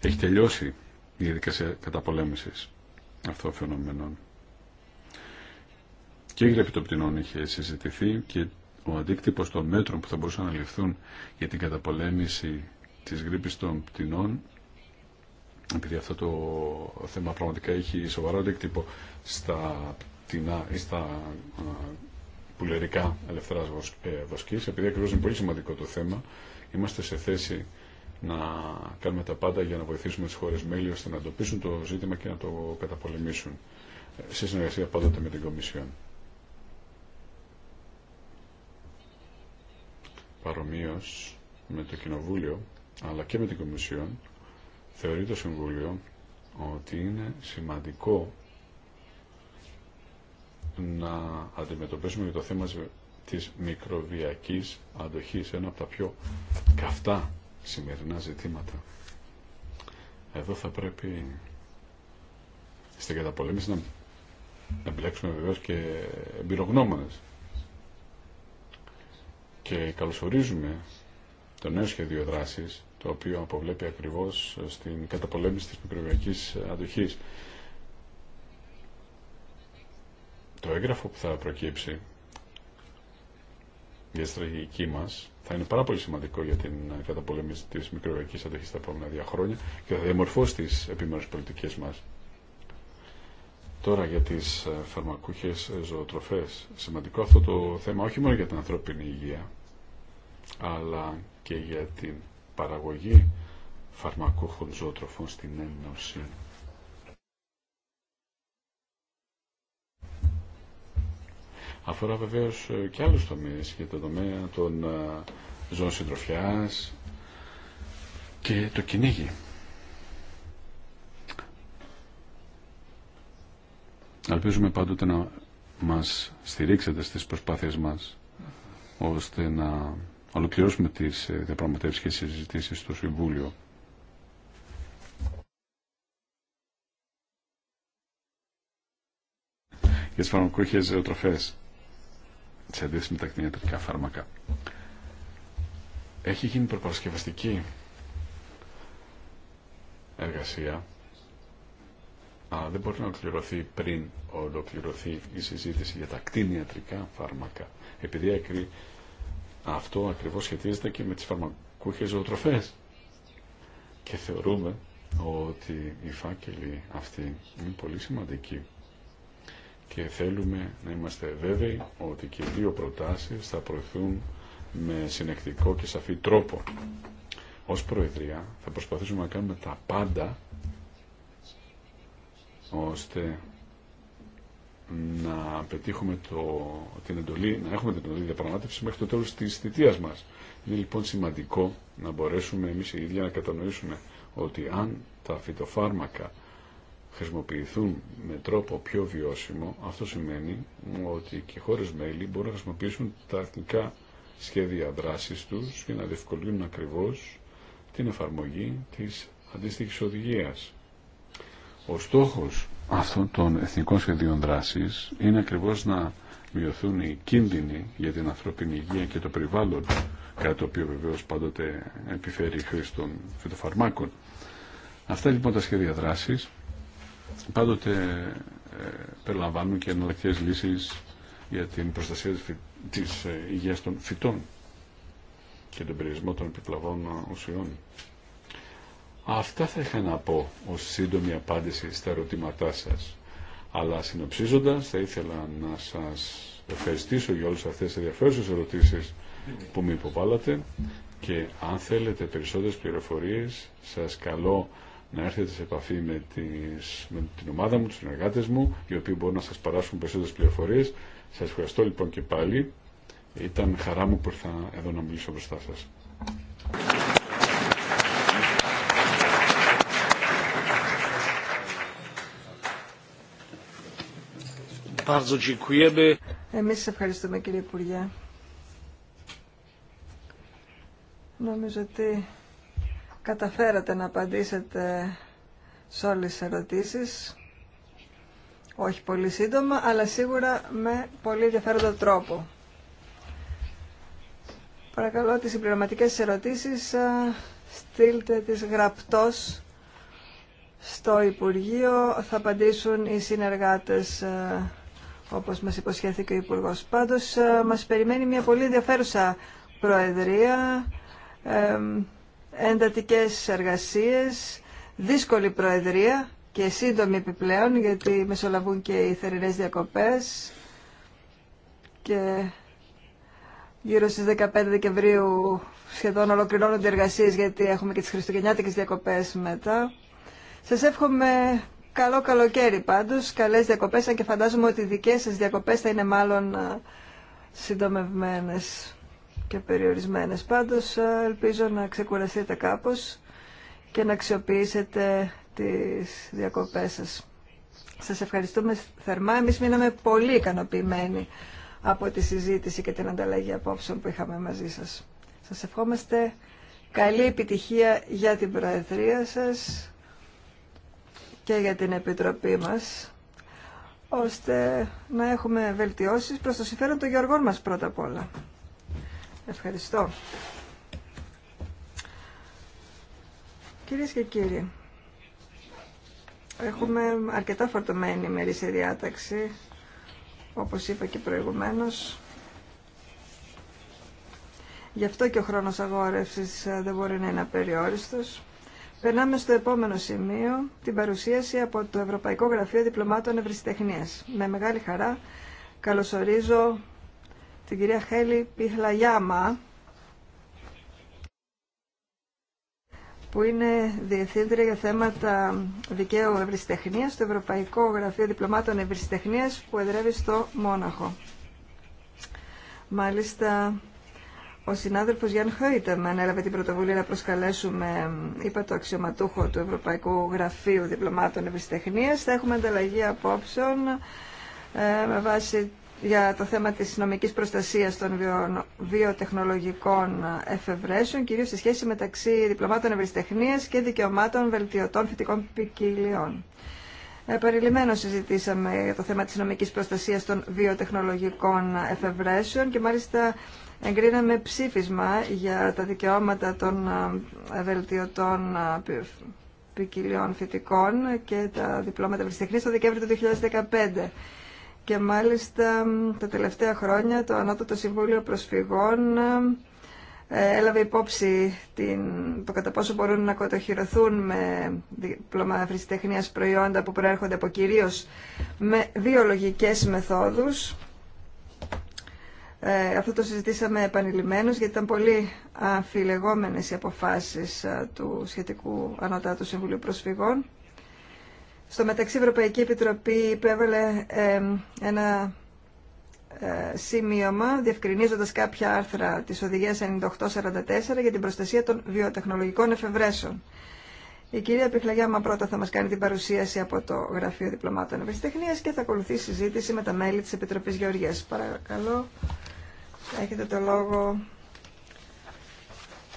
έχει τελειώσει διαδικασία καταπολέμησης αυτών φαινομένων. Και η γρήπη των πτηνών είχε συζητηθεί και ο αντίκτυπος των μέτρων που θα μπορούσαν να ληφθούν για την καταπολέμηση της γρήπης των πτηνών επειδή αυτό το θέμα πραγματικά έχει σοβαρό αντίκτυπο στα πτηνά ή στα πουλερικά ελευθερά ε, βοσκής επειδή ακριβώς είναι πολύ σημαντικό το θέμα είμαστε σε θέση να κάνουμε τα πάντα για να βοηθήσουμε τις χώρες μέλη ώστε να εντοπίσουν το ζήτημα και να το καταπολεμήσουν σε συνεργασία πάντοτε με την Κομισιόν. Παρομοίως με το Κοινοβούλιο αλλά και με την Κομισιόν θεωρεί το Συμβούλιο ότι είναι σημαντικό να αντιμετωπίσουμε το θέμα της μικροβιακής αντοχής, ένα από τα πιο καυτά σημερινά ζητήματα. Εδώ θα πρέπει στην καταπολέμηση να εμπλέξουμε βεβαίω και εμπειρογνώμονες. Και καλωσορίζουμε το νέο σχέδιο δράσης, το οποίο αποβλέπει ακριβώς στην καταπολέμηση της μικροβιακής αντοχής. Το έγγραφο που θα προκύψει για στρατηγική μας θα είναι πάρα πολύ σημαντικό για την καταπολέμηση τη μικροβιακής αντοχή τα επόμενα δύο χρόνια και θα διαμορφώσει τι επιμέρους πολιτικές μας. Τώρα για τις ε, φαρμακούχέ ε, ζωοτροφέ. Σημαντικό αυτό το θέμα όχι μόνο για την ανθρώπινη υγεία, αλλά και για την παραγωγή φαρμακούχων ζωοτροφών στην Ένωση. Αφορά βεβαίως ε, και άλλους τομείς για το τομέα των ε, ζώων συντροφιά και το κυνήγι. Ελπίζουμε πάντοτε να μας στηρίξετε στις προσπάθειες μας ώστε να ολοκληρώσουμε τις ε, διαπραγματεύσεις και συζητήσεις στο Συμβούλιο. Για τις φαρμακούχες σε αντίθεση με τα κτηνιατρικά φάρμακα. Έχει γίνει προπαρασκευαστική εργασία, αλλά δεν μπορεί να ολοκληρωθεί πριν ολοκληρωθεί η συζήτηση για τα κτηνιατρικά φάρμακα. Επειδή αυτό ακριβώς σχετίζεται και με τις φαρμακούχες ζωοτροφές. Και θεωρούμε ότι η φάκελοι αυτή είναι πολύ σημαντική και θέλουμε να είμαστε βέβαιοι ότι και οι δύο προτάσεις θα προηθούν με συνεκτικό και σαφή τρόπο. Ως Προεδρία θα προσπαθήσουμε να κάνουμε τα πάντα ώστε να πετύχουμε το, την εντολή, να έχουμε την εντολή διαπραγμάτευση μέχρι το τέλος της θητείας μας. Είναι λοιπόν σημαντικό να μπορέσουμε εμείς οι ίδιοι να κατανοήσουμε ότι αν τα φυτοφάρμακα χρησιμοποιηθούν με τρόπο πιο βιώσιμο, αυτό σημαίνει ότι και χώρες μέλη μπορούν να χρησιμοποιήσουν τα εθνικά σχέδια δράσης τους για να διευκολύνουν ακριβώς την εφαρμογή της αντίστοιχης οδηγίας. Ο στόχος αυτών των εθνικών σχεδίων δράσης είναι ακριβώς να μειωθούν οι κίνδυνοι για την ανθρώπινη υγεία και το περιβάλλον, κάτι το οποίο βεβαίως πάντοτε επιφέρει χρήση των φυτοφαρμάκων. Αυτά λοιπόν τα σχέδια δράσης πάντοτε ε, περιλαμβάνουν και εναλλακτικέ λύσεις για την προστασία της ε, υγεία των φυτών και τον περιορισμό των επιπλαβών ουσιών. Αυτά θα είχα να πω ω σύντομη απάντηση στα ερωτήματά σας. Αλλά συνοψίζοντας θα ήθελα να σας ευχαριστήσω για όλε αυτέ τις ενδιαφέρουσε ερωτήσει που με υποβάλλατε και αν θέλετε περισσότερες πληροφορίες σας καλώ να έρθετε σε επαφή με, τις, με την ομάδα μου, τους συνεργάτες μου, οι οποίοι μπορούν να σας παράσχουν περισσότερες πληροφορίες. Σας ευχαριστώ λοιπόν και πάλι. Ήταν χαρά μου που ήρθα εδώ να μιλήσω μπροστά σας. Εμείς σας ευχαριστούμε κύριε Υπουργέ. Νομίζω ότι καταφέρατε να απαντήσετε σε όλες τις ερωτήσεις. Όχι πολύ σύντομα, αλλά σίγουρα με πολύ ενδιαφέροντα τρόπο. Παρακαλώ τις συμπληρωματικές ερωτήσεις ε, στείλτε τις γραπτός στο Υπουργείο. Θα απαντήσουν οι συνεργάτες ε, όπως μας υποσχέθηκε ο Υπουργός. Πάντως ε, μας περιμένει μια πολύ ενδιαφέρουσα προεδρία εντατικές εργασίες, δύσκολη προεδρία και σύντομη επιπλέον γιατί μεσολαβούν και οι θερινές διακοπές και γύρω στις 15 Δεκεμβρίου σχεδόν ολοκληρώνονται οι εργασίες γιατί έχουμε και τις χριστουγεννιάτικες διακοπές μετά. Σας εύχομαι καλό καλοκαίρι πάντως, καλές διακοπές, αν και φαντάζομαι ότι οι δικές σας διακοπές θα είναι μάλλον ε, συντομευμένες και περιορισμένες. Πάντως ε, ελπίζω να ξεκουραστείτε κάπως και να αξιοποιήσετε τις διακοπές σας. Σας ευχαριστούμε θερμά. Εμείς μείναμε πολύ ικανοποιημένοι από τη συζήτηση και την ανταλλαγή απόψεων που είχαμε μαζί σας. Σας ευχόμαστε καλή επιτυχία για την Προεδρία σας και για την Επιτροπή μας, ώστε να έχουμε βελτιώσεις προς το συμφέρον των γεωργών μας πρώτα απ' όλα. Ευχαριστώ. Κυρίες και κύριοι, έχουμε αρκετά φορτωμένη ημερή διάταξη, όπως είπα και προηγουμένως. Γι' αυτό και ο χρόνος αγόρευσης ε, δεν μπορεί να είναι απεριόριστος. Περνάμε στο επόμενο σημείο, την παρουσίαση από το Ευρωπαϊκό Γραφείο Διπλωμάτων ευρυστεχνίας. Με μεγάλη χαρά καλωσορίζω την κυρία Χέλη Πιχλαγιάμα, που είναι Διευθύντρια για θέματα δικαίου ευρυστεχνίας στο Ευρωπαϊκό Γραφείο Διπλωμάτων Ευρυστεχνίας που εδρεύει στο Μόναχο. Μάλιστα, ο συνάδελφος Γιάνν με ανέλαβε την πρωτοβουλία να προσκαλέσουμε, είπα το αξιωματούχο του Ευρωπαϊκού Γραφείου Διπλωμάτων Ευρυστεχνίας. Θα έχουμε ανταλλαγή απόψεων ε, με βάση για το θέμα της νομικής προστασίας των βιο... βιοτεχνολογικών εφευρέσεων, κυρίως στη σχέση μεταξύ διπλωμάτων ευρυστεχνίας και δικαιωμάτων βελτιωτών φυτικών ποικιλιών. Επαριλημμένο συζητήσαμε για το θέμα της νομικής προστασίας των βιοτεχνολογικών εφευρέσεων και μάλιστα εγκρίναμε ψήφισμα για τα δικαιώματα των ε, βελτιωτών ε, ποικιλιών φυτικών και τα διπλώματα ευρυστεχνίας το Δεκέμβριο του 2015. Και μάλιστα τα τελευταία χρόνια το Ανώτατο Συμβούλιο Προσφυγών ε, έλαβε υπόψη την, το κατά πόσο μπορούν να κοτοχυρωθούν με δίπλωμα φρυστεχνίας προϊόντα που προέρχονται από κυρίως με βιολογικές μεθόδους. Ε, αυτό το συζητήσαμε επανειλημμένως γιατί ήταν πολύ αφιλεγόμενες οι αποφάσεις ε, του σχετικού Ανώτατου Συμβουλίου Προσφυγών. Στο μεταξύ η Ευρωπαϊκή Επιτροπή υπέβαλε ένα ε, σημείωμα διευκρινίζοντας κάποια άρθρα της Οδηγίας 9844 για την προστασία των βιοτεχνολογικών εφευρέσεων. Η κυρία Πιχλαγιάμα πρώτα θα μας κάνει την παρουσίαση από το Γραφείο Διπλωμάτων Ευρεσιτεχνίας και θα ακολουθήσει συζήτηση με τα μέλη της Επιτροπής Γεωργίας. Παρακαλώ, έχετε το λόγο.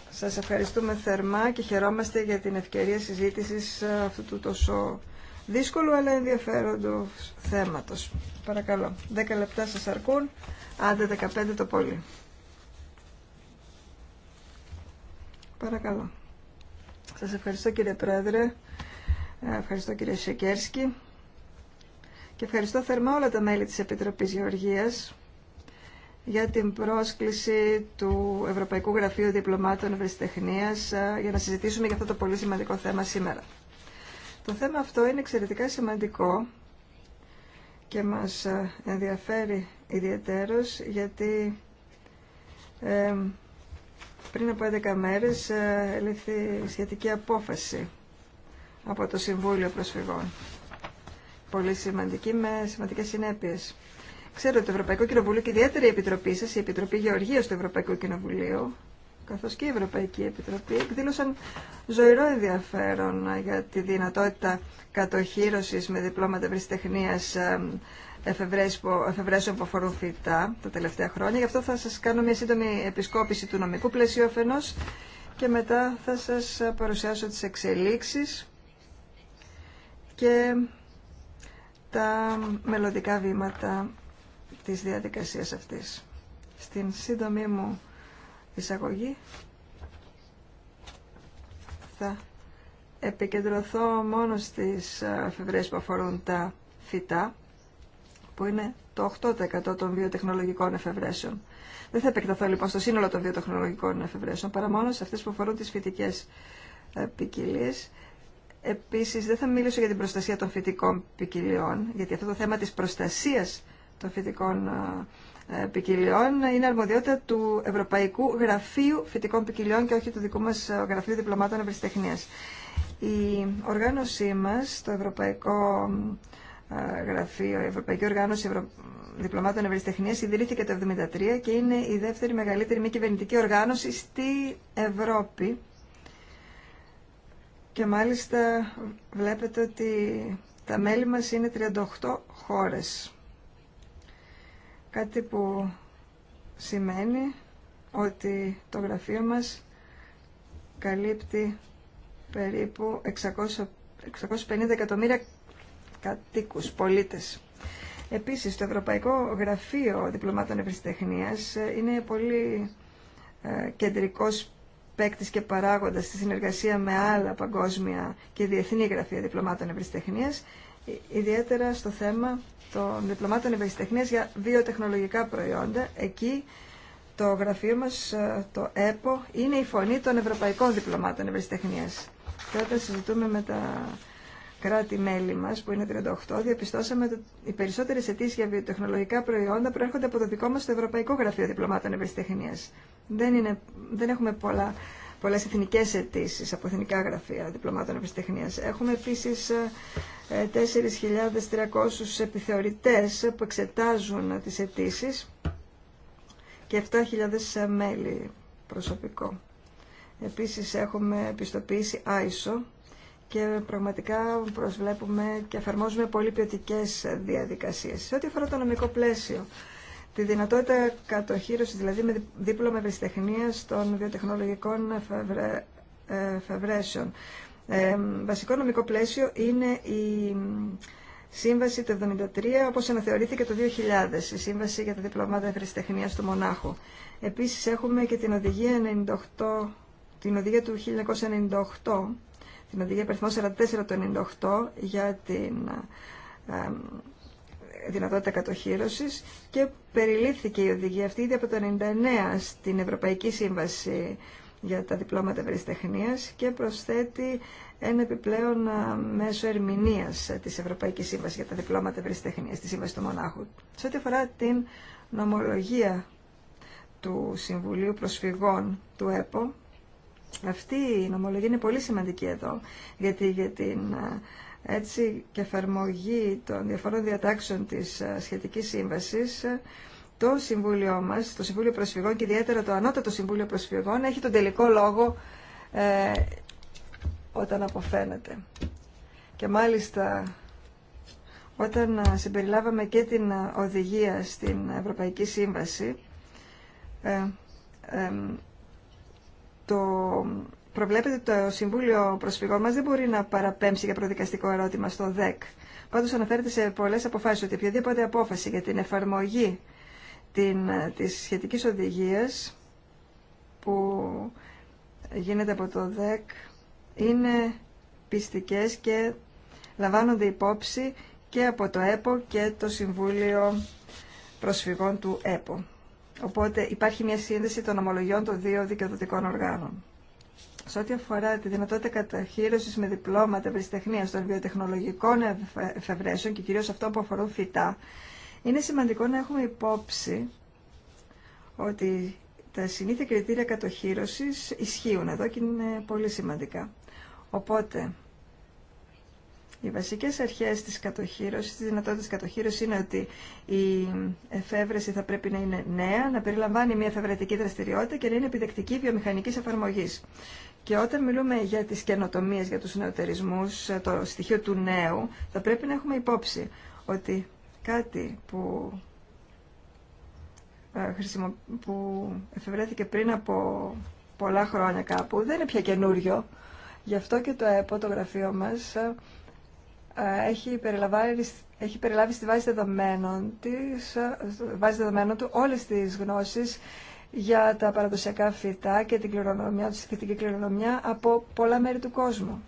Σας ευχαριστούμε θερμά και χαιρόμαστε για την ευκαιρία συζήτησης αυτού του τόσο δύσκολου αλλά ενδιαφέροντο θέματος. Παρακαλώ, 10 λεπτά σας αρκούν, άντε 15 το πολύ. Παρακαλώ. Σας ευχαριστώ κύριε Πρόεδρε, ευχαριστώ κύριε Σεκέρσκι και ευχαριστώ θερμά όλα τα μέλη της Επιτροπής Γεωργίας για την πρόσκληση του Ευρωπαϊκού Γραφείου Διπλωμάτων Ευρεσιτεχνίας ε, για να συζητήσουμε για αυτό το πολύ σημαντικό θέμα σήμερα. Το θέμα αυτό είναι εξαιρετικά σημαντικό και μας ε, ενδιαφέρει ιδιαίτερος γιατί ε, πριν από 11 μέρες ε, ελήφθη σχετική απόφαση από το Συμβούλιο Προσφυγών. Πολύ σημαντική με σημαντικές συνέπειες. Ξέρω ότι το Ευρωπαϊκό Κοινοβούλιο και ιδιαίτερη η Επιτροπή σας, η Επιτροπή Γεωργίας του Ευρωπαϊκού Κοινοβουλίου, καθώς και η Ευρωπαϊκή Επιτροπή εκδήλωσαν ζωηρό ενδιαφέρον για τη δυνατότητα κατοχύρωσης με διπλώματα ευρυστεχνίας ε, εφευρέσεων που αφορούν φυτά τα τελευταία χρόνια. Γι' αυτό θα σας κάνω μια σύντομη επισκόπηση του νομικού πλαισίου αφενός και μετά θα σας παρουσιάσω τις εξελίξεις και τα μελλοντικά βήματα της διαδικασίας αυτής. Στην σύντομη μου εισαγωγή θα επικεντρωθώ μόνο στις ε, εφευρε που αφορούν τα φυτά που είναι το 8% των βιοτεχνολογικών εφευρέσεων. Δεν θα επεκταθώ λοιπόν στο σύνολο των βιοτεχνολογικών εφευρέσεων παρά μόνο σε αυτές που αφορούν τις φυτικές ε, ποικιλίε. Επίσης δεν θα μιλήσω για την προστασία των φυτικών ποικιλιών γιατί αυτό το θέμα της προστασίας των φυτικών ε, ποικιλιών είναι αρμοδιότητα του Ευρωπαϊκού Γραφείου Φυτικών Ποικιλιών και όχι του δικού μας ε, Γραφείου Διπλωμάτων Ευρεσιτεχνίας. Η οργάνωσή μας, το Ευρωπαϊκό ε, Γραφείο, η Ευρωπαϊκή Οργάνωση Ευρω... Διπλωμάτων Ευρεσιτεχνίας ιδρύθηκε το 1973 και είναι η δεύτερη μεγαλύτερη μη κυβερνητική οργάνωση στη Ευρώπη. Και μάλιστα βλέπετε ότι τα μέλη μας είναι 38 χώρες. Κάτι που σημαίνει ότι το γραφείο μας καλύπτει περίπου 600, 650 εκατομμύρια κατοίκους, πολίτες. Επίσης, το Ευρωπαϊκό Γραφείο Διπλωμάτων Ευρυστεχνίας ε, είναι πολύ ε, κεντρικός παίκτης και παράγοντας στη συνεργασία με άλλα παγκόσμια και διεθνή γραφεία διπλωμάτων ευρυστεχνίας, ε, ιδιαίτερα στο θέμα των διπλωμάτων ευαισθητεχνίας για βιοτεχνολογικά προϊόντα. Εκεί το γραφείο μας, ε, το ΕΠΟ, είναι η φωνή των ευρωπαϊκών διπλωμάτων ευαισθητεχνίας. Και όταν συζητούμε με τα κράτη-μέλη μας, που είναι 38, διαπιστώσαμε ότι οι περισσότερες αιτήσει για βιοτεχνολογικά προϊόντα προέρχονται από το δικό μας το Ευρωπαϊκό Γραφείο Διπλωμάτων Ευρεσιτεχνία. Δεν, είναι, δεν έχουμε πολλά πολλέ εθνικέ αιτήσει από εθνικά γραφεία διπλωμάτων ευρεσιτεχνία. Έχουμε επίση 4.300 επιθεωρητέ που εξετάζουν τι αιτήσει και 7.000 μέλη προσωπικό. Επίσης έχουμε επιστοποίηση ISO και πραγματικά προσβλέπουμε και εφαρμόζουμε πολύ ποιοτικέ διαδικασίες. Σε ό,τι αφορά το νομικό πλαίσιο, τη δυνατότητα κατοχήρωσης, δηλαδή με δίπλωμα ευρεσιτεχνίας των βιοτεχνολογικών εφευρέσεων. Ε, βασικό νομικό πλαίσιο είναι η Σύμβαση του 1973, όπως αναθεωρήθηκε το 2000, η Σύμβαση για τα Διπλωμάτα Ευρεσιτεχνίας του Μονάχου. Επίσης έχουμε και την Οδηγία, 98, την οδηγία του 1998, την Οδηγία Περιθμό 44 του 1998, για την ε, δυνατότητα κατοχύρωσης και περιλήφθηκε η οδηγία αυτή ήδη από το 1999 στην Ευρωπαϊκή Σύμβαση για τα διπλώματα ευρεσιτεχνίας και προσθέτει ένα επιπλέον μέσο ερμηνείας της Ευρωπαϊκής Σύμβασης για τα διπλώματα ευρεσιτεχνίας, τη Σύμβαση του Μονάχου. Σε ό,τι αφορά την νομολογία του Συμβουλίου Προσφυγών του ΕΠΟ, αυτή η νομολογία είναι πολύ σημαντική εδώ, γιατί για την έτσι και εφαρμογή των διαφόρων διατάξεων της ε, σχετικής σύμβασης, ε, το Συμβούλιο μας, το Συμβούλιο Προσφυγών και ιδιαίτερα το Ανώτατο Συμβούλιο Προσφυγών έχει τον τελικό λόγο ε, όταν αποφαίνεται. Και μάλιστα όταν συμπεριλάβαμε και την οδηγία στην Ευρωπαϊκή Σύμβαση, ε, το προβλέπετε το Συμβούλιο Προσφυγών μας δεν μπορεί να παραπέμψει για προδικαστικό ερώτημα στο ΔΕΚ. Πάντως αναφέρεται σε πολλές αποφάσεις ότι οποιαδήποτε απόφαση για την εφαρμογή την, της σχετικής οδηγίας που γίνεται από το ΔΕΚ είναι πιστικές και λαμβάνονται υπόψη και από το ΕΠΟ και το Συμβούλιο Προσφυγών του ΕΠΟ. Οπότε υπάρχει μια σύνδεση των ομολογιών των δύο δικαιοδοτικών οργάνων σε ό,τι αφορά τη δυνατότητα καταχείριση με διπλώματα ευρυστεχνία των βιοτεχνολογικών εφευρέσεων και κυρίω αυτό που αφορούν φυτά, είναι σημαντικό να έχουμε υπόψη ότι τα συνήθεια κριτήρια κατοχύρωσης ισχύουν εδώ και είναι πολύ σημαντικά. Οπότε, οι βασικέ αρχέ τη κατοχύρωσης, της δυνατότητας κατοχύρωσης είναι ότι η εφεύρεση θα πρέπει να είναι νέα, να περιλαμβάνει μια εφευρετική δραστηριότητα και να είναι επιδεκτική βιομηχανική εφαρμογή. Και όταν μιλούμε για τις καινοτομίε για του νεοτερισμούς, το στοιχείο του νέου, θα πρέπει να έχουμε υπόψη ότι κάτι που, ε, που εφευρέθηκε πριν από πολλά χρόνια κάπου, δεν είναι πια καινούριο. Γι' αυτό και το ΕΠΟ, το γραφείο μας, ε, έχει περιλάβει, έχει περιλάβει στη βάση δεδομένων, της, ε, βάση δεδομένων του όλες τι γνώσεις για τα παραδοσιακά φυτά και την κληρονομιά τη και κληρονομιά από πολλά μέρη του κόσμου.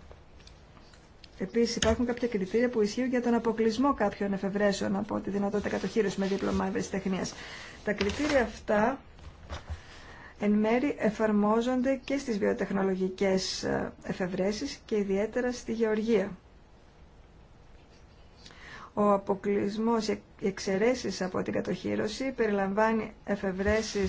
Επίσης υπάρχουν κάποια κριτήρια που ισχύουν για τον αποκλεισμό κάποιων εφευρέσεων από τη δυνατότητα κατοχήρωση με δίπλωμα ευρεσιτεχνίας. Τα κριτήρια αυτά εν μέρη εφαρμόζονται και στις βιοτεχνολογικές ε, εφευρέσεις και ιδιαίτερα στη γεωργία. Ο αποκλεισμό εξαιρέσει από την κατοχήρωση περιλαμβάνει εφευρεσει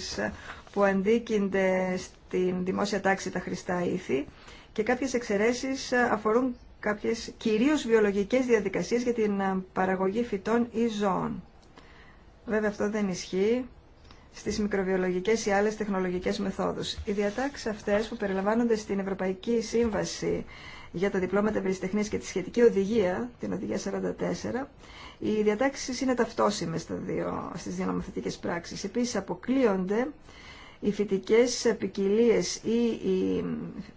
που αντίκυνται στην δημόσια τάξη τα χρηστά ήθη και κάποιες εξαιρεσει αφορούν κάποιες κυριω βιολογικές διαδικασίες για την παραγωγή φυτών ή ζώων. Βέβαια αυτό δεν ισχύει στις μικροβιολογικές ή άλλες τεχνολογικές μεθόδους. Οι διατάξεις αυτές που περιλαμβάνονται στην Ευρωπαϊκή Σύμβαση για τα διπλώματα περιστεχνής και τη σχετική οδηγία, την οδηγία 44, οι διατάξεις είναι ταυτόσιμες στι δύο, στις δύο νομοθετικές πράξεις. Επίσης αποκλείονται οι φυτικέ ποικιλίε ή οι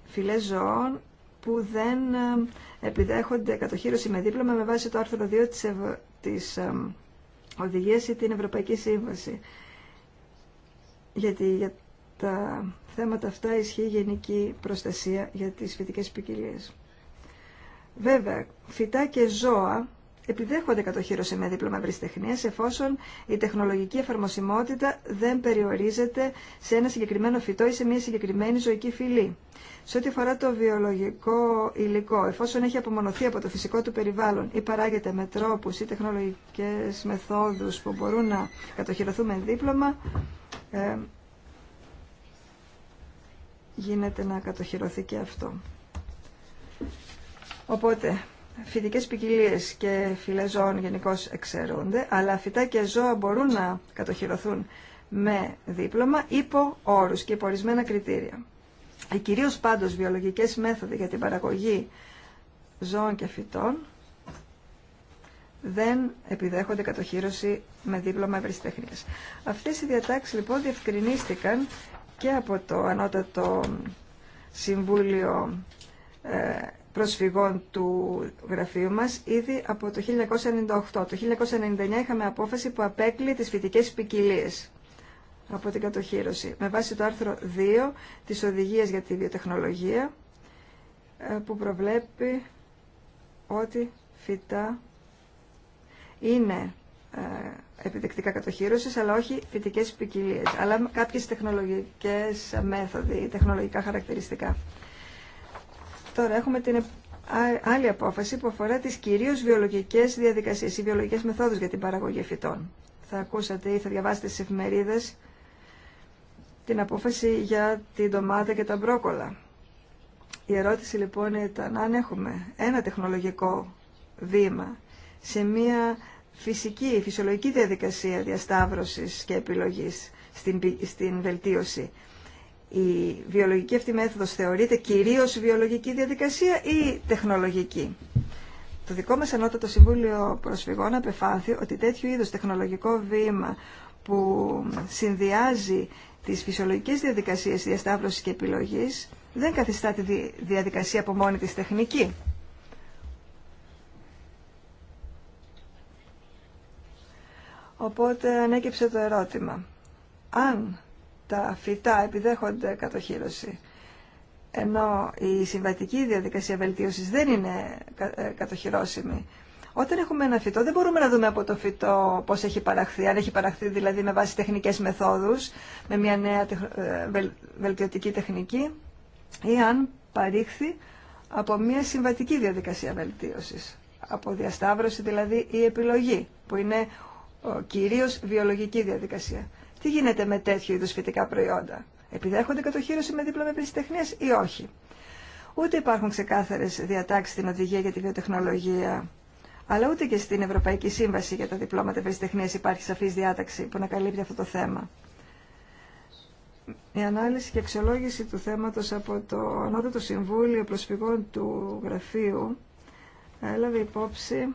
φυλέ ζωών που δεν ε, επιδέχονται κατοχήρωση με δίπλωμα με βάση το άρθρο 2 της, Ευ... της ε, οδηγίας ή την Ευρωπαϊκή Σύμβαση. Γιατί για τα θέματα αυτά ισχύει γενική προστασία για τις φυτικές ποικιλίε. Βέβαια, φυτά και ζώα επιδέχονται κατοχύρωση με δίπλωμα ευρυστεχνία εφόσον η τεχνολογική εφαρμοσιμότητα δεν περιορίζεται σε ένα συγκεκριμένο φυτό ή σε μια συγκεκριμένη ζωική φυλή. Σε ό,τι αφορά το βιολογικό υλικό, εφόσον έχει απομονωθεί από το φυσικό του περιβάλλον ή παράγεται με τρόπου ή τεχνολογικέ μεθόδου που μπορούν να κατοχυρωθούν με δίπλωμα, ε, γίνεται να κατοχυρωθεί και αυτό. Οπότε, φυτικές ποικιλίε και ζώων γενικώ εξαιρούνται, αλλά φυτά και ζώα μπορούν να κατοχυρωθούν με δίπλωμα υπό όρους και υπό κριτήρια. Οι ε, κυρίως πάντως βιολογικές μέθοδοι για την παραγωγή ζώων και φυτών δεν επιδέχονται κατοχύρωση με δίπλωμα ευρεσιτέχνικας. Αυτές οι διατάξεις λοιπόν διευκρινίστηκαν και από το Ανώτατο Συμβούλιο ε, προσφυγών του γραφείου μας ήδη από το 1998. Το 1999 είχαμε απόφαση που απέκλει τις φυτικές ποικιλίε από την κατοχήρωση. Με βάση το άρθρο 2 της Οδηγίας για τη Βιοτεχνολογία ε, που προβλέπει ότι φυτά είναι ε, επιδεκτικά κατοχήρωσης, αλλά όχι φυτικές ποικιλίε, αλλά κάποιες τεχνολογικές μέθοδοι, τεχνολογικά χαρακτηριστικά. Τώρα έχουμε την άλλη απόφαση που αφορά τις κυρίως βιολογικές διαδικασίες ή βιολογικές μεθόδους για την παραγωγή φυτών. Θα ακούσατε ή θα διαβάσετε στις εφημερίδες την απόφαση για την ντομάτα και τα μπρόκολα. Η ερώτηση λοιπόν ήταν αν έχουμε ένα τεχνολογικό βήμα σε μια φυσική, φυσιολογική διαδικασία διασταύρωσης και επιλογής στην, στην βελτίωση η βιολογική αυτή μέθοδος θεωρείται κυρίως βιολογική διαδικασία ή τεχνολογική. Το δικό μας Ανώτατο Συμβούλιο Προσφυγών απεφάνθη ότι τέτοιο είδους τεχνολογικό βήμα που συνδυάζει τις φυσιολογικές διαδικασίες διασταύρωσης και επιλογής δεν καθιστά τη διαδικασία από μόνη της τεχνική. Οπότε ανέκυψε το ερώτημα. Αν τα φυτά επιδέχονται κατοχύρωση. Ενώ η συμβατική διαδικασία βελτίωσης δεν είναι ε, κατοχυρώσιμη. Όταν έχουμε ένα φυτό δεν μπορούμε να δούμε από το φυτό πώς έχει παραχθεί, αν έχει παραχθεί δηλαδή με βάση τεχνικές μεθόδους, με μια νέα ε, βελτιωτική τεχνική ή αν παρήχθη από μια συμβατική διαδικασία βελτίωσης, από διασταύρωση δηλαδή ή επιλογή, που είναι κυρίω βιολογική διαδικασία. Τι γίνεται με τέτοιου είδου φυτικά προϊόντα. Επιδέχονται κατοχήρωση με δίπλωμα ευρεσιτεχνία ή όχι. Ούτε υπάρχουν ξεκάθαρε διατάξει στην οδηγία για τη βιοτεχνολογία, αλλά ούτε και στην Ευρωπαϊκή Σύμβαση για τα διπλώματα ευρεσιτεχνία υπάρχει σαφή διάταξη που να καλύπτει αυτό το θέμα. Η ανάλυση και αξιολόγηση του θέματο από το Ανώτατο Συμβούλιο Προσφυγών του Γραφείου έλαβε υπόψη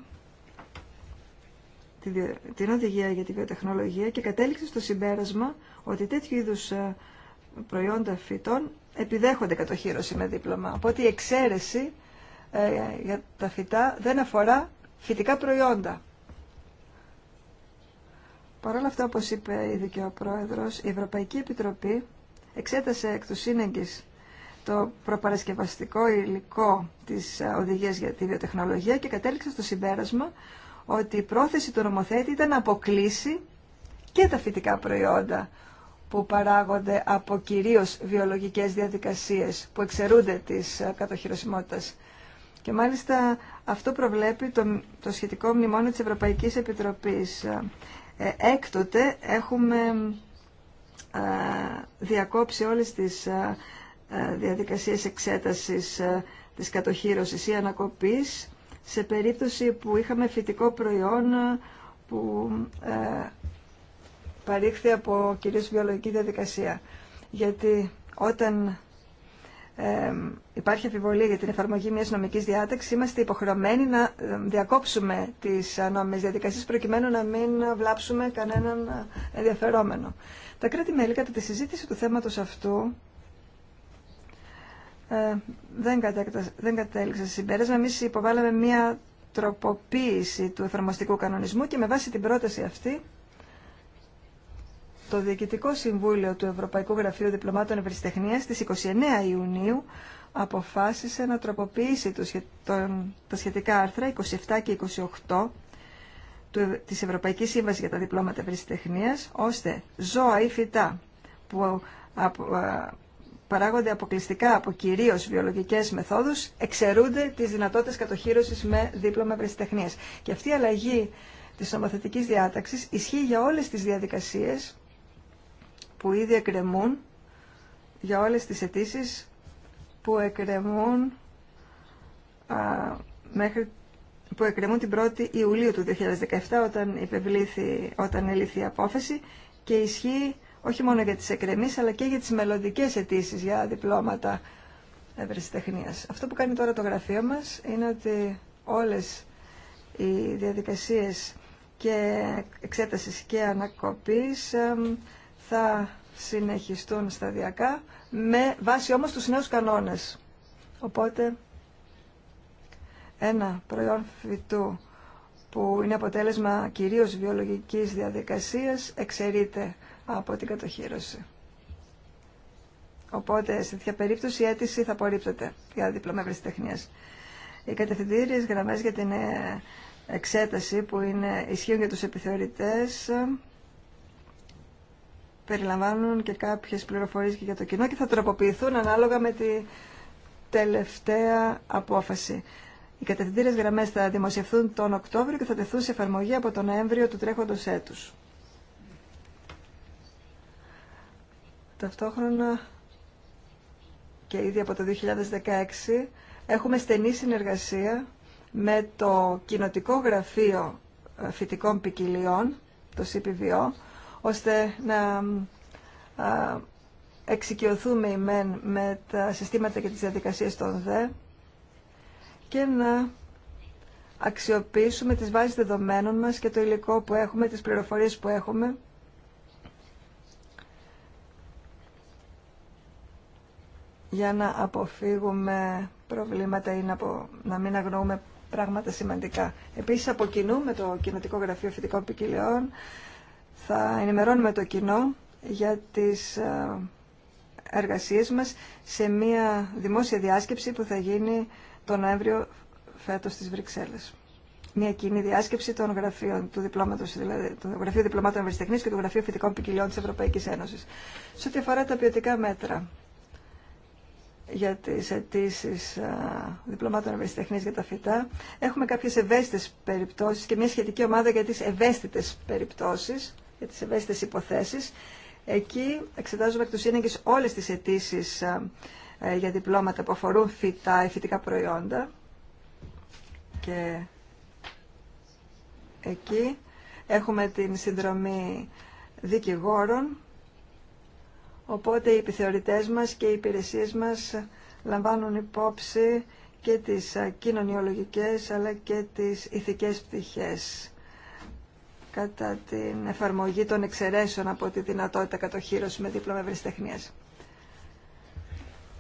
την οδηγία για τη βιοτεχνολογία και κατέληξε στο συμπέρασμα ότι τέτοιου είδου ε, προϊόντα φυτών επιδέχονται κατοχύρωση με δίπλωμα. Οπότε η εξαίρεση ε, για τα φυτά δεν αφορά φυτικά προϊόντα. Παρ' όλα αυτά, όπως είπε η η Ευρωπαϊκή Επιτροπή εξέτασε εκ του σύνεγγης το προπαρασκευαστικό υλικό της ε, οδηγίας για τη βιοτεχνολογία και κατέληξε στο συμπέρασμα ότι η πρόθεση του νομοθέτη ήταν να αποκλείσει και τα φυτικά προϊόντα που παράγονται από κυρίως βιολογικές διαδικασίες που εξαιρούνται της ε, κατοχυρωσιμότητας. Και μάλιστα αυτό προβλέπει το, το σχετικό μνημόνιο της Ευρωπαϊκής Επιτροπής. Ε, έκτοτε έχουμε ε, διακόψει όλες τις διαδικασίες εξέτασης της κατοχύρωσης ή ανακοπής σε περίπτωση που είχαμε φυτικό προϊόν που ε, παρήχθη από κυρίως βιολογική διαδικασία. Γιατί όταν ε, υπάρχει αφιβολία για την εφαρμογή μιας νομικής διάταξης, είμαστε υποχρεωμένοι να ε, διακόψουμε τις νόμιμες διαδικασίες προκειμένου να μην βλάψουμε κανέναν ενδιαφερόμενο. Τα κράτη-μέλη κατά τη συζήτηση του θέματος αυτού ε, δεν, κατέληξα, δεν σε συμπέρασμα. Εμεί υποβάλαμε μία τροποποίηση του εφαρμοστικού κανονισμού και με βάση την πρόταση αυτή το Διοικητικό Συμβούλιο του Ευρωπαϊκού Γραφείου Διπλωμάτων Ευρυστεχνία στις 29 Ιουνίου αποφάσισε να τροποποιήσει το, τα σχετικά άρθρα 27 και 28 του, της Ευρωπαϊκής Σύμβασης για τα Διπλώματα Ευρυστεχνίας, ώστε ζώα ή φυτά που παράγονται αποκλειστικά από κυρίω βιολογικέ μεθόδου, εξαιρούνται τι δυνατότητε κατοχήρωση με δίπλωμα ευρεσιτεχνία. Και αυτή η αλλαγή τη νομοθετική διάταξη ισχύει για όλε τι διαδικασίε που ήδη εκκρεμούν, για όλε τι αιτήσει που εκρεμούν μέχρι που εκκρεμούν την 1η Ιουλίου του 2017 όταν, όταν έληφθη η απόφαση και ισχύει όχι μόνο για τις εκκρεμίες, αλλά και για τις μελλοντικέ αιτήσει για διπλώματα ευρεσιτεχνίας. Αυτό που κάνει τώρα το γραφείο μας είναι ότι όλες οι διαδικασίες και εξέτασης και ανακοπής θα συνεχιστούν σταδιακά, με βάση όμως τους νέους κανόνες. Οπότε, ένα προϊόν φυτού που είναι αποτέλεσμα κυρίως βιολογικής διαδικασίας εξαιρείται από την κατοχήρωση. Οπότε σε τέτοια περίπτωση η αίτηση θα απορρίπτεται για δίπλωμα ευρεσιτεχνία. Οι κατευθυντήριε γραμμέ για την ε, εξέταση που είναι, ισχύουν για του επιθεωρητέ ε, περιλαμβάνουν και κάποιε πληροφορίε και για το κοινό και θα τροποποιηθούν ανάλογα με τη τελευταία απόφαση. Οι κατευθυντήριε γραμμέ θα δημοσιευθούν τον Οκτώβριο και θα τεθούν σε εφαρμογή από τον Νοέμβριο του τρέχοντο έτου. Ταυτόχρονα και ήδη από το 2016 έχουμε στενή συνεργασία με το Κοινοτικό Γραφείο ε, Φυτικών Ποικιλιών, το CPVO, ώστε να ε, εξοικειωθούμε ημέν με τα συστήματα και τις διαδικασίες των ΔΕ και να αξιοποιήσουμε τις βάσεις δεδομένων μας και το υλικό που έχουμε, τις πληροφορίες που έχουμε για να αποφύγουμε προβλήματα ή να, να μην αγνοούμε πράγματα σημαντικά. Επίσης από κοινού με το Κοινοτικό Γραφείο Φυτικών Ποικιλιών θα ενημερώνουμε το κοινό για τις ε, εργασίες μας σε μια δημόσια διάσκεψη που θα γίνει τον Νοέμβριο φέτος στις Βρυξέλλες. Μια κοινή διάσκεψη των γραφείων του διπλώματος, δηλαδή του Γραφείου Διπλωμάτων Ευρεσιτεχνής και του Γραφείου Φυτικών Ποικιλιών της Ευρωπαϊκής Ένωσης. Σε ό,τι αφορά τα ποιοτικά μέτρα, για τις αιτήσει διπλωμάτων ευρεσιτεχνίας για τα φυτά. Έχουμε κάποιες ευαίσθητες περιπτώσεις και μια σχετική ομάδα για τις ευαίσθητες περιπτώσεις, για τις ευαίσθητες υποθέσεις. Εκεί εξετάζουμε εκ του σύνεγγυ όλες τις αιτήσει ε, για διπλώματα που αφορούν φυτά ή φυτικά προϊόντα. Και εκεί έχουμε την συνδρομή δικηγόρων Οπότε οι επιθεωρητές μας και οι υπηρεσίες μας λαμβάνουν υπόψη και τις κοινωνιολογικές αλλά και τις ηθικές πτυχές κατά την εφαρμογή των εξαιρέσεων από τη δυνατότητα κατοχήρωση με δίπλωμα ευρυστεχνίας.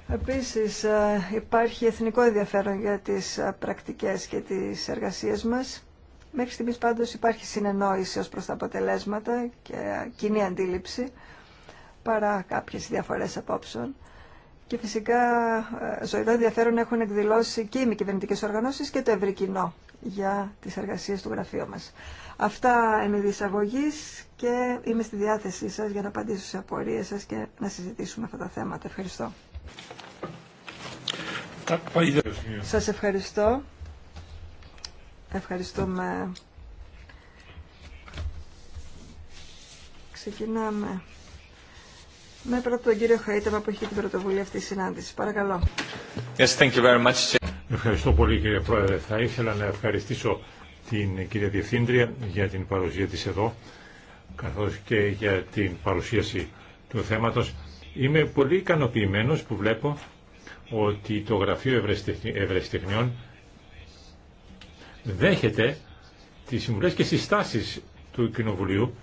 Επίσης υπάρχει εθνικό ενδιαφέρον για τις πρακτικές και τις εργασίες μας. Μέχρι στιγμής πάντως υπάρχει συνεννόηση ως προς τα αποτελέσματα και κοινή αντίληψη παρά κάποιες διαφορές απόψεων. Και φυσικά ζωηρό ε, ενδιαφέρον έχουν εκδηλώσει και οι μη κυβερνητικέ οργανώσεις και το ευρύ κοινό για τις εργασίες του γραφείου μας. Αυτά εν εισαγωγή και είμαι στη διάθεσή σας για να απαντήσω σε απορίες σας και να συζητήσουμε αυτά τα θέματα. Ευχαριστώ. Σας ευχαριστώ. Ευχαριστούμε. Ξεκινάμε με ναι, πρώτο τον κύριο Χαΐτεμα που έχει την πρωτοβουλία αυτή τη συνάντηση. Παρακαλώ. Yes, thank you very much. Ευχαριστώ πολύ κύριε Πρόεδρε. Θα ήθελα να ευχαριστήσω την κυρία Διευθύντρια για την παρουσία της εδώ, καθώς και για την παρουσίαση του θέματος. Είμαι πολύ ικανοποιημένος που βλέπω ότι το Γραφείο Ευρεσιτεχνιών δέχεται τις συμβουλές και συστάσεις του Κοινοβουλίου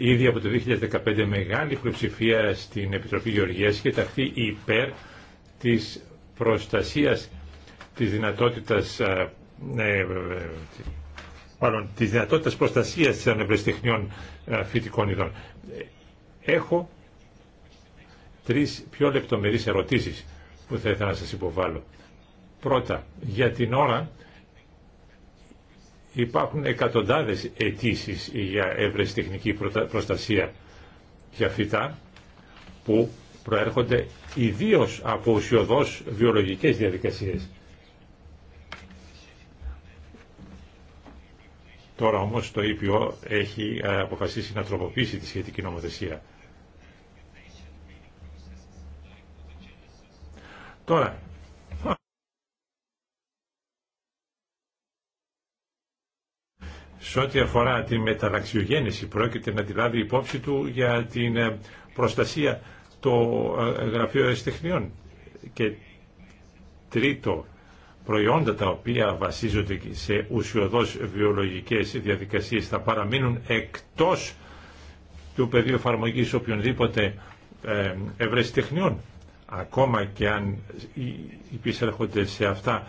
Ήδη από το 2015 μεγάλη πλειοψηφία στην Επιτροπή Γεωργίας και ταχθεί υπέρ της προστασίας της δυνατότητας ναι, ε, της δυνατότητας προστασίας της φυτικών ειδών. Έχω τρεις πιο λεπτομερείς ερωτήσεις που θα ήθελα να σας υποβάλω. Πρώτα, για την ώρα Υπάρχουν εκατοντάδες αιτήσει για ευρεσιτεχνική προστασία για φυτά που προέρχονται ιδίως από ουσιοδός βιολογικές διαδικασίες. Τώρα όμως το ΕΠΟ έχει ε, αποφασίσει να τροποποιήσει τη σχετική νομοθεσία. Τώρα, σε ό,τι αφορά τη μεταλλαξιογέννηση πρόκειται να τη λάβει υπόψη του για την ε, προστασία το ε, Γραφείο εστεχνιών Και τρίτο, προϊόντα τα οποία βασίζονται σε ουσιοδός βιολογικές διαδικασίες θα παραμείνουν εκτός του πεδίου εφαρμογή οποιονδήποτε ε, ευρεσιτεχνιών ακόμα και αν υπησέρχονται σε αυτά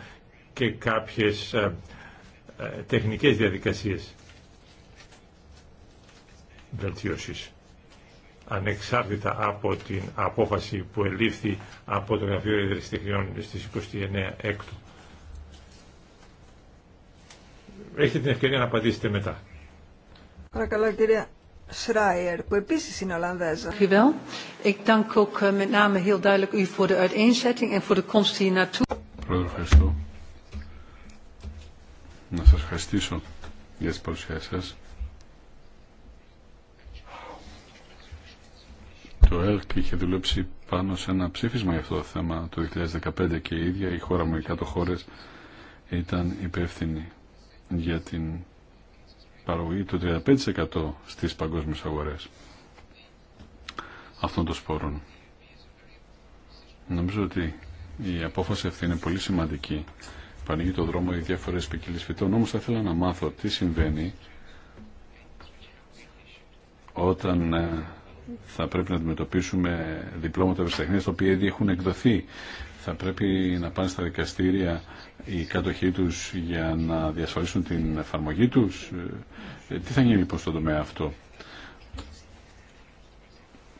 και κάποιες ε, τεχνικές διαδικασίες βελτίωσης ανεξάρτητα από την απόφαση που ελήφθη από το Γραφείο Τεχνιών στις 29 έκτου. Έχετε την ευκαιρία να απαντήσετε μετά. Παρακαλώ κυρία Schreier, που επίσης είναι Ολλανδέζα. Ευχαριστώ να σας ευχαριστήσω για τις παρουσιάσεις σας. Το ΕΡΚ είχε δουλέψει πάνω σε ένα ψήφισμα για αυτό το θέμα το 2015 και η ίδια η χώρα μου, οι κάτω χώρες, ήταν υπεύθυνη για την παραγωγή του 35% στις παγκόσμιες αγορές αυτών των σπόρων. Νομίζω ότι η απόφαση αυτή είναι πολύ σημαντική που ανοίγει το δρόμο για διάφορες ποικίλε φυτών. Όμως θα ήθελα να μάθω τι συμβαίνει όταν ε, θα πρέπει να αντιμετωπίσουμε διπλώματα ευρεσιτεχνίας τα οποία ήδη έχουν εκδοθεί. Θα πρέπει να πάνε στα δικαστήρια οι κάτοχοί τους για να διασφαλίσουν την εφαρμογή τους. Ε, τι θα γίνει λοιπόν στον τομέα αυτό.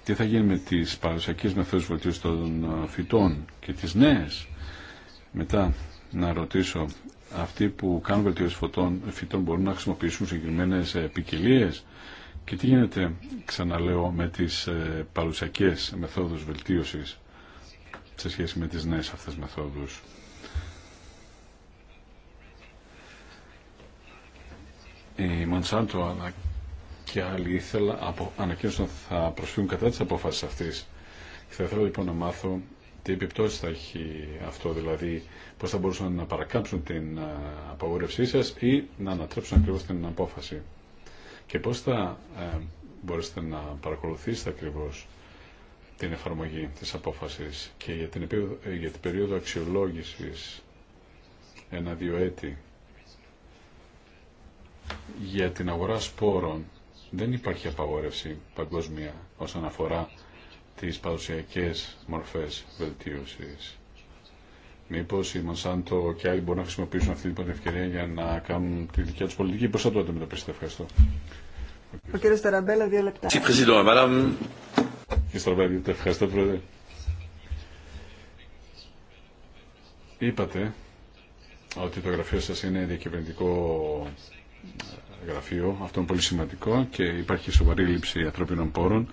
Τι θα γίνει με τις παραδοσιακέ μεθόδου βοηθήσει των φυτών και τι νέε Μετά να ρωτήσω, αυτοί που κάνουν βελτίωση φωτών, φυτών μπορούν να χρησιμοποιήσουν συγκεκριμένε ποικιλίε και τι γίνεται, ξαναλέω, με τις ε, παρουσιακέ μεθόδους βελτίωσης σε σχέση με τις νέες αυτές μεθόδους. Η Μονσάντο αλλά και άλλοι ήθελα από ανακοίνωσαν θα προσφύγουν κατά τι αποφάσει αυτή. Θα ήθελα λοιπόν να μάθω τι επιπτώσει θα έχει αυτό, δηλαδή πώ θα μπορούσαν να παρακάμψουν την ε, απαγόρευσή σα ή να ανατρέψουν ακριβώ την απόφαση. Και πώ θα ε, μπορέσετε να παρακολουθήσετε ακριβώ την εφαρμογή της απόφασης και για την, ε, για την περίοδο αξιολόγησης ένα-δύο έτη για την αγορά σπόρων δεν υπάρχει απαγόρευση παγκόσμια όσον αφορά τις παρουσιακές μορφές βελτίωσης. Μήπως η Μονσάντο και άλλοι μπορούν να χρησιμοποιήσουν αυτή την ευκαιρία για να κάνουν τη δικιά τους πολιτική. Πώς θα το αντιμετωπίσετε. Ευχαριστώ. Ο κ. Σταραμπέλα, δύο λεπτά. Κύριε Σταραμπέλα, ευχαριστώ, Πρόεδρε. Είπατε ότι το γραφείο σας είναι διακυβερνητικό γραφείο. Αυτό είναι πολύ σημαντικό και υπάρχει σοβαρή λήψη ανθρώπινων πόρων.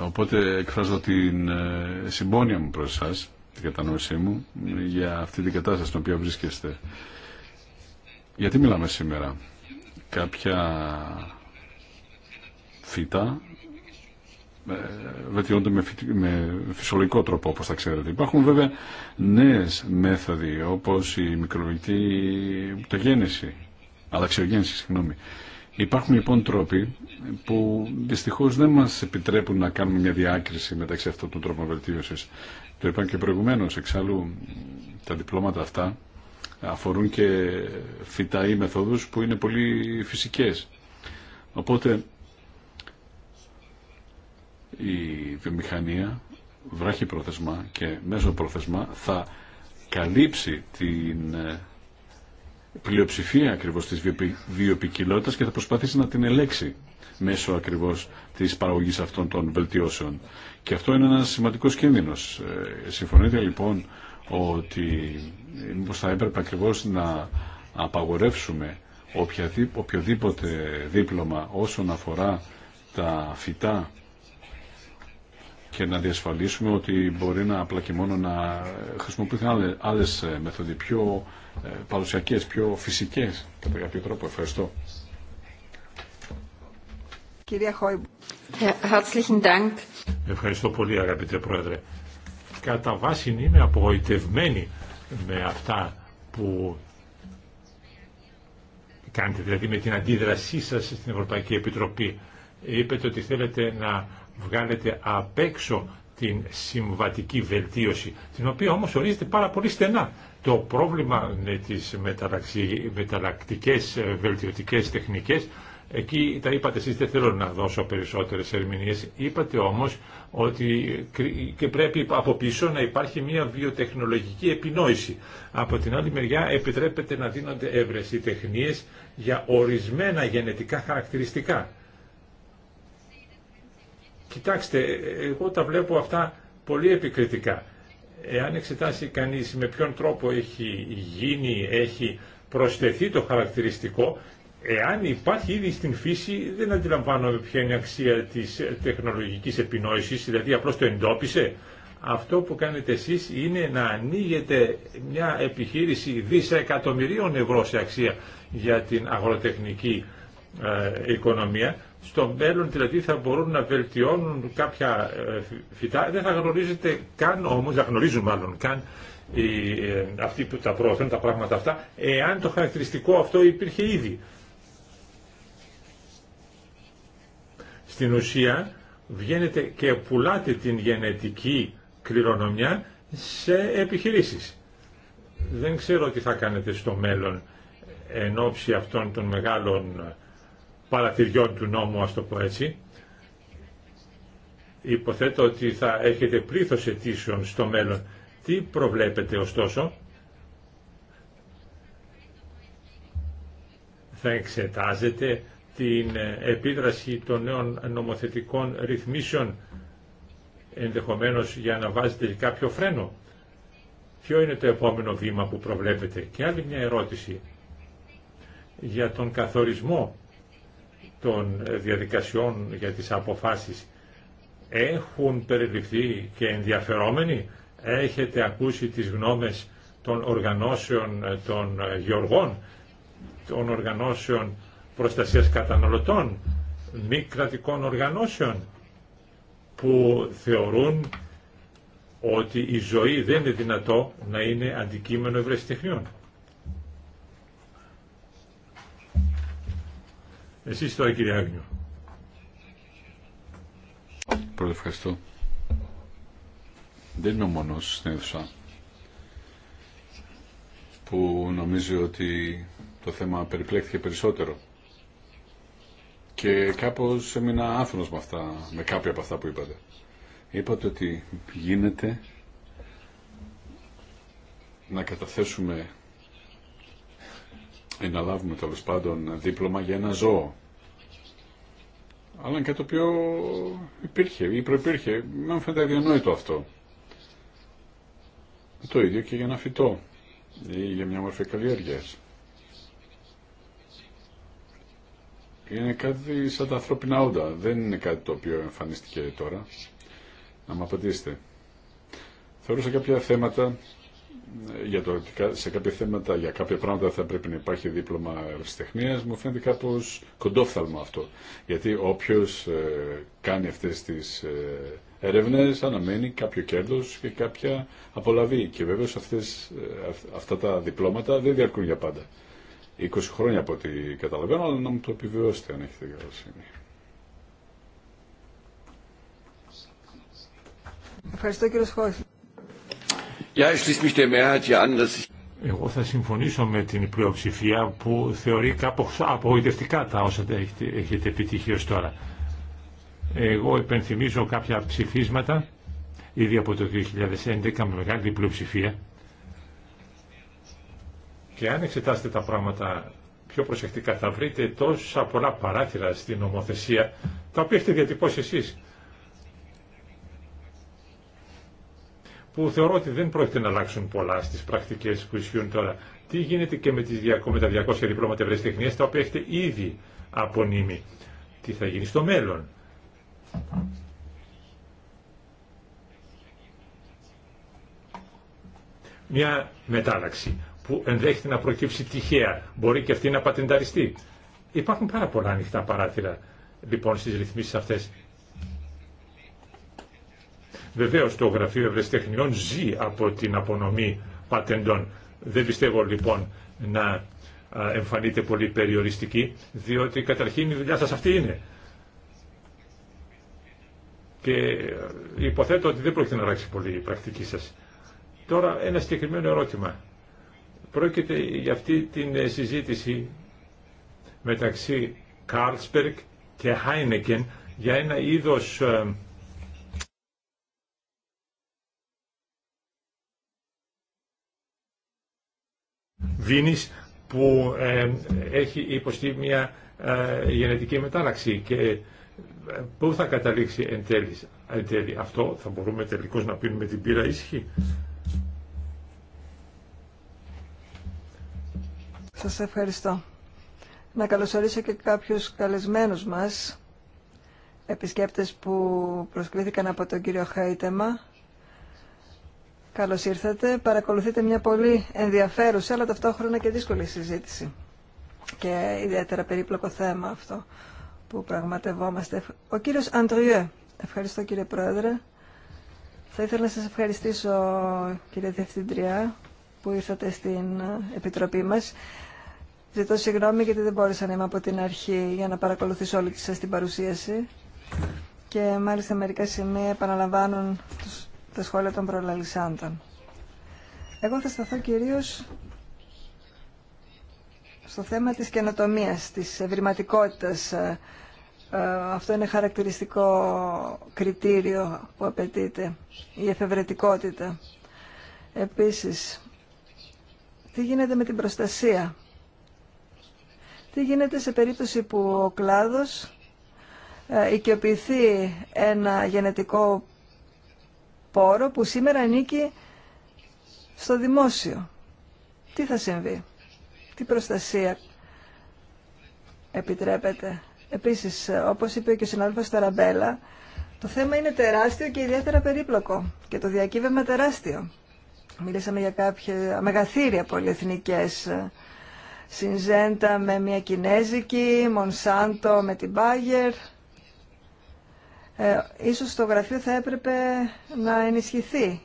Οπότε εκφράζω την ε, συμπόνια μου προς εσάς, την κατανόησή μου, για αυτή την κατάσταση στην οποία βρίσκεστε. Γιατί μιλάμε σήμερα. Κάποια φύτα ε, βελτιώνονται με, με φυσιολογικό τρόπο όπως θα ξέρετε. Υπάρχουν βέβαια νέες μέθοδοι όπως η μικρολογική πτωγέννηση, αλλαξιογέννηση, συγγνώμη, Υπάρχουν λοιπόν τρόποι που δυστυχώ δεν μα επιτρέπουν να κάνουμε μια διάκριση μεταξύ αυτών των τρόπων βελτίωση. Το είπαν και προηγουμένω εξάλλου τα διπλώματα αυτά αφορούν και φυτά ή μεθόδους που είναι πολύ φυσικές. Οπότε η βιομηχανία βράχει πρόθεσμα και μέσω πρόθεσμα θα καλύψει την ε, πλειοψηφία ακριβώς της βιοποικιλότητας και θα προσπαθήσει να την ελέξει μέσω ακριβώς της παραγωγής αυτών των βελτιώσεων. Και αυτό είναι ένας σημαντικός κίνδυνος. Ε, συμφωνείτε λοιπόν ότι ε, μήπως θα έπρεπε ακριβώς να απαγορεύσουμε οποιοδήποτε δίπλωμα όσον αφορά τα φυτά και να διασφαλίσουμε ότι μπορεί να απλά και μόνο να χρησιμοποιηθούν άλλες ε, μεθοδοί πιο παρουσιακές, πιο φυσικές κατά κάποιο τρόπο. Ευχαριστώ. Κυρία ε, Ευχαριστώ πολύ αγαπητέ Πρόεδρε. Κατά βάση είμαι απογοητευμένη με αυτά που κάνετε, δηλαδή με την αντίδρασή σας στην Ευρωπαϊκή Επιτροπή. Είπετε ότι θέλετε να βγάλετε απ' έξω την συμβατική βελτίωση, την οποία όμως ορίζεται πάρα πολύ στενά το πρόβλημα με τις μεταλλακτικές ε, βελτιωτικές τεχνικές, εκεί τα είπατε εσείς δεν θέλω να δώσω περισσότερες ερμηνείες, είπατε όμως ότι και πρέπει από πίσω να υπάρχει μια βιοτεχνολογική επινόηση. Από την άλλη μεριά επιτρέπεται να δίνονται έβρεση τεχνίες για ορισμένα γενετικά χαρακτηριστικά. Κοιτάξτε, ε, εγώ τα βλέπω αυτά πολύ επικριτικά. Εάν εξετάσει κανείς με ποιον τρόπο έχει γίνει, έχει προσθεθεί το χαρακτηριστικό, εάν υπάρχει ήδη στην φύση δεν αντιλαμβάνομαι ποια είναι η αξία της τεχνολογικής επινόησης, δηλαδή απλώς το εντόπισε. Αυτό που κάνετε εσείς είναι να ανοίγετε μια επιχείρηση δισεκατομμυρίων ευρώ σε αξία για την αγροτεχνική ε, οικονομία στο μέλλον δηλαδή θα μπορούν να βελτιώνουν κάποια ε, φυτά, δεν θα γνωρίζετε καν όμως, θα γνωρίζουν μάλλον καν ε, αυτοί που τα προωθούν τα πράγματα αυτά, εάν το χαρακτηριστικό αυτό υπήρχε ήδη. Στην ουσία βγαίνετε και πουλάτε την γενετική κληρονομιά σε επιχειρήσεις. Δεν ξέρω τι θα κάνετε στο μέλλον εν ώψη αυτών των μεγάλων παρατηριών του νόμου, ας το πω έτσι. Υποθέτω ότι θα έχετε πλήθος αιτήσεων στο μέλλον. Τι προβλέπετε ωστόσο. Θα εξετάζετε την επίδραση των νέων νομοθετικών ρυθμίσεων ενδεχομένως για να βάζετε κάποιο φρένο. Ποιο είναι το επόμενο βήμα που προβλέπετε. Και άλλη μια ερώτηση για τον καθορισμό των ε, διαδικασιών για τις αποφάσεις έχουν περιληφθεί και ενδιαφερόμενοι. Έχετε ακούσει τις γνώμες των οργανώσεων ε, των ε, γεωργών, των οργανώσεων προστασίας καταναλωτών, μη κρατικών οργανώσεων που θεωρούν ότι η ζωή δεν είναι δυνατό να είναι αντικείμενο ευρεσιτεχνιών. Εσείς τώρα κύριε Άγνιο. Πρώτα ευχαριστώ. Δεν είμαι ο μόνος στην αίθουσα που νομίζει ότι το θέμα περιπλέκθηκε περισσότερο. Και κάπως έμεινα άφωνος με, αυτά, με κάποια από αυτά που είπατε. Είπατε ότι γίνεται να καταθέσουμε ή να λάβουμε τέλο πάντων δίπλωμα για ένα ζώο αλλά κάτι το οποίο υπήρχε ή προπήρχε. Μου φαίνεται αδιανόητο αυτό. Το ίδιο και για ένα φυτό ή για μια μορφή καλλιέργεια. Είναι κάτι σαν τα ανθρώπινα όντα. Δεν είναι κάτι το οποίο εμφανίστηκε τώρα. Να μου απαντήσετε. Θεωρούσα κάποια θέματα για το σε κάποια θέματα, για κάποια πράγματα θα πρέπει να υπάρχει δίπλωμα ευρεσιτεχνία, μου φαίνεται κάπω κοντόφθαλμο αυτό. Γιατί όποιο ε, κάνει αυτέ τι ε, έρευνε αναμένει κάποιο κέρδο και κάποια απολαβή. Και βέβαια ε, αυτά τα διπλώματα δεν διαρκούν για πάντα. 20 χρόνια από ό,τι καταλαβαίνω, αλλά να μου το επιβεβαιώσετε αν έχετε καλοσύνη. Ευχαριστώ κύριε εγώ θα συμφωνήσω με την πλειοψηφία που θεωρεί κάπως απογοητευτικά τα όσα έχετε, έχετε επιτύχει ως τώρα. Εγώ υπενθυμίζω κάποια ψηφίσματα ήδη από το 2011 με μεγάλη πλειοψηφία και αν εξετάσετε τα πράγματα πιο προσεκτικά θα βρείτε τόσα πολλά παράθυρα στην νομοθεσία τα οποία έχετε διατυπώσει εσείς που θεωρώ ότι δεν πρόκειται να αλλάξουν πολλά στις πρακτικές που ισχύουν τώρα. Τι γίνεται και με, τις με τα 200 διπλώματα ευρεσιτεχνίας τα οποία έχετε ήδη απονείμει. Τι θα γίνει στο μέλλον. Μια μετάλλαξη που ενδέχεται να προκύψει τυχαία. Μπορεί και αυτή να πατενταριστεί. Υπάρχουν πάρα πολλά ανοιχτά παράθυρα λοιπόν στις ρυθμίσεις αυτές. Βεβαίω το Γραφείο Ευρεσιτεχνιών ζει από την απονομή πατεντών. Δεν πιστεύω λοιπόν να εμφανείται πολύ περιοριστική, διότι καταρχήν η δουλειά σας αυτή είναι. Και ε, υποθέτω ότι δεν πρόκειται να αλλάξει πολύ η πρακτική σας. Τώρα ένα συγκεκριμένο ερώτημα. Πρόκειται για αυτή την ε, συζήτηση μεταξύ Καρλσπεργκ και Χάινεκεν για ένα είδος ε, Βίνης που ε, έχει υποστεί μια ε, γενετική μετάλλαξη και ε, πού θα καταλήξει εν τέλει, εν τέλει. Αυτό θα μπορούμε τελικώς να πίνουμε την πύρα ήσυχη. Σας ευχαριστώ. Να καλωσορίσω και κάποιους καλεσμένους μας, επισκέπτες που θα καταληξει εν τελει αυτο θα μπορουμε τελικως να πινουμε την πυρα από τον κύριο Χαϊτέμα Καλώ ήρθατε. Παρακολουθείτε μια πολύ ενδιαφέρουσα αλλά ταυτόχρονα και δύσκολη συζήτηση. Και ιδιαίτερα περίπλοκο θέμα αυτό που πραγματευόμαστε. Ο κύριο Αντριέ. Ευχαριστώ κύριε Πρόεδρε. Θα ήθελα να σα ευχαριστήσω κύριε Διευθυντριά που ήρθατε στην Επιτροπή μα, Ζητώ συγγνώμη γιατί δεν μπόρεσα να είμαι από την αρχή για να παρακολουθήσω όλη σα την παρουσίαση και μάλιστα μερικά σημεία επαναλαμβάνουν τους τα σχόλια των προλαλισσάντων. Εγώ θα σταθώ κυρίως στο θέμα της καινοτομίας, της ευρηματικότητας. Ε, ε, αυτό είναι χαρακτηριστικό κριτήριο που απαιτείται, η εφευρετικότητα. Επίσης, τι γίνεται με την προστασία. Τι γίνεται σε περίπτωση που ο κλάδος ε, οικειοποιηθεί ένα γενετικό πόρο που σήμερα ανήκει στο δημόσιο. Τι θα συμβεί, τι προστασία επιτρέπεται. Επίσης, όπως είπε και ο συνάδελφος Ταραμπέλα, το θέμα είναι τεράστιο και ιδιαίτερα περίπλοκο και το διακύβευμα τεράστιο. Μιλήσαμε για κάποια μεγαθύρια πολυεθνικές ε, Συνζέντα με μια Κινέζικη, Μονσάντο με την Μπάγερ, ε, ίσως το γραφείο θα έπρεπε να ενισχυθεί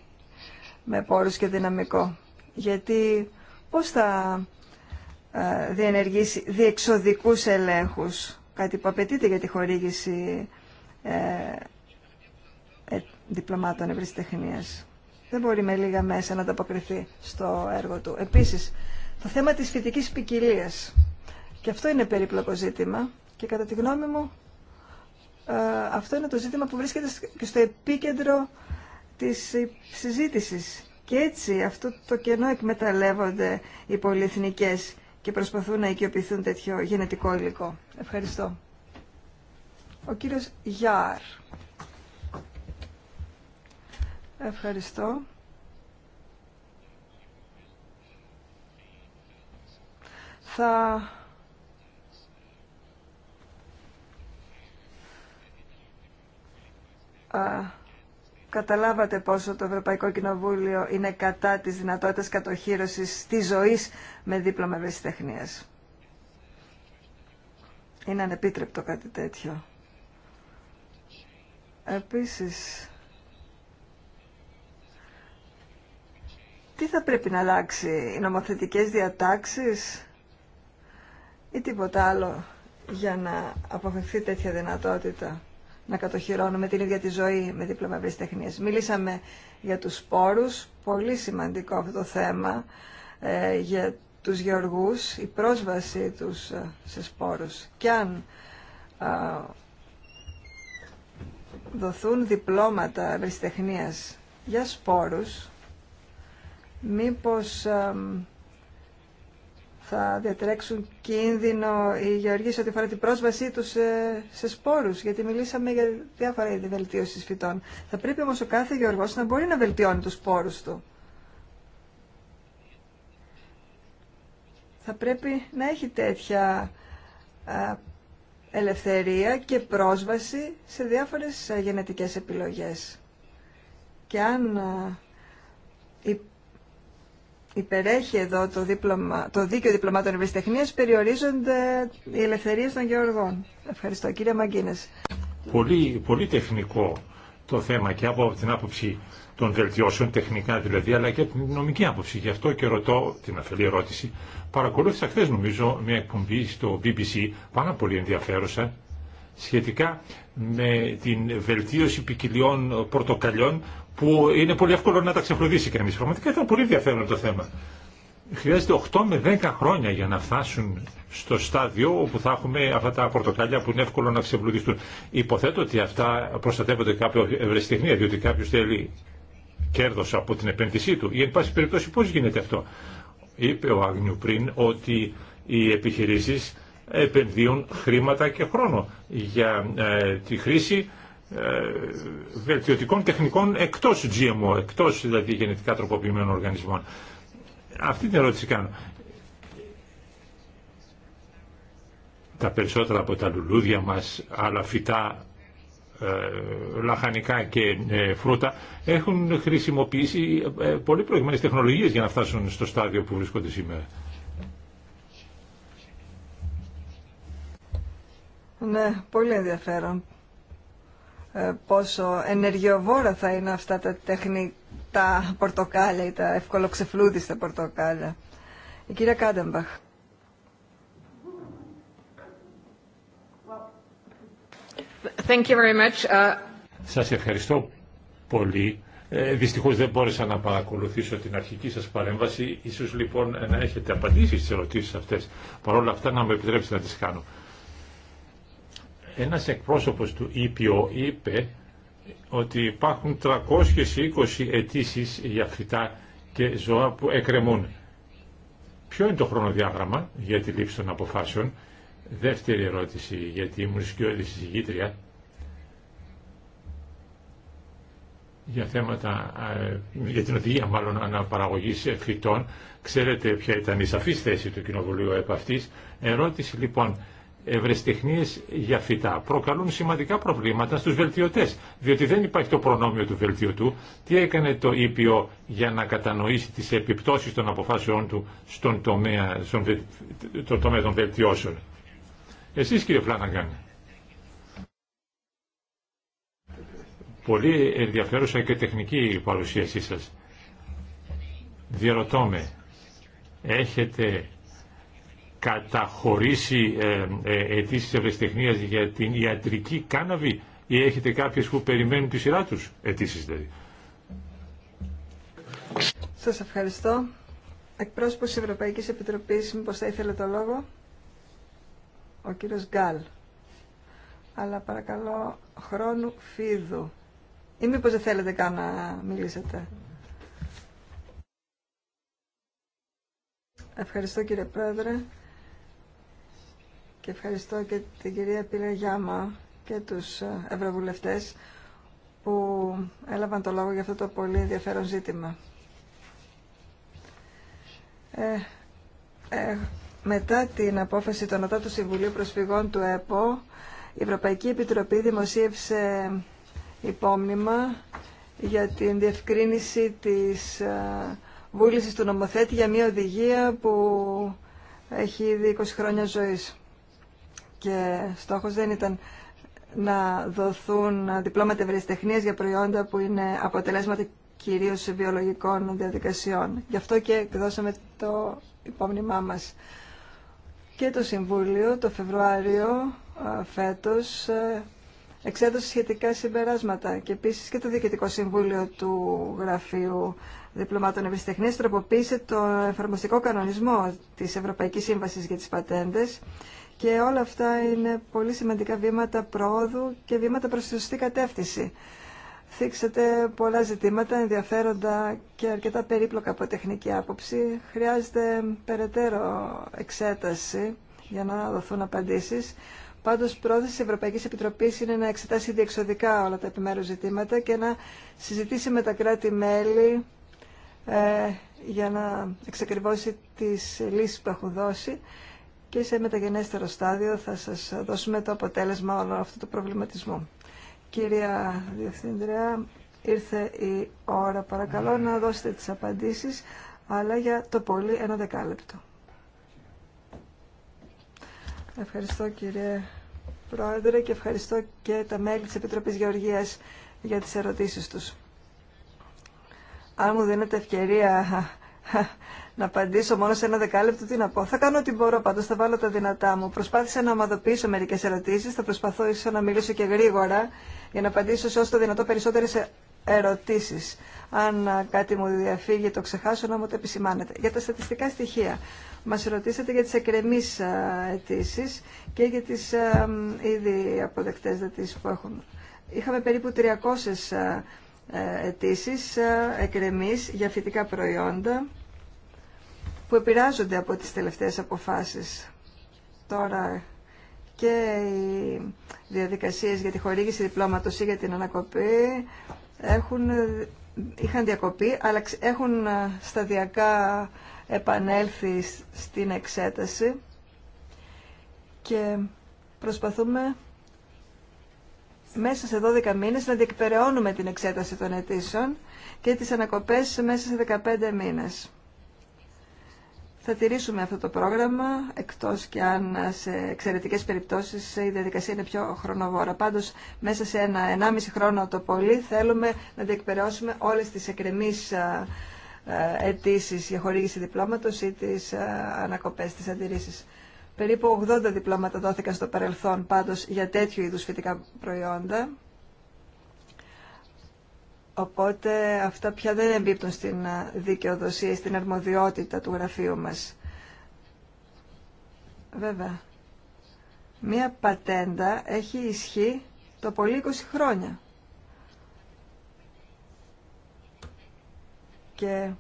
με πόρους και δυναμικό. Γιατί πώς θα ε, διενεργήσει διεξοδικούς ελέγχους, κάτι που απαιτείται για τη χορήγηση ε, διπλωμάτων ευρυστεχνίας. Δεν μπορεί με λίγα μέσα να ανταποκριθεί στο έργο του. Επίσης, το θέμα της φυτικής ποικιλία. Και αυτό είναι περίπλοκο ζήτημα και κατά τη γνώμη μου ε, αυτό είναι το ζήτημα που βρίσκεται και στο επίκεντρο της συζήτησης. Και έτσι αυτό το κενό εκμεταλλεύονται οι πολυεθνικές και προσπαθούν να οικειοποιηθούν τέτοιο γενετικό υλικό. Ευχαριστώ. Ο κύριος Γιάρ. Ευχαριστώ. Θα καταλάβατε πόσο το Ευρωπαϊκό Κοινοβούλιο είναι κατά της δυνατότητας κατοχύρωσης της ζωής με δίπλωμα ευαισθητεχνίας. Είναι ανεπίτρεπτο κάτι τέτοιο. Επίσης, τι θα πρέπει να αλλάξει, οι νομοθετικές διατάξεις ή τίποτα άλλο για να αποφευθεί τέτοια δυνατότητα να κατοχυρώνουμε την ίδια τη ζωή με δίπλωμα ευρεσιτεχνία. Μιλήσαμε για τους σπόρους, πολύ σημαντικό αυτό το θέμα ε, για τους γεωργούς, η πρόσβαση τους ε, σε σπόρους. Και αν ε, δοθούν διπλώματα ευρεσιτεχνίας για σπόρους, μήπως ε, θα διατρέξουν κίνδυνο οι γεωργοί σε ό,τι αφορά την πρόσβασή τους σε, σε σπόρους, γιατί μιλήσαμε για διάφορα είδη φυτών. Θα πρέπει όμως ο κάθε γεωργός να μπορεί να βελτιώνει τους σπόρους του. Θα πρέπει να έχει τέτοια ελευθερία και πρόσβαση σε διάφορες γενετικές επιλογές. Και αν υπερέχει εδώ το, δίπλωμα, το δίκαιο διπλωμάτων ευρεσιτεχνίας περιορίζονται οι ελευθερίες των γεωργών. Ευχαριστώ. Κύριε Μαγκίνες. Πολύ, πολύ τεχνικό το θέμα και από την άποψη των βελτιώσεων, τεχνικά δηλαδή, αλλά και την νομική άποψη. Γι' αυτό και ρωτώ την αφελή ερώτηση. Παρακολούθησα χθε, νομίζω, μια εκπομπή στο BBC, πάρα πολύ ενδιαφέρουσα, σχετικά με την βελτίωση ποικιλιών πορτοκαλιών που είναι πολύ εύκολο να τα ξεφλουδίσει κανεί. Πραγματικά ήταν πολύ ενδιαφέρον το θέμα. Χρειάζεται 8 με 10 χρόνια για να φτάσουν στο στάδιο όπου θα έχουμε αυτά τα πορτοκάλια που είναι εύκολο να ξεπλουδιστούν. Υποθέτω ότι αυτά προστατεύονται κάποια ευρεσιτεχνία, διότι κάποιο θέλει κέρδο από την επένδυσή του. Ή εν πάση περιπτώσει πώ γίνεται αυτό. Είπε ο Άγνιου πριν ότι οι επιχειρήσει επενδύουν χρήματα και χρόνο για ε, τη χρήση ε, βελτιωτικών τεχνικών εκτός GMO, εκτός δηλαδή γενετικά τροποποιημένων οργανισμών. Αυτή την ερώτηση κάνω. Τα περισσότερα από τα λουλούδια μας, άλλα φυτά, ε, λαχανικά και ε, φρούτα έχουν χρησιμοποιήσει πολύ προηγμένες τεχνολογίες για να φτάσουν στο στάδιο που βρίσκονται σήμερα. Ναι, πολύ ενδιαφέρον. Ε, πόσο ενεργειοβόρα θα είναι αυτά τα τεχνητά πορτοκάλια ή τα ευκολοξεφλούδιστα πορτοκάλια. Η κυρία Κάντεμπαχ. Thank you very much. Ε, σας ευχαριστώ πολύ. Ε, δυστυχώς δεν μπόρεσα να παρακολουθήσω την αρχική σας παρέμβαση. Ίσως λοιπόν να έχετε απαντήσει στις ερωτήσεις αυτές. Παρ' όλα αυτά να με επιτρέψετε να τις κάνω. Ένας εκπρόσωπος του ΕΠΟ είπε ότι υπάρχουν 320 αιτήσει για φυτά και ζώα που εκκρεμούν. Ποιο είναι το χρονοδιάγραμμα για τη λήψη των αποφάσεων. Δεύτερη ερώτηση, γιατί ήμουν σκιώδη συζητήτρια για θέματα, για την οδηγία μάλλον αναπαραγωγής φυτών. Ξέρετε ποια ήταν η σαφής θέση του Κοινοβουλίου επ' αυτής. Ερώτηση λοιπόν, Ευρεστιχνίε για φυτά προκαλούν σημαντικά προβλήματα στους βελτιωτέ, διότι δεν υπάρχει το προνόμιο του βελτιωτού. Τι έκανε το ήπιο για να κατανοήσει τι επιπτώσει των αποφάσεών του στον τομέα, στον τομέα των βελτιώσεων. Εσείς κύριε Φλάνναγκάν Πολύ ενδιαφέρουσα και τεχνική η παρουσίασή σας. Διαρωτώ με, έχετε καταχωρήσει ε, ε, αιτήσει ευρεσιτεχνία για την ιατρική κάναβη ή έχετε κάποιες που περιμένουν τη σειρά τους αιτήσει δηλαδή. Σας ευχαριστώ. Εκπρόσωπο τη Ευρωπαϊκή Επιτροπής, μήπω θα ήθελε το λόγο. Ο κύριος Γκάλ. Αλλά παρακαλώ χρόνου φίδου. Ή μήπως δεν θέλετε καν να μιλήσετε. Ευχαριστώ κύριε Πρόεδρε και ευχαριστώ και την κυρία Πίλα Γιάμα και τους ε, ευρωβουλευτές που έλαβαν το λόγο για αυτό το πολύ ενδιαφέρον ζήτημα. Ε, ε, μετά την απόφαση των ΟΤΑ του Συμβουλίου Προσφυγών του ΕΠΟ, η Ευρωπαϊκή Επιτροπή δημοσίευσε υπόμνημα για την διευκρίνηση της βούλησης του νομοθέτη για μια οδηγία που έχει ήδη 20 χρόνια ζωής και στόχος δεν ήταν να δοθούν διπλώματα ευρεσιτεχνίας για προϊόντα που είναι αποτελέσματα κυρίως βιολογικών διαδικασιών. Γι' αυτό και εκδώσαμε το υπόμνημά μας. Και το Συμβούλιο το Φεβρουάριο φέτος ε, εξέδωσε σχετικά συμπεράσματα και επίσης και το Διοικητικό Συμβούλιο του Γραφείου Διπλωμάτων Ευρεσιτεχνίας τροποποίησε το εφαρμοστικό κανονισμό της Ευρωπαϊκής Σύμβασης για τις Πατέντες και όλα αυτά είναι πολύ σημαντικά βήματα πρόοδου και βήματα προς τη σωστή κατεύθυνση. Θίξατε πολλά ζητήματα ενδιαφέροντα και αρκετά περίπλοκα από τεχνική άποψη. Χρειάζεται περαιτέρω εξέταση για να δοθούν απαντήσεις. Πάντως, πρόθεση τη Ευρωπαϊκής Επιτροπής είναι να εξετάσει διεξοδικά όλα τα επιμέρους ζητήματα και να συζητήσει με τα κράτη-μέλη ε, για να εξακριβώσει τις λύσεις που έχουν δώσει και σε μεταγενέστερο στάδιο θα σας δώσουμε το αποτέλεσμα όλων αυτού του προβληματισμού. Κυρία Διευθύντρια, ήρθε η ώρα παρακαλώ να δώσετε τις απαντήσεις, αλλά για το πολύ ένα δεκάλεπτο. Ευχαριστώ κύριε Πρόεδρε και ευχαριστώ και τα μέλη της Επιτροπής Γεωργίας για τις ερωτήσεις τους. Αν μου δίνετε ευκαιρία να απαντήσω μόνο σε ένα δεκάλεπτο τι να πω. Θα κάνω ό,τι μπορώ, πάντω θα βάλω τα δυνατά μου. Προσπάθησα να ομαδοποιήσω μερικέ ερωτήσει, θα προσπαθώ ίσω να μιλήσω και γρήγορα για να απαντήσω σε όσο το δυνατό περισσότερε ε, ερωτήσει. Αν κάτι μου διαφύγει, το ξεχάσω να μου το επισημάνετε. Για τα στατιστικά στοιχεία. Μα ρωτήσατε για τι εκκρεμεί αιτήσει και για τι ήδη αποδεκτέ αιτήσει που έχουν. Είχαμε περίπου 300 ε, αιτήσει εκκρεμεί για φυτικά προϊόντα που επηρεάζονται από τις τελευταίες αποφάσεις τώρα και οι διαδικασίες για τη χορήγηση διπλώματος ή για την ανακοπή έχουν, είχαν διακοπή αλλά έχουν ε, σταδιακά επανέλθει στην εξέταση και προσπαθούμε μέσα σε 12 μήνες να διεκπεραιώνουμε την εξέταση των αιτήσεων και τις ανακοπές μέσα σε 15 μήνες. Θα τηρήσουμε αυτό το πρόγραμμα, εκτός και αν σε εξαιρετικές περιπτώσεις η διαδικασία είναι πιο χρονοβόρα. Πάντως, μέσα σε ένα, ενάμιση χρόνο το πολύ, θέλουμε να διεκπαιρεώσουμε όλες τις εκκρεμείς αιτήσει για χορήγηση διπλώματος ή τις ανακοπές, τις αντιρρήσεις. Περίπου 80 διπλώματα δόθηκαν στο παρελθόν πάντως για τέτοιου είδους φυτικά προϊόντα Οπότε αυτά πια δεν εμπίπτουν στην ε, δικαιοδοσία, στην αρμοδιότητα του γραφείου μας. Βέβαια, μία πατέντα έχει ισχύ το πολύ 20 χρόνια. Και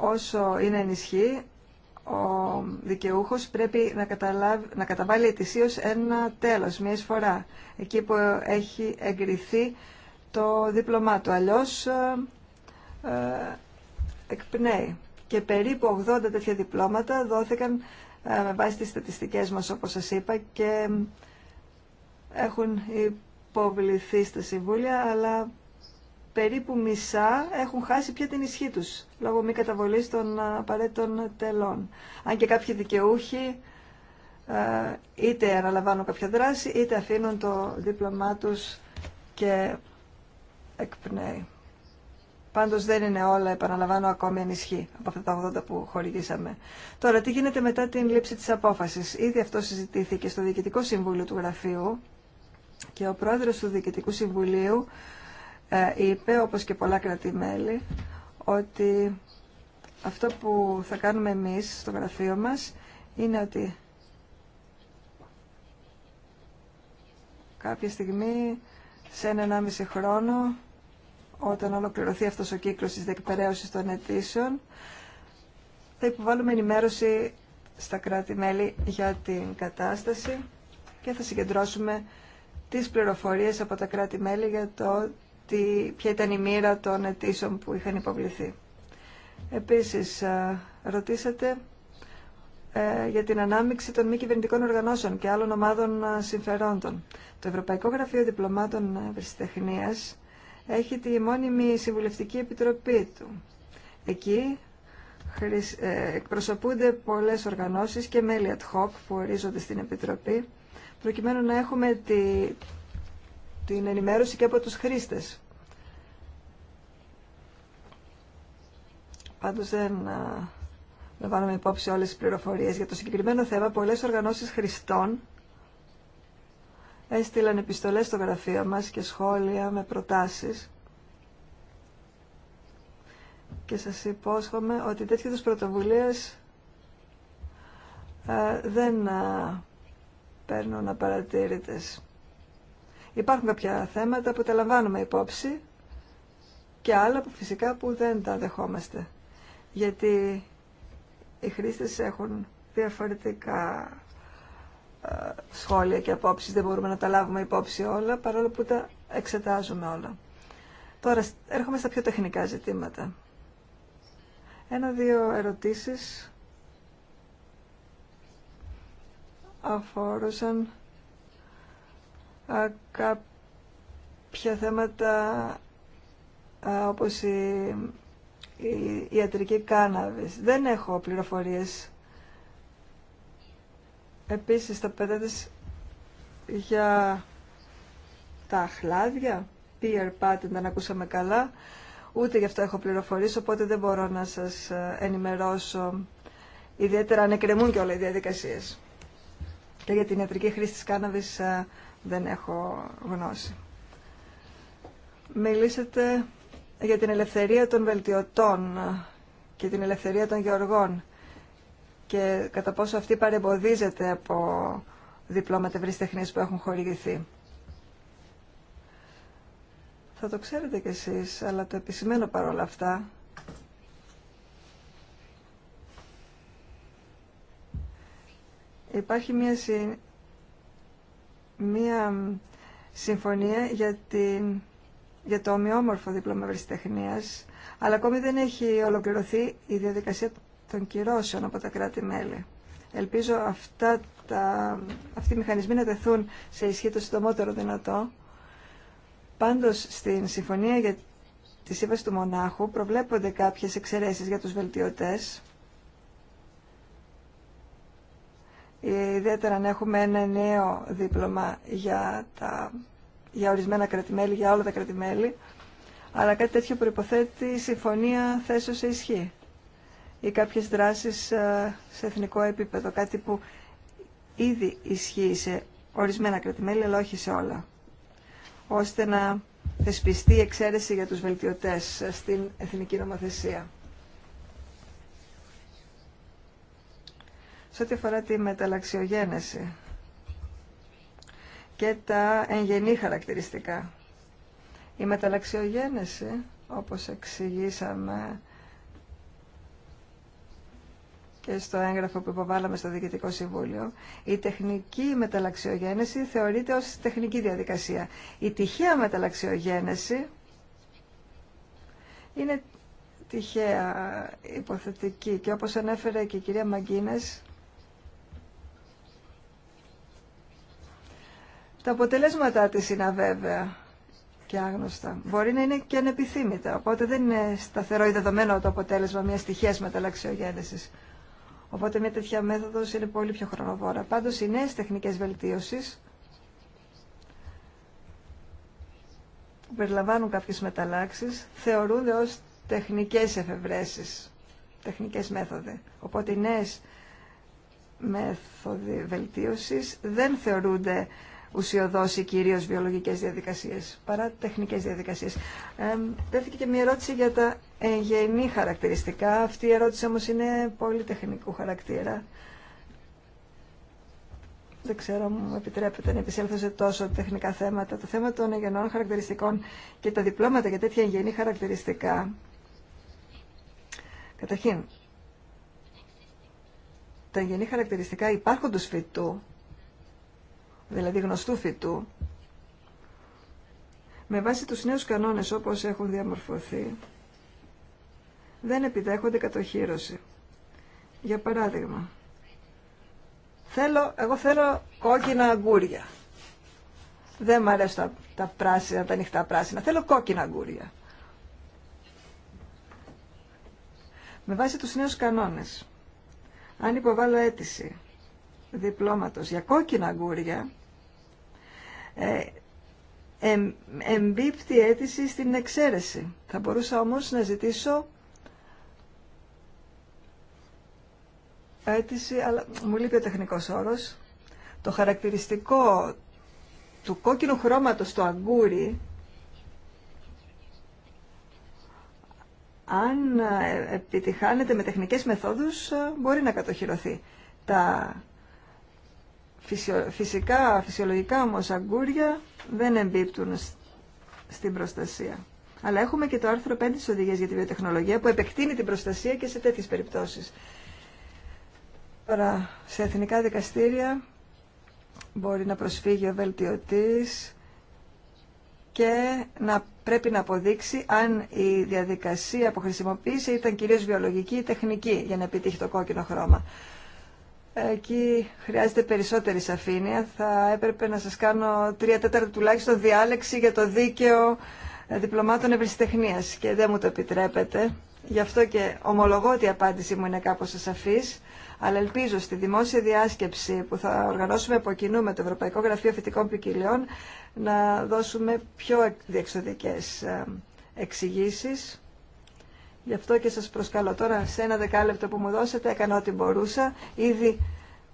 όσο είναι ενισχύ, ο δικαιούχος πρέπει να, καταλάβει, να καταβάλει ετησίως ένα τέλος, μια εισφορά, εκεί που έχει εγκριθεί το δίπλωμά του. Αλλιώς ε, ε εκπνέει. Και περίπου 80 τέτοια διπλώματα δόθηκαν ε, με βάση τις στατιστικές μας, όπως σας είπα, και έχουν υποβληθεί στα συμβούλια, αλλά περίπου μισά έχουν χάσει πια την ισχύ τους λόγω μη καταβολής των ε, απαραίτητων τελών. Αν και κάποιοι δικαιούχοι ε, είτε αναλαμβάνουν κάποια δράση είτε αφήνουν το δίπλωμά τους και εκπνέει. Πάντως δεν είναι όλα, επαναλαμβάνω, ακόμη ενισχύ από αυτά τα 80 που χορηγήσαμε. Τώρα, τι γίνεται μετά την λήψη της απόφασης. Ήδη αυτό συζητήθηκε στο Διοικητικό Συμβούλιο του Γραφείου και ο πρόεδρος του Διοικητικού Συμβουλίου ε, είπε, όπως και πολλά κρατημέλη, ότι αυτό που θα κάνουμε εμείς στο γραφείο μας είναι ότι κάποια στιγμή σε έναν 1,5 χρόνο όταν ολοκληρωθεί αυτός ο κύκλος της δεκπεραίωσης των αιτήσεων θα υποβάλουμε ενημέρωση στα κράτη-μέλη για την κατάσταση και θα συγκεντρώσουμε τις πληροφορίες από τα κράτη-μέλη για το τι, ποια ήταν η μοίρα των αιτήσεων που είχαν υποβληθεί. Επίσης, ρωτήσατε ε, για την ανάμειξη των μη κυβερνητικών οργανώσεων και άλλων ομάδων συμφερόντων. Το Ευρωπαϊκό Γραφείο Διπλωμάτων Ευρεσιτεχνίας έχει τη μόνιμη συμβουλευτική επιτροπή του. Εκεί ε, εκπροσωπούνται πολλές οργανώσεις και μέλη ad hoc που ορίζονται στην Επιτροπή προκειμένου να έχουμε τη, την ενημέρωση και από τους χρήστες. Πάντως δεν βάλαμε υπόψη όλες τις πληροφορίες. Για το συγκεκριμένο θέμα, πολλές οργανώσεις χρηστών έστειλαν επιστολές στο γραφείο μας και σχόλια με προτάσεις και σας υπόσχομαι ότι τέτοιες είδους πρωτοβουλίες δεν παίρνουν απαρατήρητες. Υπάρχουν κάποια θέματα που τα λαμβάνουμε υπόψη και άλλα που φυσικά που δεν τα δεχόμαστε. Γιατί οι χρήστες έχουν διαφορετικά ε, σχόλια και απόψεις, δεν μπορούμε να τα λάβουμε υπόψη όλα, παρόλο που τα εξετάζουμε όλα. Τώρα έρχομαι στα πιο τεχνικά ζητήματα. Ένα-δύο ερωτήσεις αφορούσαν κάποια θέματα όπως η, ιατρική κάναβης. Δεν έχω πληροφορίες. Επίσης, τα πέτατες για τα χλάδια, peer patent, δεν ακούσαμε καλά, ούτε γι' αυτό έχω πληροφορίες, οπότε δεν μπορώ να σας ε, ενημερώσω ιδιαίτερα αν εκκρεμούν και όλα οι διαδικασίες. Και για την ιατρική χρήση της κάναβης ε, δεν έχω γνώση. Μιλήσατε για την ελευθερία των βελτιωτών και την ελευθερία των γεωργών και κατά πόσο αυτή παρεμποδίζεται από διπλώματα ευρύς που έχουν χορηγηθεί. Θα το ξέρετε κι εσείς, αλλά το επισημαίνω παρόλα αυτά. Υπάρχει μια μία συμφωνία για, την, για το ομοιόμορφο δίπλωμα ευρεσιτεχνίας, αλλά ακόμη δεν έχει ολοκληρωθεί η διαδικασία των κυρώσεων από τα κράτη-μέλη. Ελπίζω αυτά τα, αυτοί οι μηχανισμοί να τεθούν σε ισχύ το συντομότερο δυνατό. Πάντως, στην Συμφωνία για τη Σύμβαση του Μονάχου προβλέπονται κάποιες εξαιρέσεις για τους βελτιωτές, ιδιαίτερα αν έχουμε ένα νέο δίπλωμα για, τα, για ορισμένα κρατημέλη, για όλα τα κρατημέλη, αλλά κάτι τέτοιο προϋποθέτει συμφωνία θέσεως σε ισχύ ή κάποιες δράσεις ε, σε εθνικό επίπεδο, κάτι που ήδη ισχύει σε ορισμένα κρατημέλη, αλλά όχι σε όλα, ώστε να θεσπιστεί η εξαίρεση για τους βελτιωτές ε, στην εθνική νομοθεσία. σε ό,τι αφορά τη μεταλλαξιογένεση και τα εγγενή χαρακτηριστικά. Η μεταλλαξιογένεση, όπως εξηγήσαμε και στο έγγραφο που υποβάλαμε στο Διοικητικό Συμβούλιο, η τεχνική μεταλλαξιογένεση θεωρείται ως τεχνική διαδικασία. Η τυχαία μεταλλαξιογένεση είναι τυχαία υποθετική και όπως ανέφερε και η κυρία Μαγκίνες, Τα αποτελέσματά της είναι αβέβαια και άγνωστα. Μπορεί να είναι και ανεπιθύμητα, οπότε δεν είναι σταθερό ή δεδομένο το αποτέλεσμα μιας τυχαίας μεταλλαξιογένεσης. Οπότε μια τέτοια μέθοδος είναι πολύ πιο χρονοβόρα. Πάντως οι νέες τεχνικές βελτίωσης που περιλαμβάνουν κάποιες μεταλλάξεις θεωρούνται ως τεχνικές εφευρέσεις, τεχνικές μέθοδοι. Οπότε οι νέες μέθοδοι βελτίωσης δεν θεωρούνται ουσιοδός ή κυρίως βιολογικές διαδικασίες, παρά τεχνικές διαδικασίες. Ε, και μια ερώτηση για τα εγγενή χαρακτηριστικά. Αυτή η ερώτηση όμως είναι πολύ τεχνικού χαρακτήρα. Δεν ξέρω μου επιτρέπετε να επισέλθω σε τόσο τεχνικά θέματα. Το θέμα των εγγενών χαρακτηριστικών και τα διπλώματα για τέτοια εγγενή χαρακτηριστικά. Καταρχήν, τα εγγενή χαρακτηριστικά υπάρχοντος φυτού δηλαδή γνωστού φυτού, με βάση τους νέους κανόνες όπως έχουν διαμορφωθεί, δεν επιδέχονται κατοχύρωση. Για παράδειγμα, θέλω, εγώ θέλω κόκκινα αγκούρια. Δεν μου αρέσουν τα, τα πράσινα, τα ανοιχτά πράσινα. Θέλω κόκκινα αγκούρια. Με βάση τους νέους κανόνες, αν υποβάλω αίτηση διπλώματος για κόκκινα αγκούρια, ε, εμπίπτει αίτηση στην εξαίρεση. Θα μπορούσα όμως να ζητήσω αίτηση, αλλά μου λείπει ο τεχνικός όρος. Το χαρακτηριστικό του κόκκινου χρώματος το αγγούρι αν ε, επιτυχάνεται με τεχνικές μεθόδους, ε, μπορεί να κατοχυρωθεί. Τα φυσικά, φυσιολογικά όμως αγκούρια δεν εμπίπτουν στην προστασία. Αλλά έχουμε και το άρθρο 5 της Οδηγίας για τη Βιοτεχνολογία που επεκτείνει την προστασία και σε τέτοιες περιπτώσεις. Τώρα, σε εθνικά δικαστήρια μπορεί να προσφύγει ο βελτιωτής και να πρέπει να αποδείξει αν η διαδικασία που χρησιμοποίησε ήταν κυρίως βιολογική ή τεχνική για να επιτύχει το κόκκινο χρώμα. Εκεί χρειάζεται περισσότερη σαφήνεια. Θα έπρεπε να σας κάνω τρία τέταρτα τουλάχιστον διάλεξη για το δίκαιο ε, διπλωμάτων ευρυστεχνίας και δεν μου το επιτρέπετε. Γι' αυτό και ομολογώ ότι η απάντησή μου είναι κάπως ασαφής, αλλά ελπίζω στη δημόσια διάσκεψη που θα οργανώσουμε από κοινού με το Ευρωπαϊκό Γραφείο Φυτικών Ποικιλιών να δώσουμε πιο διεξοδικές ε, εξηγήσεις Γι' αυτό και σας προσκαλώ τώρα σε ένα δεκάλεπτο που μου δώσετε, έκανα ό,τι μπορούσα. Ήδη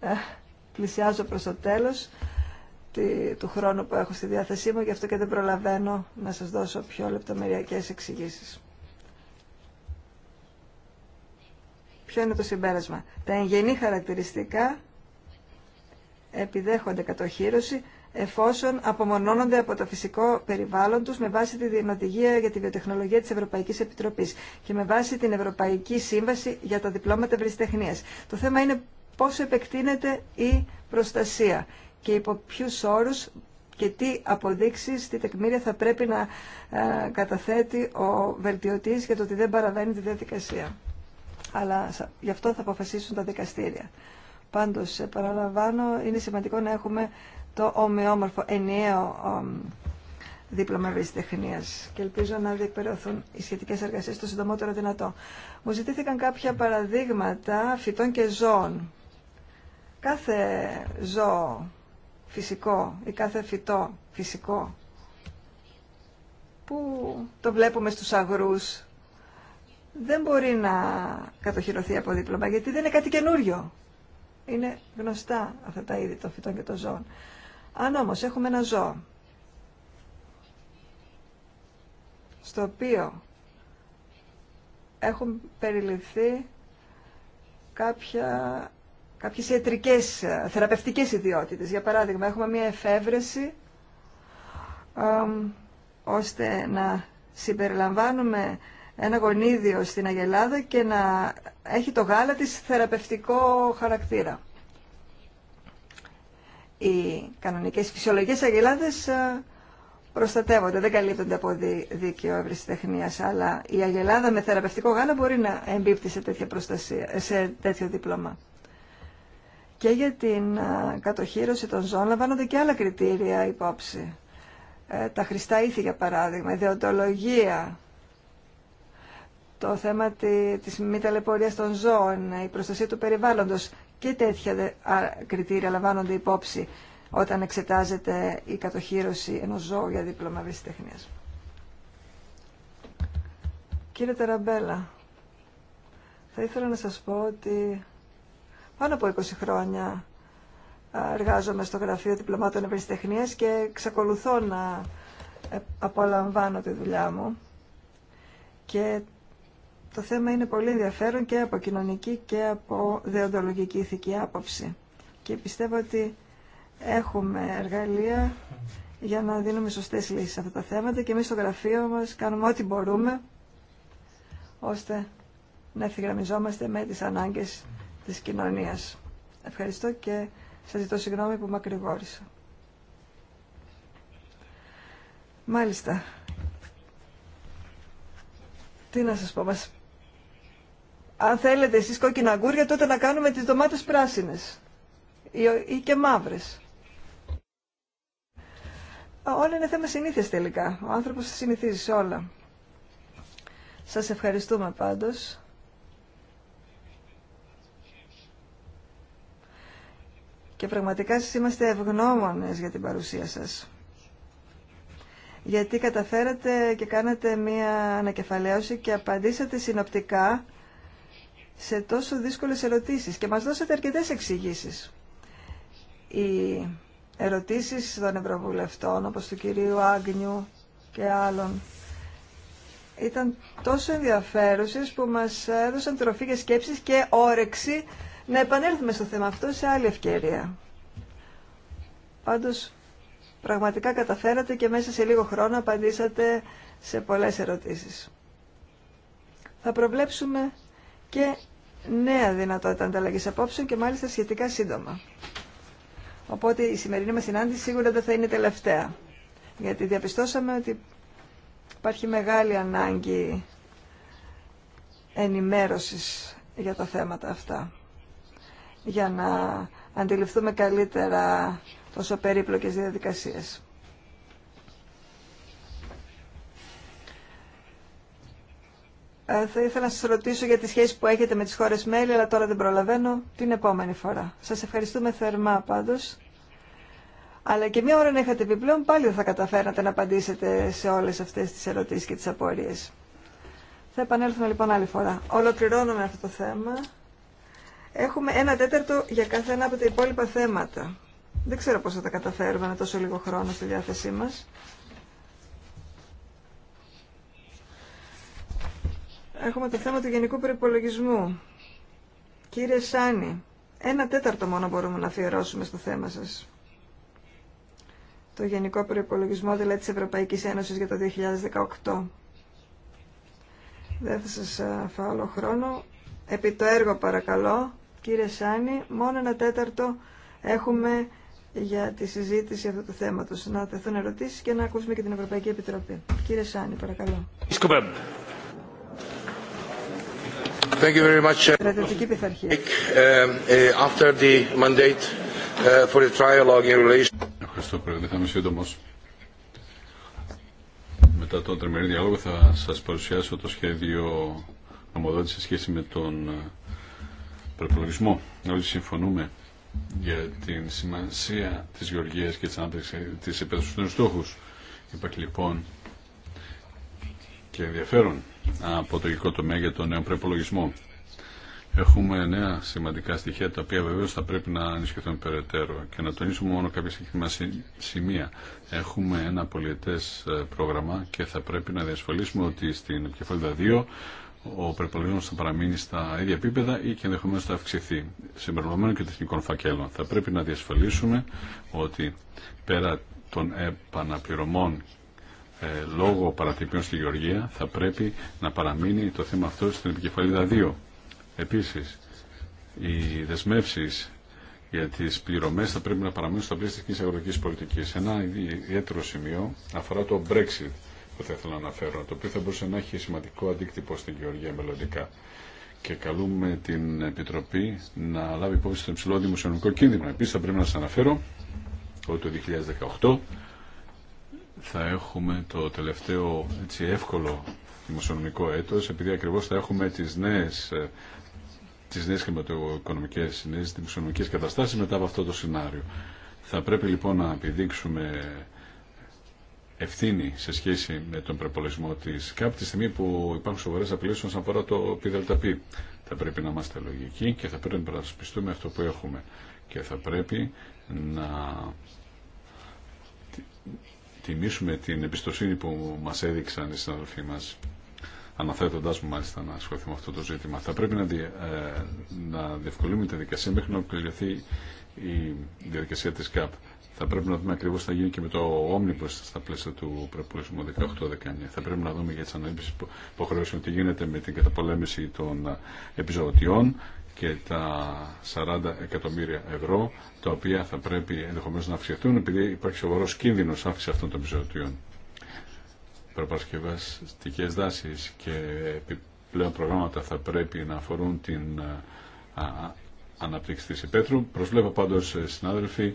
ε, πλησιάζω προς το τέλος τη, του χρόνου που έχω στη διάθεσή μου, γι' αυτό και δεν προλαβαίνω να σας δώσω πιο λεπτομεριακές εξηγήσεις. Ποιο είναι το συμπέρασμα. Τα εγγενή χαρακτηριστικά επιδέχονται κατοχύρωση, εφόσον απομονώνονται από το φυσικό περιβάλλον τους με βάση τη Οδηγία για τη Βιοτεχνολογία της Ευρωπαϊκής Επιτροπής και με βάση την Ευρωπαϊκή Σύμβαση για τα Διπλώματα Ευρυστεχνίας. Το θέμα είναι πόσο επεκτείνεται η προστασία και υπό ποιου όρους και τι αποδείξεις, τι τεκμήρια θα πρέπει να ε, καταθέτει ο βελτιωτής για το ότι δεν παραβαίνει τη διαδικασία. Αλλά γι' αυτό θα αποφασίσουν τα δικαστήρια. Πάντως, παραλαμβάνω, είναι σημαντικό να έχουμε το ομοιόμορφο ενιαίο δίπλωμα ευρεσιτεχνία και ελπίζω να διεκπαιρεωθούν οι σχετικέ εργασίε το συντομότερο δυνατό. Μου ζητήθηκαν κάποια παραδείγματα φυτών και ζώων. Κάθε ζώο φυσικό ή κάθε φυτό φυσικό που το βλέπουμε στους αγρούς δεν μπορεί να κατοχυρωθεί από δίπλωμα γιατί δεν είναι κάτι καινούριο. Είναι γνωστά αυτά τα είδη των φυτών και των ζώων. Αν ναι, όμως έχουμε ένα ζώο στο οποίο έχουν περιληφθεί κάποια, κάποιες ιατρικές, ε, θεραπευτικές ιδιότητες. Για παράδειγμα, έχουμε μια εφεύρεση ώστε να συμπεριλαμβάνουμε ένα γονίδιο στην Αγελάδα και να έχει το γάλα της θεραπευτικό χαρακτήρα οι κανονικές φυσιολογικές αγελάδες ε, προστατεύονται, δεν καλύπτονται από δίκαιο ευρεσιτεχνία, αλλά η αγελάδα με θεραπευτικό γάλα μπορεί να εμπίπτει σε, τέτοια προστασία, σε τέτοιο δίπλωμα. Και για την ε, κατοχήρωση των ζώων λαμβάνονται και άλλα κριτήρια υπόψη. Ε, τα χρηστά ήθη, για παράδειγμα, η δεοντολογία, το θέμα της μη ταλαιπωρίας των ζώων, η προστασία του περιβάλλοντος και τέτοια κριτήρια λαμβάνονται υπόψη όταν εξετάζεται η κατοχήρωση ενός ζώου για δίπλωμα βιστεχνίας. Κύριε Ταραμπέλα, θα ήθελα να σας πω ότι πάνω από 20 χρόνια εργάζομαι στο Γραφείο Διπλωμάτων Ευρεσιτεχνίας και εξακολουθώ να ε, απολαμβάνω τη δουλειά μου και το θέμα είναι πολύ ενδιαφέρον και από κοινωνική και από δεοντολογική ηθική άποψη. Και πιστεύω ότι έχουμε εργαλεία για να δίνουμε σωστές λύσεις σε αυτά τα θέματα και εμείς στο γραφείο μας κάνουμε ό,τι μπορούμε ώστε να ευθυγραμμιζόμαστε με τις ανάγκες της κοινωνίας. Ευχαριστώ και σας ζητώ συγγνώμη που μακρηγόρησα. Μάλιστα. Τι να σας πω, μας αν θέλετε εσείς κόκκινα αγκούρια, τότε να κάνουμε τις ντομάτες πράσινες ή και μαύρες. Όλα είναι θέμα συνήθειας τελικά. Ο άνθρωπος συνηθίζει σε όλα. Σας ευχαριστούμε πάντως. Και πραγματικά σας είμαστε ευγνώμονες για την παρουσία σας. Γιατί καταφέρατε και κάνατε μία ανακεφαλαίωση και απαντήσατε συνοπτικά σε τόσο δύσκολες ερωτήσεις και μας δώσατε αρκετές εξηγήσει. Οι ερωτήσεις των Ευρωβουλευτών, όπως του κυρίου Άγνιου και άλλων, ήταν τόσο ενδιαφέρουσες που μας έδωσαν τροφή για σκέψεις και όρεξη να επανέλθουμε στο θέμα αυτό σε άλλη ευκαιρία. Πάντως, πραγματικά καταφέρατε και μέσα σε λίγο χρόνο απαντήσατε σε πολλές ερωτήσεις. Θα προβλέψουμε και νέα δυνατότητα ανταλλαγή απόψεων και μάλιστα σχετικά σύντομα. Οπότε η σημερινή μα συνάντηση σίγουρα δεν θα είναι τελευταία. Γιατί διαπιστώσαμε ότι υπάρχει μεγάλη ανάγκη ενημέρωσης για τα θέματα αυτά. Για να αντιληφθούμε καλύτερα τόσο περίπλοκες διαδικασίες. Ε, θα ήθελα να σας ρωτήσω για τις σχέση που έχετε με τις χώρες μέλη, αλλά τώρα δεν προλαβαίνω την επόμενη φορά. Σας ευχαριστούμε θερμά πάντως. Αλλά και μία ώρα να είχατε επιπλέον, πάλι δεν θα καταφέρατε να απαντήσετε σε όλες αυτές τις ερωτήσεις και τις απορίες. Θα επανέλθουμε λοιπόν άλλη φορά. Ολοκληρώνουμε αυτό το θέμα. Έχουμε ένα τέταρτο για κάθε ένα από τα υπόλοιπα θέματα. Δεν ξέρω πώς θα τα καταφέρουμε με τόσο λίγο χρόνο στη διάθεσή μας. Έχουμε το θέμα του γενικού προπολογισμού. Κύριε Σάνη, ένα τέταρτο μόνο μπορούμε να αφιερώσουμε στο θέμα σας. Το γενικό προπολογισμό δηλαδή της Ευρωπαϊκής Ένωσης για το 2018. Δεν θα σας ε, φάω χρόνο. Επί το έργο παρακαλώ, κύριε Σάνι, μόνο ένα τέταρτο έχουμε για τη συζήτηση αυτού του θέματος. Να τεθούν ερωτήσεις και να ακούσουμε και την Ευρωπαϊκή Επιτροπή. Κύριε Σάνη, παρακαλώ. Thank you uh, Ευχαριστώ, πολύ. Θα είμαι σύντομο. Μετά τον τριμερή διάλογο θα σα παρουσιάσω το σχέδιο νομοδότηση σε σχέση με τον ε, προπολογισμό. Όλοι συμφωνούμε για την σημασία τη γεωργία και τη ανάπτυξη ε, τη επέδοση των Υπάρχει λοιπόν και ενδιαφέρον από το γεωργικό τομέα για τον νέο προπολογισμό. Έχουμε νέα σημαντικά στοιχεία τα οποία βεβαίω θα πρέπει να ενισχυθούν περαιτέρω και να τονίσουμε μόνο κάποια συγκεκριμένα σημεία. Έχουμε ένα πολιετέ ε, πρόγραμμα και θα πρέπει να διασφαλίσουμε ότι στην επικεφαλίδα 2 ο προπολογισμό θα παραμείνει στα ίδια επίπεδα ή και ενδεχομένω θα αυξηθεί, συμπεριλαμβανομένων και τεχνικών φακέλων. Θα πρέπει να διασφαλίσουμε ότι πέρα των επαναπληρωμών ε, λόγω παρατυπίων στη Γεωργία θα πρέπει να παραμείνει το θέμα αυτό στην επικεφαλίδα 2. Επίσης, οι δεσμεύσει για τις πληρωμές θα πρέπει να παραμείνουν στο πλαίσια της κοινής αγροτικής πολιτικής. Ένα ιδιαίτερο σημείο αφορά το Brexit που θα ήθελα να αναφέρω, το οποίο θα μπορούσε να έχει σημαντικό αντίκτυπο στην Γεωργία μελλοντικά. Και καλούμε την Επιτροπή να λάβει υπόψη στον υψηλό δημοσιονομικό κίνδυνο. Επίση, θα πρέπει να σα αναφέρω ότι το 2018 θα έχουμε το τελευταίο έτσι, εύκολο δημοσιονομικό έτος, επειδή ακριβώς θα έχουμε τις νέες ε, τις νέες χρηματοοικονομικές, νέες δημοσιονομικές καταστάσεις μετά από αυτό το σενάριο. Θα πρέπει λοιπόν να επιδείξουμε ευθύνη σε σχέση με τον προπολογισμό τη ΚΑΠ τη στιγμή που υπάρχουν σοβαρέ απειλές όσον αφορά το ΠΔΠ. Θα πρέπει να είμαστε λογικοί και θα πρέπει να προσπιστούμε αυτό που έχουμε και θα πρέπει να τιμήσουμε την εμπιστοσύνη που μας έδειξαν οι συναδελφοί μας αναθέτοντά μου μάλιστα να ασχοληθούμε αυτό το ζήτημα. Θα πρέπει να, δι, ε, να διευκολύνουμε τη διαδικασία μέχρι να ολοκληρωθεί η διαδικασία τη ΚΑΠ. Θα πρέπει να δούμε ακριβώ τι θα γίνει και με το όμνιμπο στα πλαίσια του προπολισμού 18-19. Θα πρέπει να δούμε για τι που υποχρεώσεων τι γίνεται με την καταπολέμηση των ε, επιζωοτιών και τα 40 εκατομμύρια ευρώ, τα οποία θα πρέπει ενδεχομένως να αυξηθούν, επειδή υπάρχει σοβαρός κίνδυνος αύξηση αυτών των πιστοτήτων. Προπαρασκευαστικές δάσεις και επιπλέον προγράμματα θα πρέπει να αφορούν την αναπτύξη της υπέτρου. Προσβλέπω πάντως, ε, συνάδελφοι,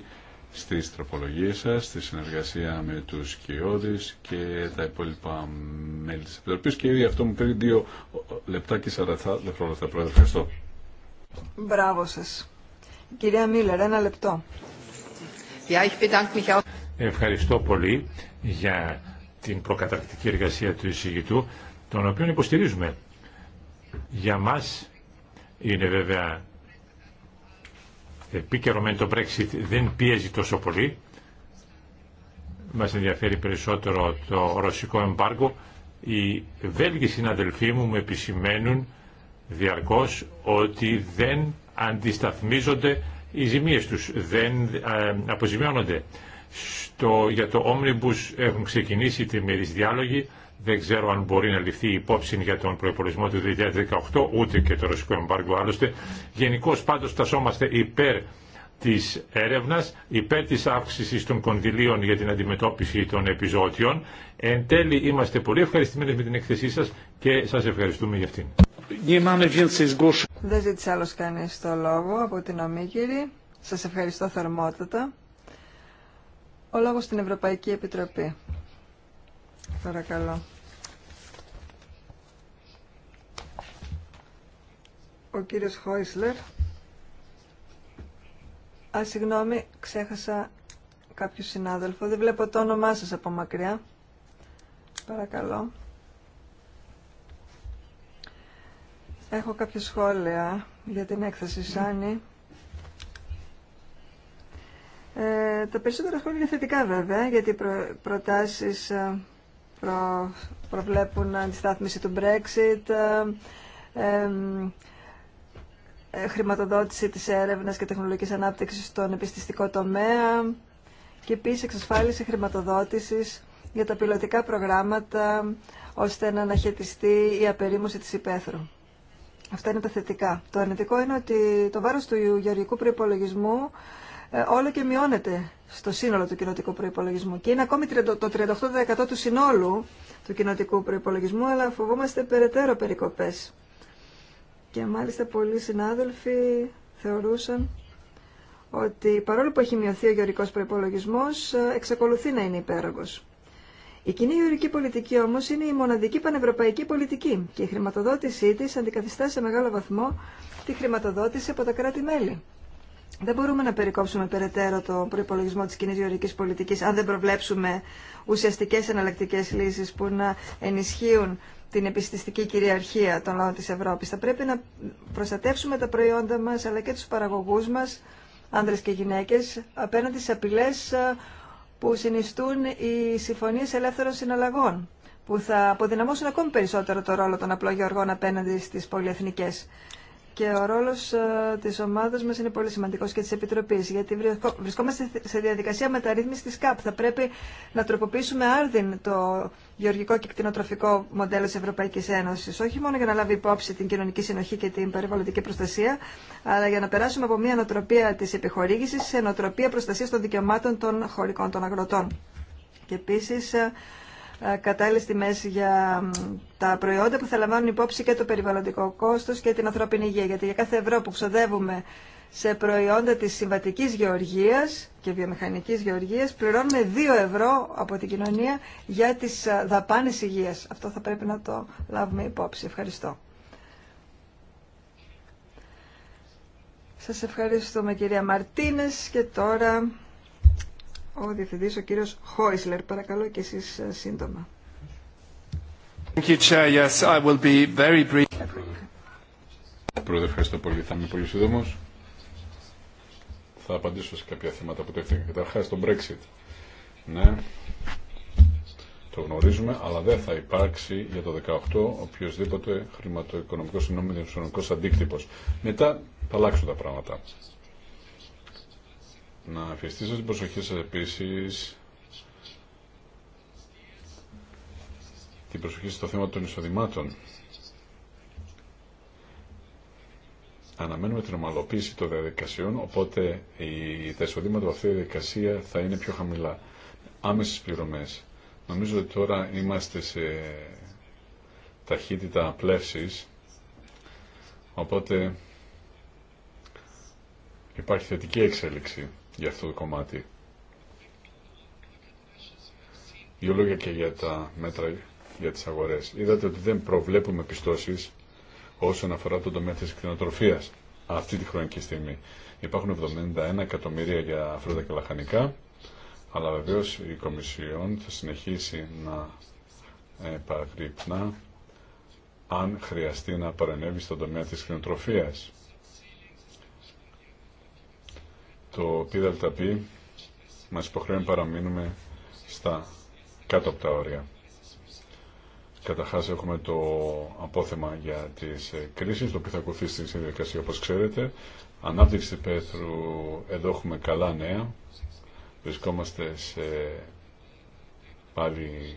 στις τροπολογίες σας, στη συνεργασία με τους Κιώδης και τα υπόλοιπα μέλη της Επιτροπής και ήδη αυτό μου πήρε δύο λεπτά και 40 δευτερόλεπτα. Πρόεδρε, ευχαριστώ. Μπράβο σα. Κυρία Μίλλερ, ένα λεπτό. Ευχαριστώ πολύ για την προκαταρκτική εργασία του εισηγητού, τον οποίο υποστηρίζουμε. Για μας είναι βέβαια επίκαιρο με το Brexit δεν πιέζει τόσο πολύ. Μας ενδιαφέρει περισσότερο το ρωσικό εμπάργκο Οι Βέλγοι συναδελφοί μου μου επισημαίνουν διαρκώς ότι δεν αντισταθμίζονται οι ζημίες τους, δεν ε, αποζημιώνονται. Στο, για το Omnibus έχουν ξεκινήσει τριμερείς διάλογοι, δεν ξέρω αν μπορεί να ληφθεί υπόψη για τον προπολογισμό του 2018, ούτε και το ρωσικό εμπάργκο άλλωστε. Γενικώ πάντω τασόμαστε υπέρ τη έρευνα, υπέρ τη αύξηση των κονδυλίων για την αντιμετώπιση των επιζώτιων. Εν τέλει είμαστε πολύ ευχαριστημένοι με την εκθεσή σα και σα ευχαριστούμε για αυτήν. Δεν ζήτησε άλλο κανεί το λόγο από την Ομίγυρη. Σα ευχαριστώ θερμότατα. Ο λόγο στην Ευρωπαϊκή Επιτροπή. Παρακαλώ. Ο κύριος Χόισλερ. Α, συγγνώμη, ξέχασα κάποιο συνάδελφο. Δεν βλέπω το όνομά σας από μακριά. Παρακαλώ. Έχω κάποια σχόλια για την έκθεση Σάνι. Ε, τα περισσότερα σχόλια είναι θετικά βέβαια, γιατί οι προ, προτάσεις ε, προ, προβλέπουν αντιστάθμιση του Brexit, ε, ε, χρηματοδότηση της έρευνας και τεχνολογικής ανάπτυξης στον επιστηστικό τομέα και επίσης εξασφάλιση χρηματοδότησης για τα πιλωτικά προγράμματα ώστε να αναχαιτιστεί η απερίμωση της υπαίθρου. Αυτά είναι τα θετικά. Το αρνητικό είναι ότι το βάρος του γεωργικού προϋπολογισμού ε, όλο και μειώνεται στο σύνολο του κοινοτικού προϋπολογισμού και είναι ακόμη το 38% του συνόλου του κοινοτικού προϋπολογισμού αλλά φοβόμαστε περαιτέρω περικοπές. Και μάλιστα πολλοί συνάδελφοι θεωρούσαν ότι παρόλο που έχει μειωθεί ο γεωργικός προϋπολογισμός ε, εξακολουθεί να είναι υπέρογος. Η κοινή γεωρική πολιτική όμω είναι η μοναδική πανευρωπαϊκή πολιτική και η χρηματοδότησή τη αντικαθιστά σε μεγάλο βαθμό τη χρηματοδότηση από τα κράτη-μέλη. Δεν μπορούμε να περικόψουμε περαιτέρω το προπολογισμό τη κοινή γεωρική πολιτική αν δεν προβλέψουμε ουσιαστικέ εναλλακτικέ λύσει που να ενισχύουν την επιστηστική κυριαρχία των λαών τη Ευρώπη. Θα πρέπει να προστατεύσουμε τα προϊόντα μα αλλά και του παραγωγού μα, άνδρε και γυναίκε, απέναντι σε απειλέ που συνιστούν οι συμφωνίε ελεύθερων συναλλαγών, που θα αποδυναμώσουν ακόμη περισσότερο το ρόλο των απλών απέναντι στι πολυεθνικές και ο ρόλος ε, της ομάδας μας είναι πολύ σημαντικός και της Επιτροπής, γιατί βρισκόμαστε σε διαδικασία μεταρρύθμισης της ΚΑΠ. Θα πρέπει να τροποποιήσουμε άρδιν το γεωργικό και κτηνοτροφικό μοντέλο της Ευρωπαϊκής Ένωσης, όχι μόνο για να λάβει υπόψη την κοινωνική συνοχή και την περιβαλλοντική προστασία, αλλά για να περάσουμε από μια νοοτροπία της επιχορήγησης σε νοοτροπία προστασίας των δικαιωμάτων των χωρικών των αγροτών. Και ε, στη ε, μέση για τα προϊόντα που θα λαμβάνουν υπόψη και το περιβαλλοντικό κόστος και την ανθρώπινη υγεία. Γιατί για κάθε ευρώ που ξοδεύουμε σε προϊόντα της συμβατική γεωργίας και βιομηχανικής γεωργίας πληρώνουμε 2 ευρώ από την κοινωνία για τις ε, δαπάνες υγείας. Αυτό θα πρέπει να το λάβουμε υπόψη. Ευχαριστώ. Σας ευχαριστούμε κυρία Μαρτίνες και τώρα ο Διευθυντής, ο κύριος Χόισλερ. Παρακαλώ και εσείς ε, σύντομα. Thank Πρόεδρε, ευχαριστώ πολύ. Θα είμαι πολύ σύντομο. Θα απαντήσω σε κάποια θέματα που τέθηκαν. Καταρχά, το Brexit. Ναι, το γνωρίζουμε, αλλά δεν θα υπάρξει για το 2018 οποιοδήποτε χρηματοοικονομικό συνόμενο αντίκτυπο. Μετά θα αλλάξουν τα πράγματα. Να αφιστήσω την προσοχή σας επίσης την προσοχή στο θέμα των εισοδημάτων. Αναμένουμε την ομαλοποίηση των διαδικασιών, οπότε τα εισοδήματα από αυτή τη διαδικασία θα είναι πιο χαμηλά. Άμεσες πληρωμές. Νομίζω ότι τώρα είμαστε σε ταχύτητα πλεύσης, οπότε υπάρχει θετική εξέλιξη για αυτό το κομμάτι. Δύο λόγια και για τα μέτρα για τις αγορές. Είδατε ότι δεν προβλέπουμε πιστώσεις όσον αφορά τον τομέα της κτηνοτροφίας αυτή τη χρονική στιγμή. Υπάρχουν 71 εκατομμύρια για φρούτα και λαχανικά, αλλά βεβαίως η Κομισιόν θα συνεχίσει να επαγρύπνα αν χρειαστεί να παρενέβει στον τομέα της κτηνοτροφίας. το ΠΔΠ μας υποχρεώνει να παραμείνουμε στα κάτω από τα όρια. Καταρχάς έχουμε το απόθεμα για τις ε, κρίσεις, το οποίο θα ακολουθήσει στην συνδικασία όπως ξέρετε. Ανάπτυξη Πέθρου, εδώ έχουμε καλά νέα. Βρισκόμαστε σε πάλι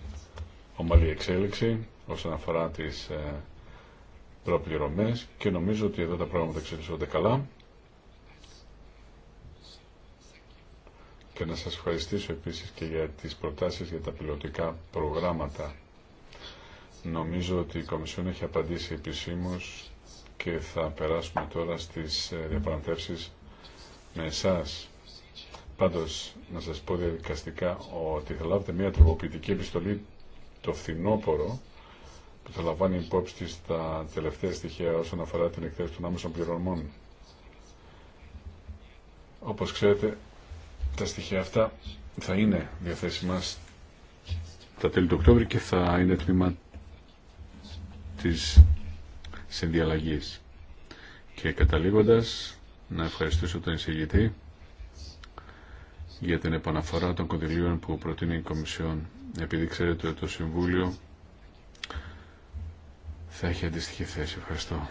ομαλή εξέλιξη όσον αφορά τις ε, προπληρωμές και νομίζω ότι εδώ τα πράγματα εξελίσσονται καλά. και να σας ευχαριστήσω επίσης και για τις προτάσεις για τα πιλωτικά προγράμματα. Νομίζω ότι η Κομισιόν έχει απαντήσει επισήμως και θα περάσουμε τώρα στις ε, διαπραγματεύσεις με εσάς. Πάντως, να σας πω διαδικαστικά ότι θα λάβετε μια τροποποιητική επιστολή το φθινόπωρο που θα λαμβάνει υπόψη της τα τελευταία στοιχεία όσον αφορά την εκτέλεση των άμεσων πληρωμών. Όπως ξέρετε, τα στοιχεία αυτά θα είναι διαθέσιμα τα τέλη του Οκτώβρη και θα είναι τμήμα της συνδιαλλαγής. Και καταλήγοντας, να ευχαριστήσω τον εισηγητή για την επαναφορά των κονδυλίων που προτείνει η Κομισιόν. Επειδή ξέρετε ότι το Συμβούλιο θα έχει αντίστοιχη θέση. Ευχαριστώ.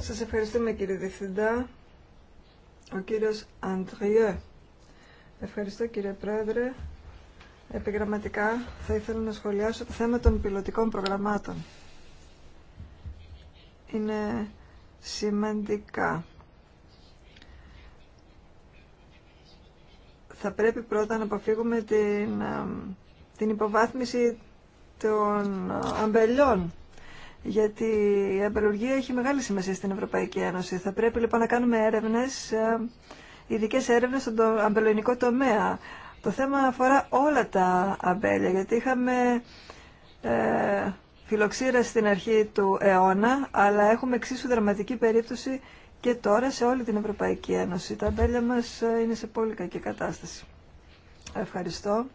Σας ευχαριστούμε κύριε Διευθυντά. Ο κύριος Αντριέ. Ευχαριστώ κύριε Πρόεδρε. Επιγραμματικά θα ήθελα να σχολιάσω το θέμα των πιλωτικών προγραμμάτων. Είναι σημαντικά. Θα πρέπει πρώτα να αποφύγουμε την, ε, την υποβάθμιση των ε, αμπελιών γιατί η αμπελουργία έχει μεγάλη σημασία στην Ευρωπαϊκή Ένωση. Θα πρέπει λοιπόν να κάνουμε έρευνες, ε, ειδικέ έρευνες στον αμπελουργικό τομέα. Το θέμα αφορά όλα τα αμπέλια, γιατί είχαμε ε, φιλοξήρα στην αρχή του αιώνα, αλλά έχουμε εξίσου δραματική περίπτωση και τώρα σε όλη την Ευρωπαϊκή Ένωση. Τα αμπέλια μας ε, είναι σε πολύ κακή κατάσταση. Ευχαριστώ.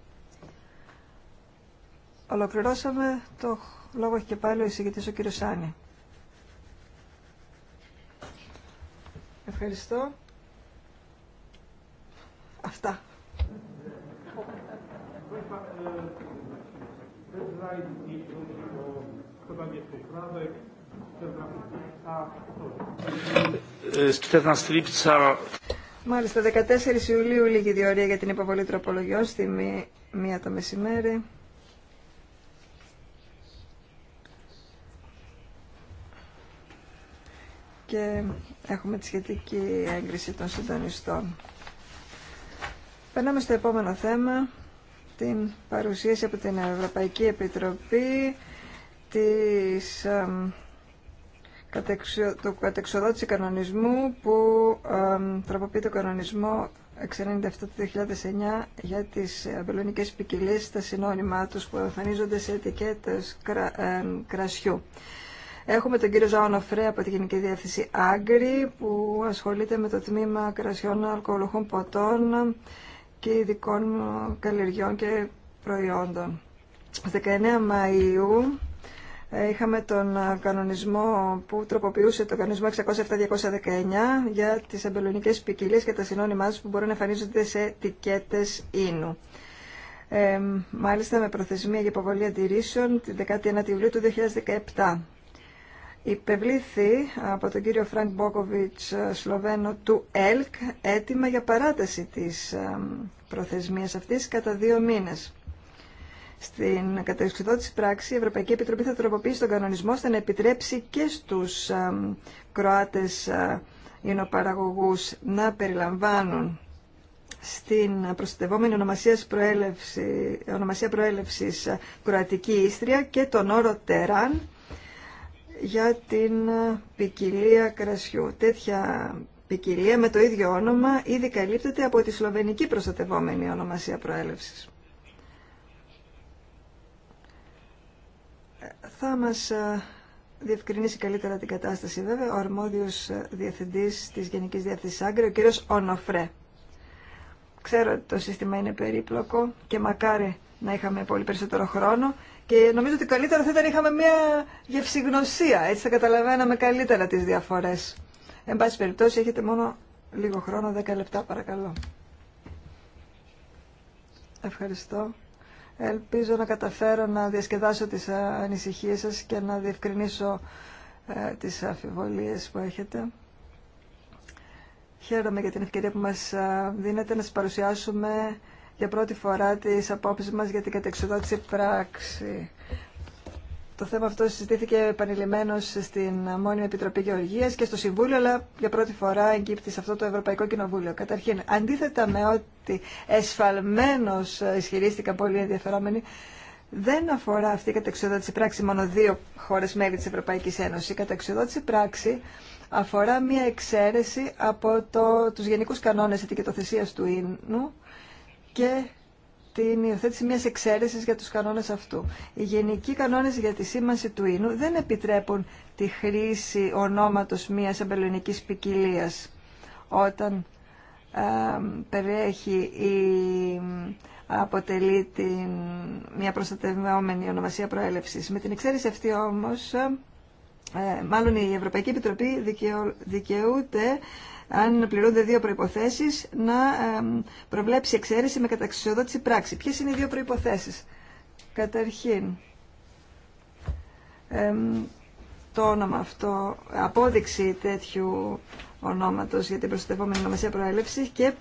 Ολοκληρώσαμε το λόγο έχει και πάλι ο εισηγητής ο κύριος Σάνη. Ευχαριστώ. Αυτά. Μάλιστα, 14 Ιουλίου λίγη διορία για την υποβολή τροπολογιών στη μία το μεσημέρι. και έχουμε τη σχετική έγκριση των συντονιστών. Περνάμε στο επόμενο θέμα, την παρουσίαση από την Ευρωπαϊκή Επιτροπή της, του κατεξοδότηση κανονισμού που τροποποιεί το κανονισμό 697 του 2009 για τις αμπελονικές ποικιλίε στα συνώνυμά τους που εμφανίζονται σε ετικέτες κρασιού. Έχουμε τον κύριο Ζωάνο Νοφρέ από τη Γενική Διεύθυνση Άγκρη που ασχολείται με το τμήμα κρασιών αλκοολοχών ποτών και ειδικών καλλιεργιών και προϊόντων. Στις 19 Μαΐου ε, είχαμε τον κανονισμό που τροποποιούσε το κανονισμό 607-219 για τις αμπελονικές ποικιλίε και τα συνώνυμά τους που μπορούν να εμφανίζονται σε τικέτες ίνου. Ε, μάλιστα με προθεσμία για υποβολή αντιρρήσεων την 19η Ιουλίου του 2017 υπευλήθη από τον κύριο Φρανκ Μπόκοβιτς ε, Σλοβαίνο του ΕΛΚ έτοιμα για παράταση της ε, προθεσμίας αυτής κατά δύο μήνες. Στην κατεξοδότηση πράξη, η Ευρωπαϊκή Επιτροπή θα τροποποιήσει τον κανονισμό ώστε να επιτρέψει και στους ε, Κροάτες Ινοπαραγωγούς να περιλαμβάνουν στην προστατευόμενη ονομασία προέλευση, προέλευσης Κροατική Ίστρια και τον όρο Τεράν για την ε, ποικιλία κρασιού. Τέτοια ποικιλία με το ίδιο όνομα ήδη καλύπτεται από τη σλοβενική προστατευόμενη ονομασία προέλευσης. Θα μας ε, διευκρινίσει καλύτερα την κατάσταση βέβαια ο αρμόδιος ε, διευθυντής της Γενικής Διεύθυνσης Άγκρη, ο κύριος Ονοφρέ. Ξέρω ότι το σύστημα είναι περίπλοκο και μακάρι να είχαμε πολύ περισσότερο χρόνο. Και νομίζω ότι καλύτερα θα ήταν είχαμε μια γευσηγνωσία, έτσι θα καταλαβαίναμε καλύτερα τις διαφορές. Εν πάση περιπτώσει έχετε μόνο λίγο χρόνο, 10 λεπτά παρακαλώ. Ευχαριστώ. Ελπίζω να καταφέρω να διασκεδάσω τις ανησυχίες σας και να διευκρινίσω ε, τις αφιβολίες που έχετε. Χαίρομαι για την ευκαιρία που μας ε, δίνετε να σας παρουσιάσουμε για πρώτη φορά τις απόψεις μας για την κατεξοδότηση πράξη. Το θέμα αυτό συζητήθηκε επανειλημμένως στην Μόνιμη Επιτροπή Γεωργίας και στο Συμβούλιο, αλλά για πρώτη φορά εγκύπτει σε αυτό το Ευρωπαϊκό Κοινοβούλιο. Καταρχήν, αντίθετα με ό,τι εσφαλμένως ισχυρίστηκαν πολύ ενδιαφερόμενοι, δεν αφορά αυτή η κατεξοδότηση πράξη μόνο δύο χώρες μέλη της Ευρωπαϊκής Ένωσης. Η κατεξοδότηση πράξη αφορά μία εξαίρεση από το, τους γενικούς κανόνες ετικετοθεσίας του ίνου και την υιοθέτηση μιας εξαίρεσης για τους κανόνες αυτού. Οι γενικοί κανόνες για τη σήμανση του ίνου δεν επιτρέπουν τη χρήση ονόματος μιας εμπελονικής ποικιλία όταν ε, περιέχει η, αποτελεί την, μια προστατευόμενη ονομασία προέλευσης. Με την εξαίρεση αυτή όμως, ε, μάλλον η Ευρωπαϊκή Επιτροπή δικαιούται αν πληρούνται δύο προϋποθέσεις, να προβλέψει εξαίρεση με καταξιοδότηση πράξη. Ποιε είναι οι δύο προϋποθέσεις. Καταρχήν, το όνομα αυτό, απόδειξη τέτοιου ονόματος για την προστατευόμενη νομασία προέλευση και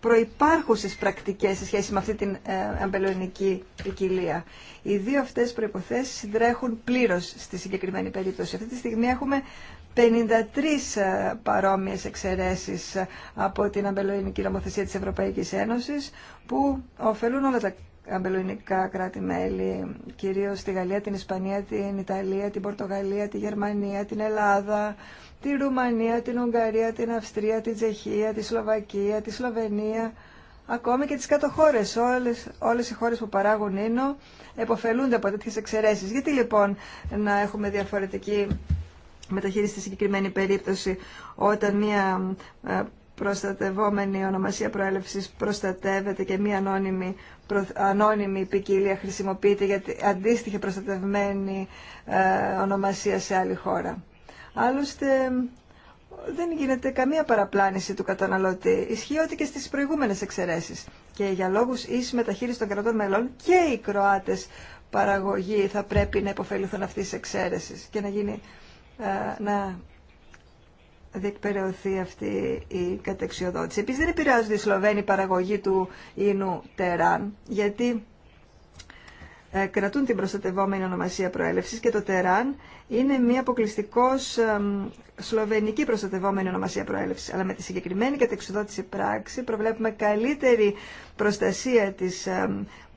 προϋπάρχουσες πρακτικές σε σχέση με αυτή την αμπελονική ε, ποικιλία. Οι δύο αυτές προϋποθέσεις συντρέχουν πλήρω στη συγκεκριμένη περίπτωση. Αυτή τη στιγμή έχουμε 53 ε, παρόμοιες εξαιρέσεις ε, από την αμπελοϊνική νομοθεσία της Ευρωπαϊκής Ένωσης που ωφελούν όλα τα αμπελοϊνικά κράτη-μέλη, κυρίως τη Γαλλία, την Ισπανία, την Ιταλία, την Πορτογαλία, τη Γερμανία, την Ελλάδα, τη Ρουμανία, την Ουγγαρία, την Αυστρία, την Τσεχία, τη Σλοβακία, τη Σλοβενία, ακόμη και τις κάτω χώρες. Όλες, όλες οι χώρες που παράγουν ίνο εποφελούνται από τέτοιες εξαιρέσεις. Γιατί λοιπόν να έχουμε διαφορετική μεταχείριση στη συγκεκριμένη περίπτωση όταν μια ε, προστατευόμενη ονομασία προέλευσης προστατεύεται και μία ανώνυμη, ανώνυμη ποικιλία χρησιμοποιείται για αντίστοιχη προστατευμένη ε, ονομασία σε άλλη χώρα. Άλλωστε δεν γίνεται καμία παραπλάνηση του καταναλωτή. Ισχύει ότι και στις προηγούμενες εξαιρέσεις. Και για λόγους ίση μεταχείριση των κρατών μελών και οι Κροάτες παραγωγή θα πρέπει να υποφεληθούν αυτής της εξαίρεσης και να γίνει ε, να διεκπαιρεωθεί αυτή η κατεξιοδότηση. Επίσης δεν επηρεάζονται οι Σλοβαίνοι παραγωγή του ίνου Τεράν, γιατί ε, κρατούν την προστατευόμενη ονομασία προέλευσης και το Τεράν είναι μια αποκλειστικώς σλοβενική προστατευόμενη ονομασία προέλευσης. Αλλά με τη συγκεκριμένη κατεξοδότηση πράξη προβλέπουμε καλύτερη προστασία της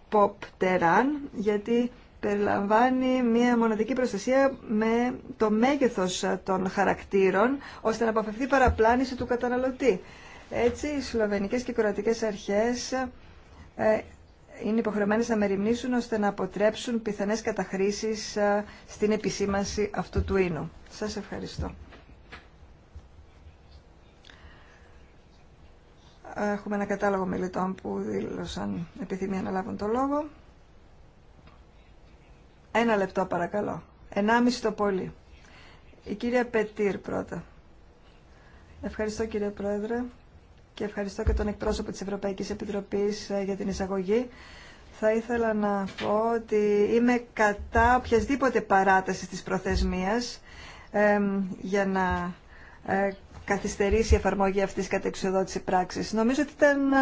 ΠΟΠ Τεράν, γιατί περιλαμβάνει μία μοναδική προστασία με το μέγεθος των χαρακτήρων, ώστε να αποφευθεί παραπλάνηση του καταναλωτή. Έτσι, οι σλοβενικές και Κορατικές αρχές ε, είναι υποχρεωμένες να μεριμνήσουν ώστε να αποτρέψουν πιθανές καταχρήσεις ε, στην επισήμανση αυτού του ίνου. Σας ευχαριστώ. Έχουμε ένα κατάλογο μιλητών που δήλωσαν επιθυμία να λάβουν το λόγο. Ένα λεπτό παρακαλώ. Ενάμιση το πολύ. Η κυρία Πετήρ πρώτα. Ευχαριστώ κύριε Πρόεδρε και ευχαριστώ και τον εκπρόσωπο της Ευρωπαϊκής Επιτροπής ε, για την εισαγωγή. Θα ήθελα να πω ότι είμαι κατά οποιασδήποτε παράταση της προθεσμίας για να ε, καθυστερήσει η εφαρμογή αυτής της κατεξοδότησης πράξης. Νομίζω ότι ήταν ε,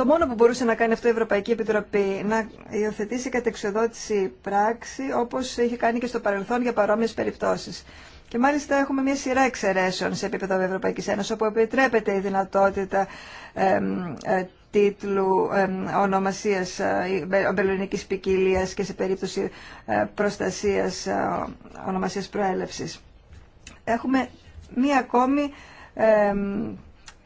το μόνο που μπορούσε να κάνει αυτό η Ευρωπαϊκή Επιτροπή, να υιοθετήσει κατεξοδότηση πράξη, όπως είχε κάνει και στο παρελθόν για παρόμοιες περιπτώσεις. Και μάλιστα έχουμε μια σειρά εξαιρέσεων σε επίπεδο Ευρωπαϊκής Ένωσης, όπου επιτρέπεται η δυνατότητα ε, τίτλου ε, ονομασίας ομπελονικής ποικιλία και σε περίπτωση ε, προστασίας ε, ονομασίας προέλευσης. Έχουμε μία ακόμη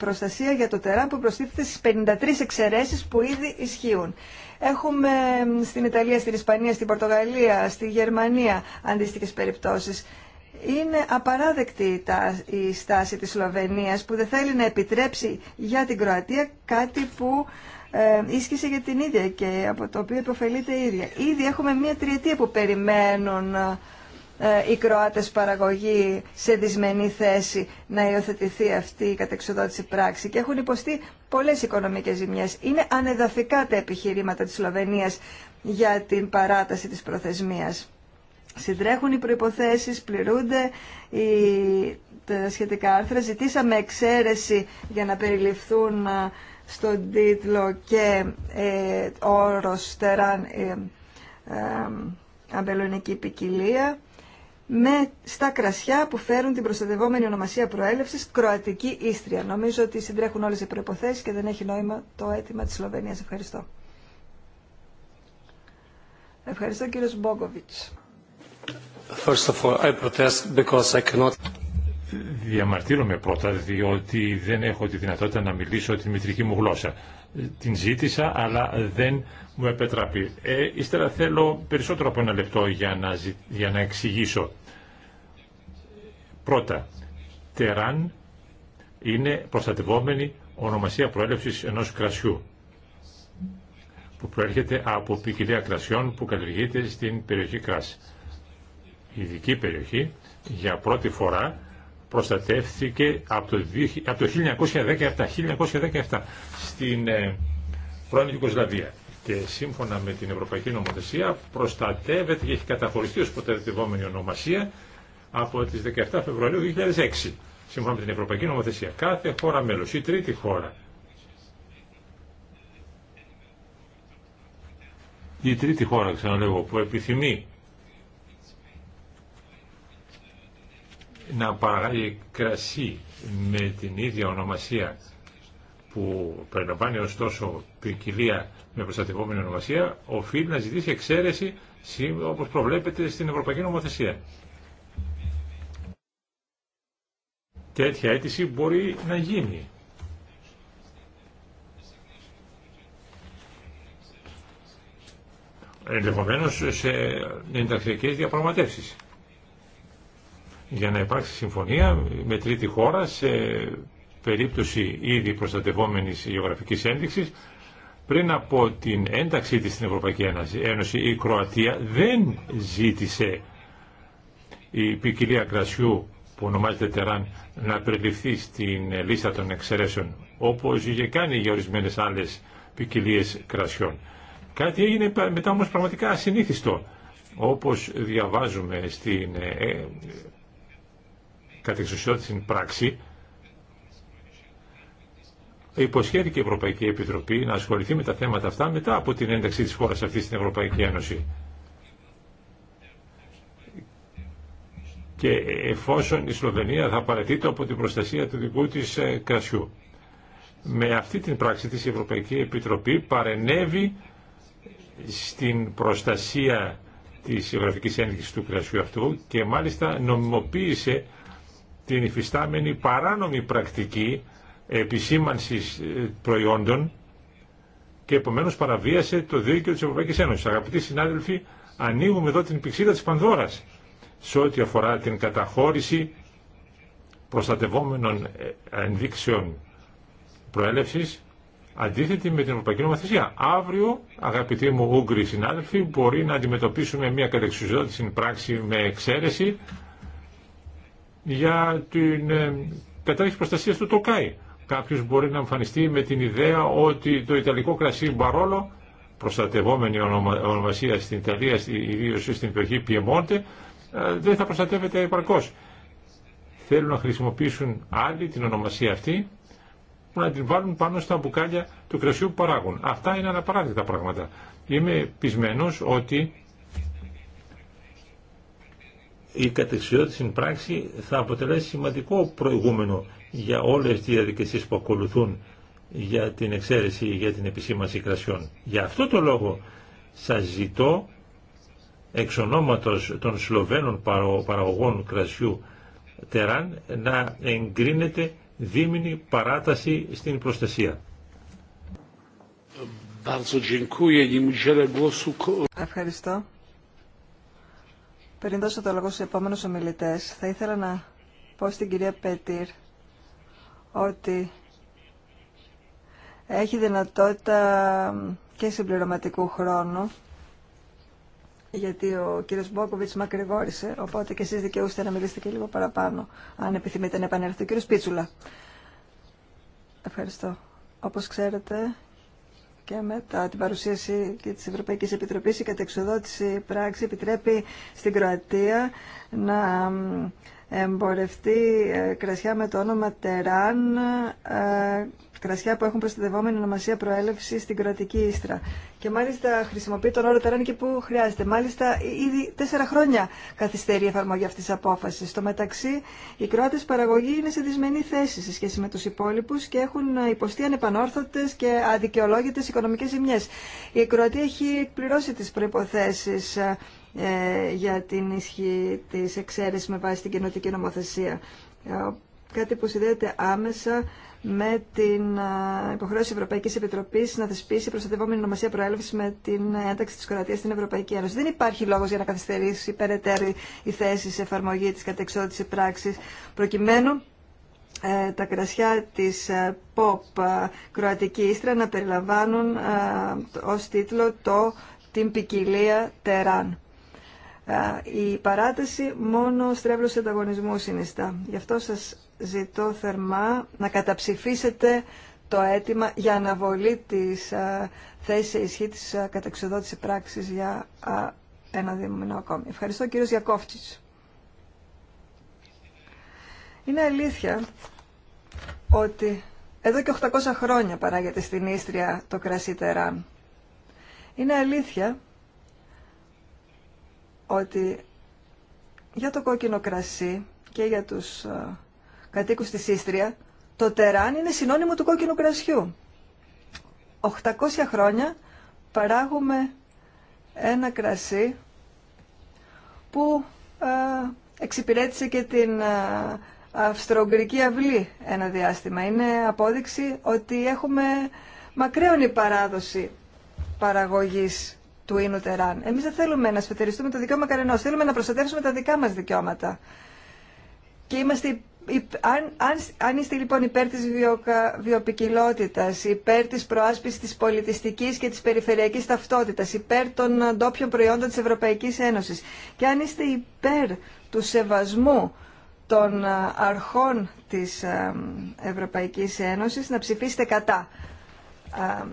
προστασία για το τεράν που προστίθεται στις 53 εξαιρέσεις που ήδη ισχύουν. Έχουμε στην Ιταλία, στην Ισπανία, στην Πορτογαλία, στη Γερμανία αντίστοιχες περιπτώσεις. Είναι απαράδεκτη η στάση της Σλοβενίας που δεν θέλει να επιτρέψει για την Κροατία κάτι που ε, ίσχυσε για την ίδια και από το οποίο υποφελείται η ίδια. Ήδη έχουμε μία τριετία που περιμένουν ε, οι Κροάτες παραγωγοί σε δυσμενή θέση να υιοθετηθεί αυτή η κατεξοδότηση πράξη και έχουν υποστεί πολλές οικονομικές ζημιές. Είναι ανεδαφικά τα επιχειρήματα της Σλοβενίας για την παράταση της προθεσμίας. Συντρέχουν οι προϋποθέσεις, πληρούνται οι... τα σχετικά άρθρα. Ζητήσαμε εξαίρεση για να περιληφθούν ε, στον τίτλο και ε, όρος τεράν ε, αμπελονική ποικιλία με, στα κρασιά που φέρουν την προστατευόμενη ονομασία προέλευσης Κροατική Ίστρια. Νομίζω ότι συντρέχουν όλε οι προποθέσει και δεν έχει νόημα το αίτημα τη Σλοβενίας. Ευχαριστώ. Ευχαριστώ κύριος Μπόγκοβιτ. First of all, I protest because I cannot... Διαμαρτύρομαι πρώτα διότι δεν έχω τη δυνατότητα να μιλήσω τη μητρική μου γλώσσα την ζήτησα αλλά δεν μου επέτραπη. Ε, ύστερα θέλω περισσότερο από ένα λεπτό για να, για να εξηγήσω. Πρώτα, Τεράν είναι προστατευόμενη ονομασία προέλευσης ενός κρασιού που προέρχεται από ποικιλία κρασιών που καλλιεργείται στην περιοχή κράση. Η ειδική περιοχή για πρώτη φορά προστατεύθηκε από το από τα 1917 στην ε, πρώην Ιουγκοσλαβία. Και σύμφωνα με την Ευρωπαϊκή Νομοθεσία προστατεύεται και έχει καταχωριστεί ως προστατευόμενη ονομασία από τις 17 Φεβρουαρίου 2006. Σύμφωνα με την Ευρωπαϊκή Νομοθεσία κάθε χώρα μέλος ή τρίτη χώρα η τρίτη χώρα ξαναλέγω που επιθυμεί να παράγει κρασί με την ίδια ονομασία που περιλαμβάνει ωστόσο ποικιλία με προστατευόμενη ονομασία, οφείλει να ζητήσει εξαίρεση όπως προβλέπεται στην Ευρωπαϊκή Νομοθεσία. Τέτοια αίτηση μπορεί να γίνει. Ενδεχομένω σε ενταξιακέ διαπραγματεύσει για να υπάρξει συμφωνία με τρίτη χώρα σε περίπτωση ήδη προστατευόμενης γεωγραφικής ένδειξης πριν από την ένταξή της στην Ευρωπαϊκή Ένωση η Κροατία δεν ζήτησε η ποικιλία κρασιού που ονομάζεται Τεράν να περιληφθεί στην λίστα των εξαιρέσεων όπως είχε κάνει για ορισμένε άλλες ποικιλίε κρασιών. Κάτι έγινε μετά όμως πραγματικά ασυνήθιστο όπως διαβάζουμε στην ε, στην πράξη υποσχέθηκε η Ευρωπαϊκή Επιτροπή να ασχοληθεί με τα θέματα αυτά μετά από την ένταξη της χώρας αυτής στην Ευρωπαϊκή Ένωση. Και εφόσον η Σλοβενία θα παρατείται από την προστασία του δικού της ε, κρασιού. Με αυτή την πράξη της η Ευρωπαϊκή Επιτροπή παρενέβη στην προστασία της γραφικής ένδειξης του κρασιού αυτού και μάλιστα νομιμοποίησε την υφιστάμενη παράνομη πρακτική επισήμανσης ε, προϊόντων και επομένως παραβίασε το δίκαιο της Ευρωπαϊκής Ένωσης. Αγαπητοί συνάδελφοι, ανοίγουμε εδώ την πηξίδα της Πανδώρας σε ό,τι αφορά την καταχώρηση προστατευόμενων ε, ενδείξεων προέλευσης αντίθετη με την Ευρωπαϊκή Νομοθεσία. Αύριο, αγαπητοί μου Ούγγροι συνάδελφοι, μπορεί να αντιμετωπίσουμε μια στην πράξη με εξαίρεση για την ε, κατάρχηση προστασία του Τοκάι. Κάποιο μπορεί να εμφανιστεί με την ιδέα ότι το ιταλικό κρασί Μπαρόλο, προστατευόμενη ονομασία στην Ιταλία, ιδίω στην περιοχή Πιεμόντε, ε, δεν θα προστατεύεται επαρκώς. Θέλουν να χρησιμοποιήσουν άλλη την ονομασία αυτή, να την βάλουν πάνω στα μπουκάλια του κρασιού που παράγουν. Αυτά είναι αναπαράδεκτα πράγματα. Είμαι πεισμένο ότι η στην πράξη θα αποτελέσει σημαντικό προηγούμενο για όλες τις διαδικασίες που ακολουθούν για την εξαίρεση για την επισήμανση κρασιών. Για αυτό το λόγο σας ζητώ εξ ονόματος των Σλοβαίνων παραγωγών κρασιού Τεράν να εγκρίνετε δίμηνη παράταση στην προστασία. Ευχαριστώ. Πριν δώσω το λόγο στους επόμενους ομιλητές, θα ήθελα να πω στην κυρία Πέτυρ ότι έχει δυνατότητα και συμπληρωματικού χρόνου γιατί ο κύριος Μπόκοβιτς μακρηγόρησε, οπότε και εσείς δικαιούστε να μιλήσετε και λίγο παραπάνω, αν επιθυμείτε να επανέλθετε. Ο κύριος Πίτσουλα. Ευχαριστώ. Όπως ξέρετε, και μετά την παρουσίαση και της Ευρωπαϊκής Επιτροπής η κατεξοδότηση πράξη επιτρέπει στην Κροατία να εμπορευτεί ε, κρασιά με το όνομα Τεράν ε, κρασιά που έχουν προστατευόμενη ονομασία προέλευση στην κροατική ύστρα. Και μάλιστα χρησιμοποιεί τον όρο ταράνι και που χρειάζεται. Μάλιστα ήδη τέσσερα χρόνια καθυστερεί η εφαρμογή αυτή τη απόφαση. Στο μεταξύ, οι Κροάτε παραγωγοί είναι σε δυσμενή θέση σε σχέση με του υπόλοιπου και έχουν υποστεί ανεπανόρθωτε και αδικαιολόγητε οικονομικέ ζημιέ. Η Κροατία έχει εκπληρώσει τι προποθέσει ε, για την ισχύ τη εξαίρεση με βάση την κοινωτική νομοθεσία. Ε, κάτι που συνδέεται άμεσα με την ε, υποχρέωση τη Ευρωπαϊκή Επιτροπή να θεσπίσει προστατευόμενη νομασία προέλευση με την ένταξη τη Κροατία στην Ευρωπαϊκή Ένωση. Δεν υπάρχει λόγο για να καθυστερήσει περαιτέρω η θέση σε εφαρμογή τη κατεξόδηση πράξη, προκειμένου ε, τα κρασιά της ε, POP ΠΟΠ Κροατική Ίστρα να περιλαμβάνουν ως τίτλο το «Την ποικιλία Τεράν» η παράταση μόνο στρέβλωση ανταγωνισμού συνιστά. Γι' αυτό σας ζητώ θερμά να καταψηφίσετε το αίτημα για αναβολή της α, θέσης ισχύ της α, πράξης για ένα δίμηνο ακόμη. Ευχαριστώ κύριος Γιακόφτσης. Είναι αλήθεια ότι εδώ και 800 χρόνια παράγεται στην Ίστρια το κρασί τεράν. Είναι αλήθεια ότι για το κόκκινο κρασί και για τους ε, κατοίκους της Ίστρια το τεράν είναι συνώνυμο του κόκκινου κρασιού. 800 χρόνια παράγουμε ένα κρασί που ε, εξυπηρέτησε και την ε, Αυστρογγρική αυλή ένα διάστημα. Είναι απόδειξη ότι έχουμε μακραίωνη παράδοση παραγωγής του Ίνου Τεράν. Εμεί δεν θέλουμε να σφετεριστούμε το δικαίωμα κανενό. Θέλουμε να προστατεύσουμε τα δικά μα δικαιώματα. Και είμαστε αν, αν, είστε λοιπόν υπέρ τη βιοπικιλότητας, υπέρ τη προάσπιση τη πολιτιστική και τη περιφερειακή ταυτότητας, υπέρ των ντόπιων προϊόντων της Ευρωπαϊκής Ένωση. και αν είστε υπέρ του σεβασμού των ε, αρχών της ε, Ευρωπαϊκής Ένωσης να ψηφίσετε κατά ε,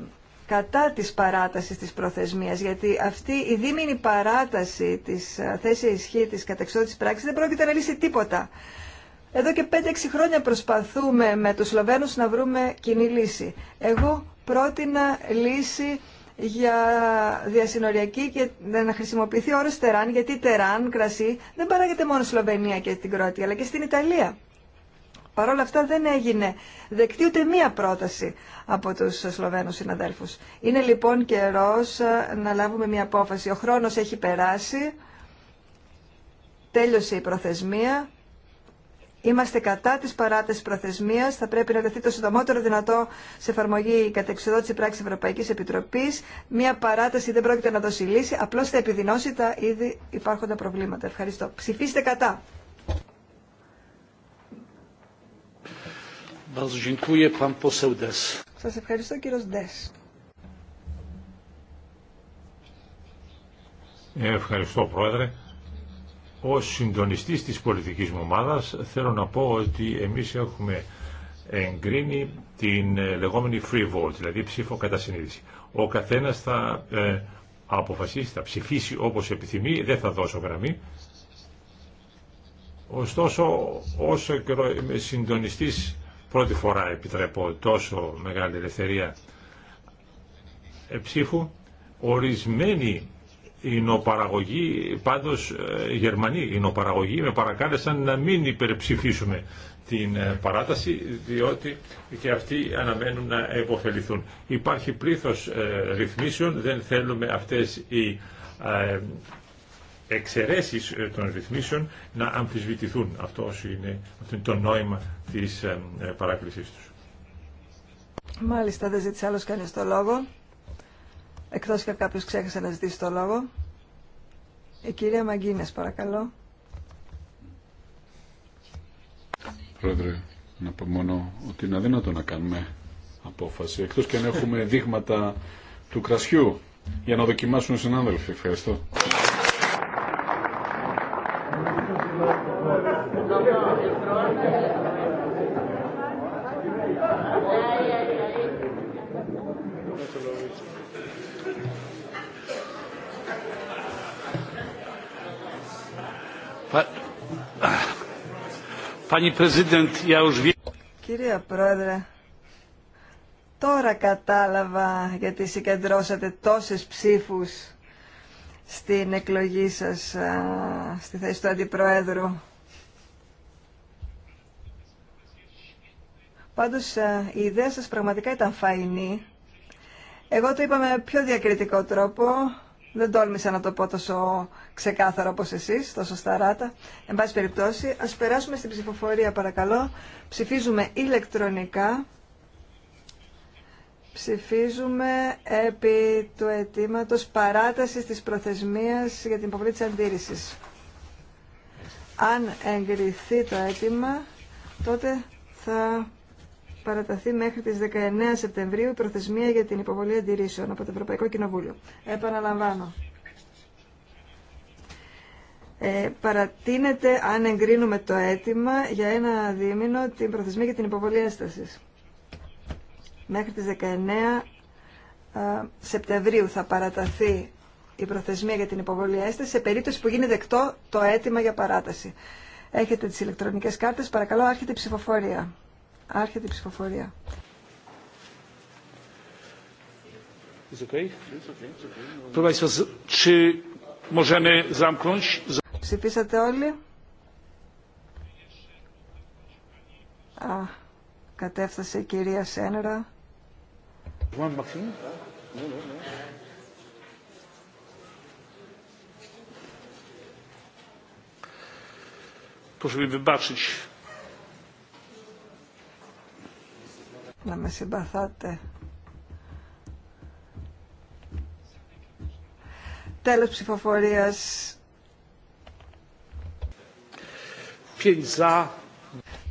κατά της παράτασης της προθεσμίας, γιατί αυτή η δίμηνη παράταση της ε, θέση ισχύ της κατεξόδησης πράξης δεν πρόκειται να λύσει τίποτα. Εδώ και 5-6 χρόνια προσπαθούμε με τους Σλοβαίνους να βρούμε κοινή λύση. Εγώ πρότεινα λύση για διασυνοριακή και να χρησιμοποιηθεί όρος Τεράν, γιατί Τεράν, κρασί, δεν παράγεται μόνο στη Σλοβενία και στην Κρόατια, αλλά και στην Ιταλία. Παρ' όλα αυτά δεν έγινε δεκτή ούτε μία πρόταση από τους Σλοβαίνους συναδέλφους. Είναι λοιπόν καιρός ε, να λάβουμε μία απόφαση. Ο χρόνος έχει περάσει, τέλειωσε η προθεσμία, είμαστε κατά της παράτασης προθεσμίας, θα πρέπει να δεθεί το συντομότερο δυνατό σε εφαρμογή η κατεξοδότηση πράξη Ευρωπαϊκής Επιτροπής. Μία παράταση δεν πρόκειται να δώσει λύση, απλώς θα επιδεινώσει τα ήδη υπάρχοντα προβλήματα. Ευχαριστώ. Ψηφίστε κατά. Σας ευχαριστώ κύριο Δες. Ε, ευχαριστώ πρόεδρε. Ως συντονιστής της πολιτικής μου ομάδας θέλω να πω ότι εμείς έχουμε εγκρίνει την ε, λεγόμενη free vote, δηλαδή ψήφο κατά συνείδηση. Ο καθένας θα ε, αποφασίσει, θα ψηφίσει όπως επιθυμεί, δεν θα δώσω γραμμή. Ωστόσο, όσο καιρό είμαι συντονιστής Πρώτη φορά επιτρέπω τόσο μεγάλη ελευθερία ψήφου. Ορισμένοι εινοπαραγωγοί, πάντως ε, Γερμανοί εινοπαραγωγοί, με παρακάλεσαν να μην υπερψηφίσουμε την ε, παράταση, διότι και αυτοί αναμένουν να υποφεληθούν. Υπάρχει πλήθος ε, ρυθμίσεων, δεν θέλουμε αυτές οι εξαιρέσεις ε, των ρυθμίσεων να αμφισβητηθούν. Αυτό είναι, αυτό το νόημα της ε, ε, παράκλησής τους. Μάλιστα, δεν ζήτησε άλλος κανείς το λόγο. Εκτός και κάποιος ξέχασε να ζητήσει το λόγο. Η κυρία Μαγκίνες, παρακαλώ. Πρόεδρε, να πω μόνο ότι είναι αδύνατο να κάνουμε απόφαση, εκτός και αν έχουμε δείγματα του κρασιού για να δοκιμάσουν συνάδελφοι. Ευχαριστώ. Κυρία Πρόεδρε, τώρα κατάλαβα γιατί συγκεντρώσατε τόσες ψήφους στην εκλογή σας στη θέση του Αντιπροέδρου. Πάντως η ιδέα σας πραγματικά ήταν φαϊνή. Εγώ το είπα με πιο διακριτικό τρόπο, δεν τόλμησα να το πω τόσο ξεκάθαρο όπως εσείς, τόσο σταράτα. Εν πάση περιπτώσει, ας περάσουμε στην ψηφοφορία παρακαλώ. Ψηφίζουμε ηλεκτρονικά. Ψηφίζουμε επί του αιτήματο παράταση της προθεσμίας για την υποβολή της αντίρρησης. Αν εγκριθεί το αίτημα, τότε θα παραταθεί μέχρι τις 19 Σεπτεμβρίου η προθεσμία για την υποβολή αντιρρήσεων από το Ευρωπαϊκό Κοινοβούλιο. Επαναλαμβάνω. Ε, παρατείνεται, αν εγκρίνουμε το αίτημα, για ένα δίμηνο την προθεσμία για την υποβολή έστασης. Μέχρι τις 19 ε, Σεπτεμβρίου θα παραταθεί η προθεσμία για την υποβολή έσταση σε περίπτωση που γίνει δεκτό το αίτημα για παράταση. Έχετε τις ηλεκτρονικές κάρτες, παρακαλώ άρχεται η ψηφοφορία. Άρχεται η ψηφοφορία. Ψηφίσατε όλοι. Α, κατέφτασε η κυρία Σένερα. Proszę mi wybaczyć. να με συμπαθάτε. Τέλος ψηφοφορίας.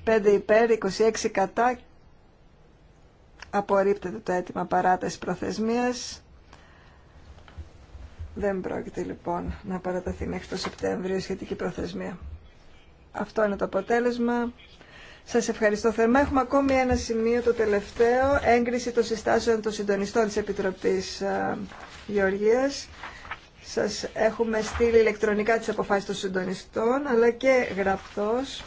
5 υπέρ, 26 κατά. Απορρίπτεται το αίτημα παράταση προθεσμίας. Δεν πρόκειται λοιπόν να παραταθεί μέχρι το Σεπτέμβριο η σχετική προθεσμία. Αυτό είναι το αποτέλεσμα. Σας ευχαριστώ θερμά. Έχουμε ακόμη ένα σημείο, το τελευταίο, έγκριση των συστάσεων των συντονιστών τη Επιτροπή Γεωργία. Σας έχουμε στείλει ηλεκτρονικά τις αποφάσεις των συντονιστών, αλλά και γραπτός.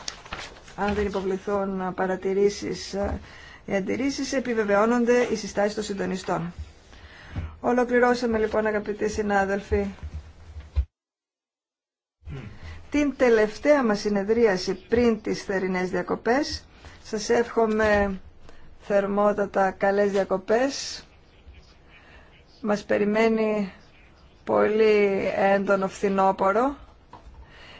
Αν δεν υποβληθούν παρατηρήσεις ή αντιρρήσει, επιβεβαιώνονται οι συστάσει των συντονιστών. Ολοκληρώσαμε λοιπόν αγαπητοί συνάδελφοι την τελευταία μας συνεδρίαση πριν τις θερινές διακοπές. Σας εύχομαι θερμότατα καλές διακοπές. Μας περιμένει πολύ έντονο φθινόπορο.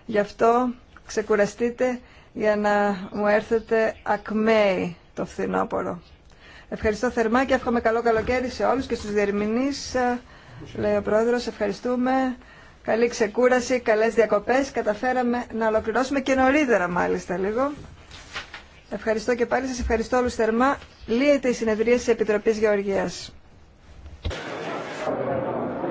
Γι' αυτό ξεκουραστείτε για να μου έρθετε ακμαίοι το φθινόπορο. Ευχαριστώ θερμά και εύχομαι καλό καλοκαίρι σε όλους και στους διερμηνείς. Λέει ο Πρόεδρος, ευχαριστούμε. Καλή ξεκούραση, καλές διακοπές. Καταφέραμε να ολοκληρώσουμε και νωρίτερα μάλιστα λίγο. Ευχαριστώ και πάλι σας ευχαριστώ όλους θερμά. Λύεται η συνεδρία της Επιτροπής Γεωργίας.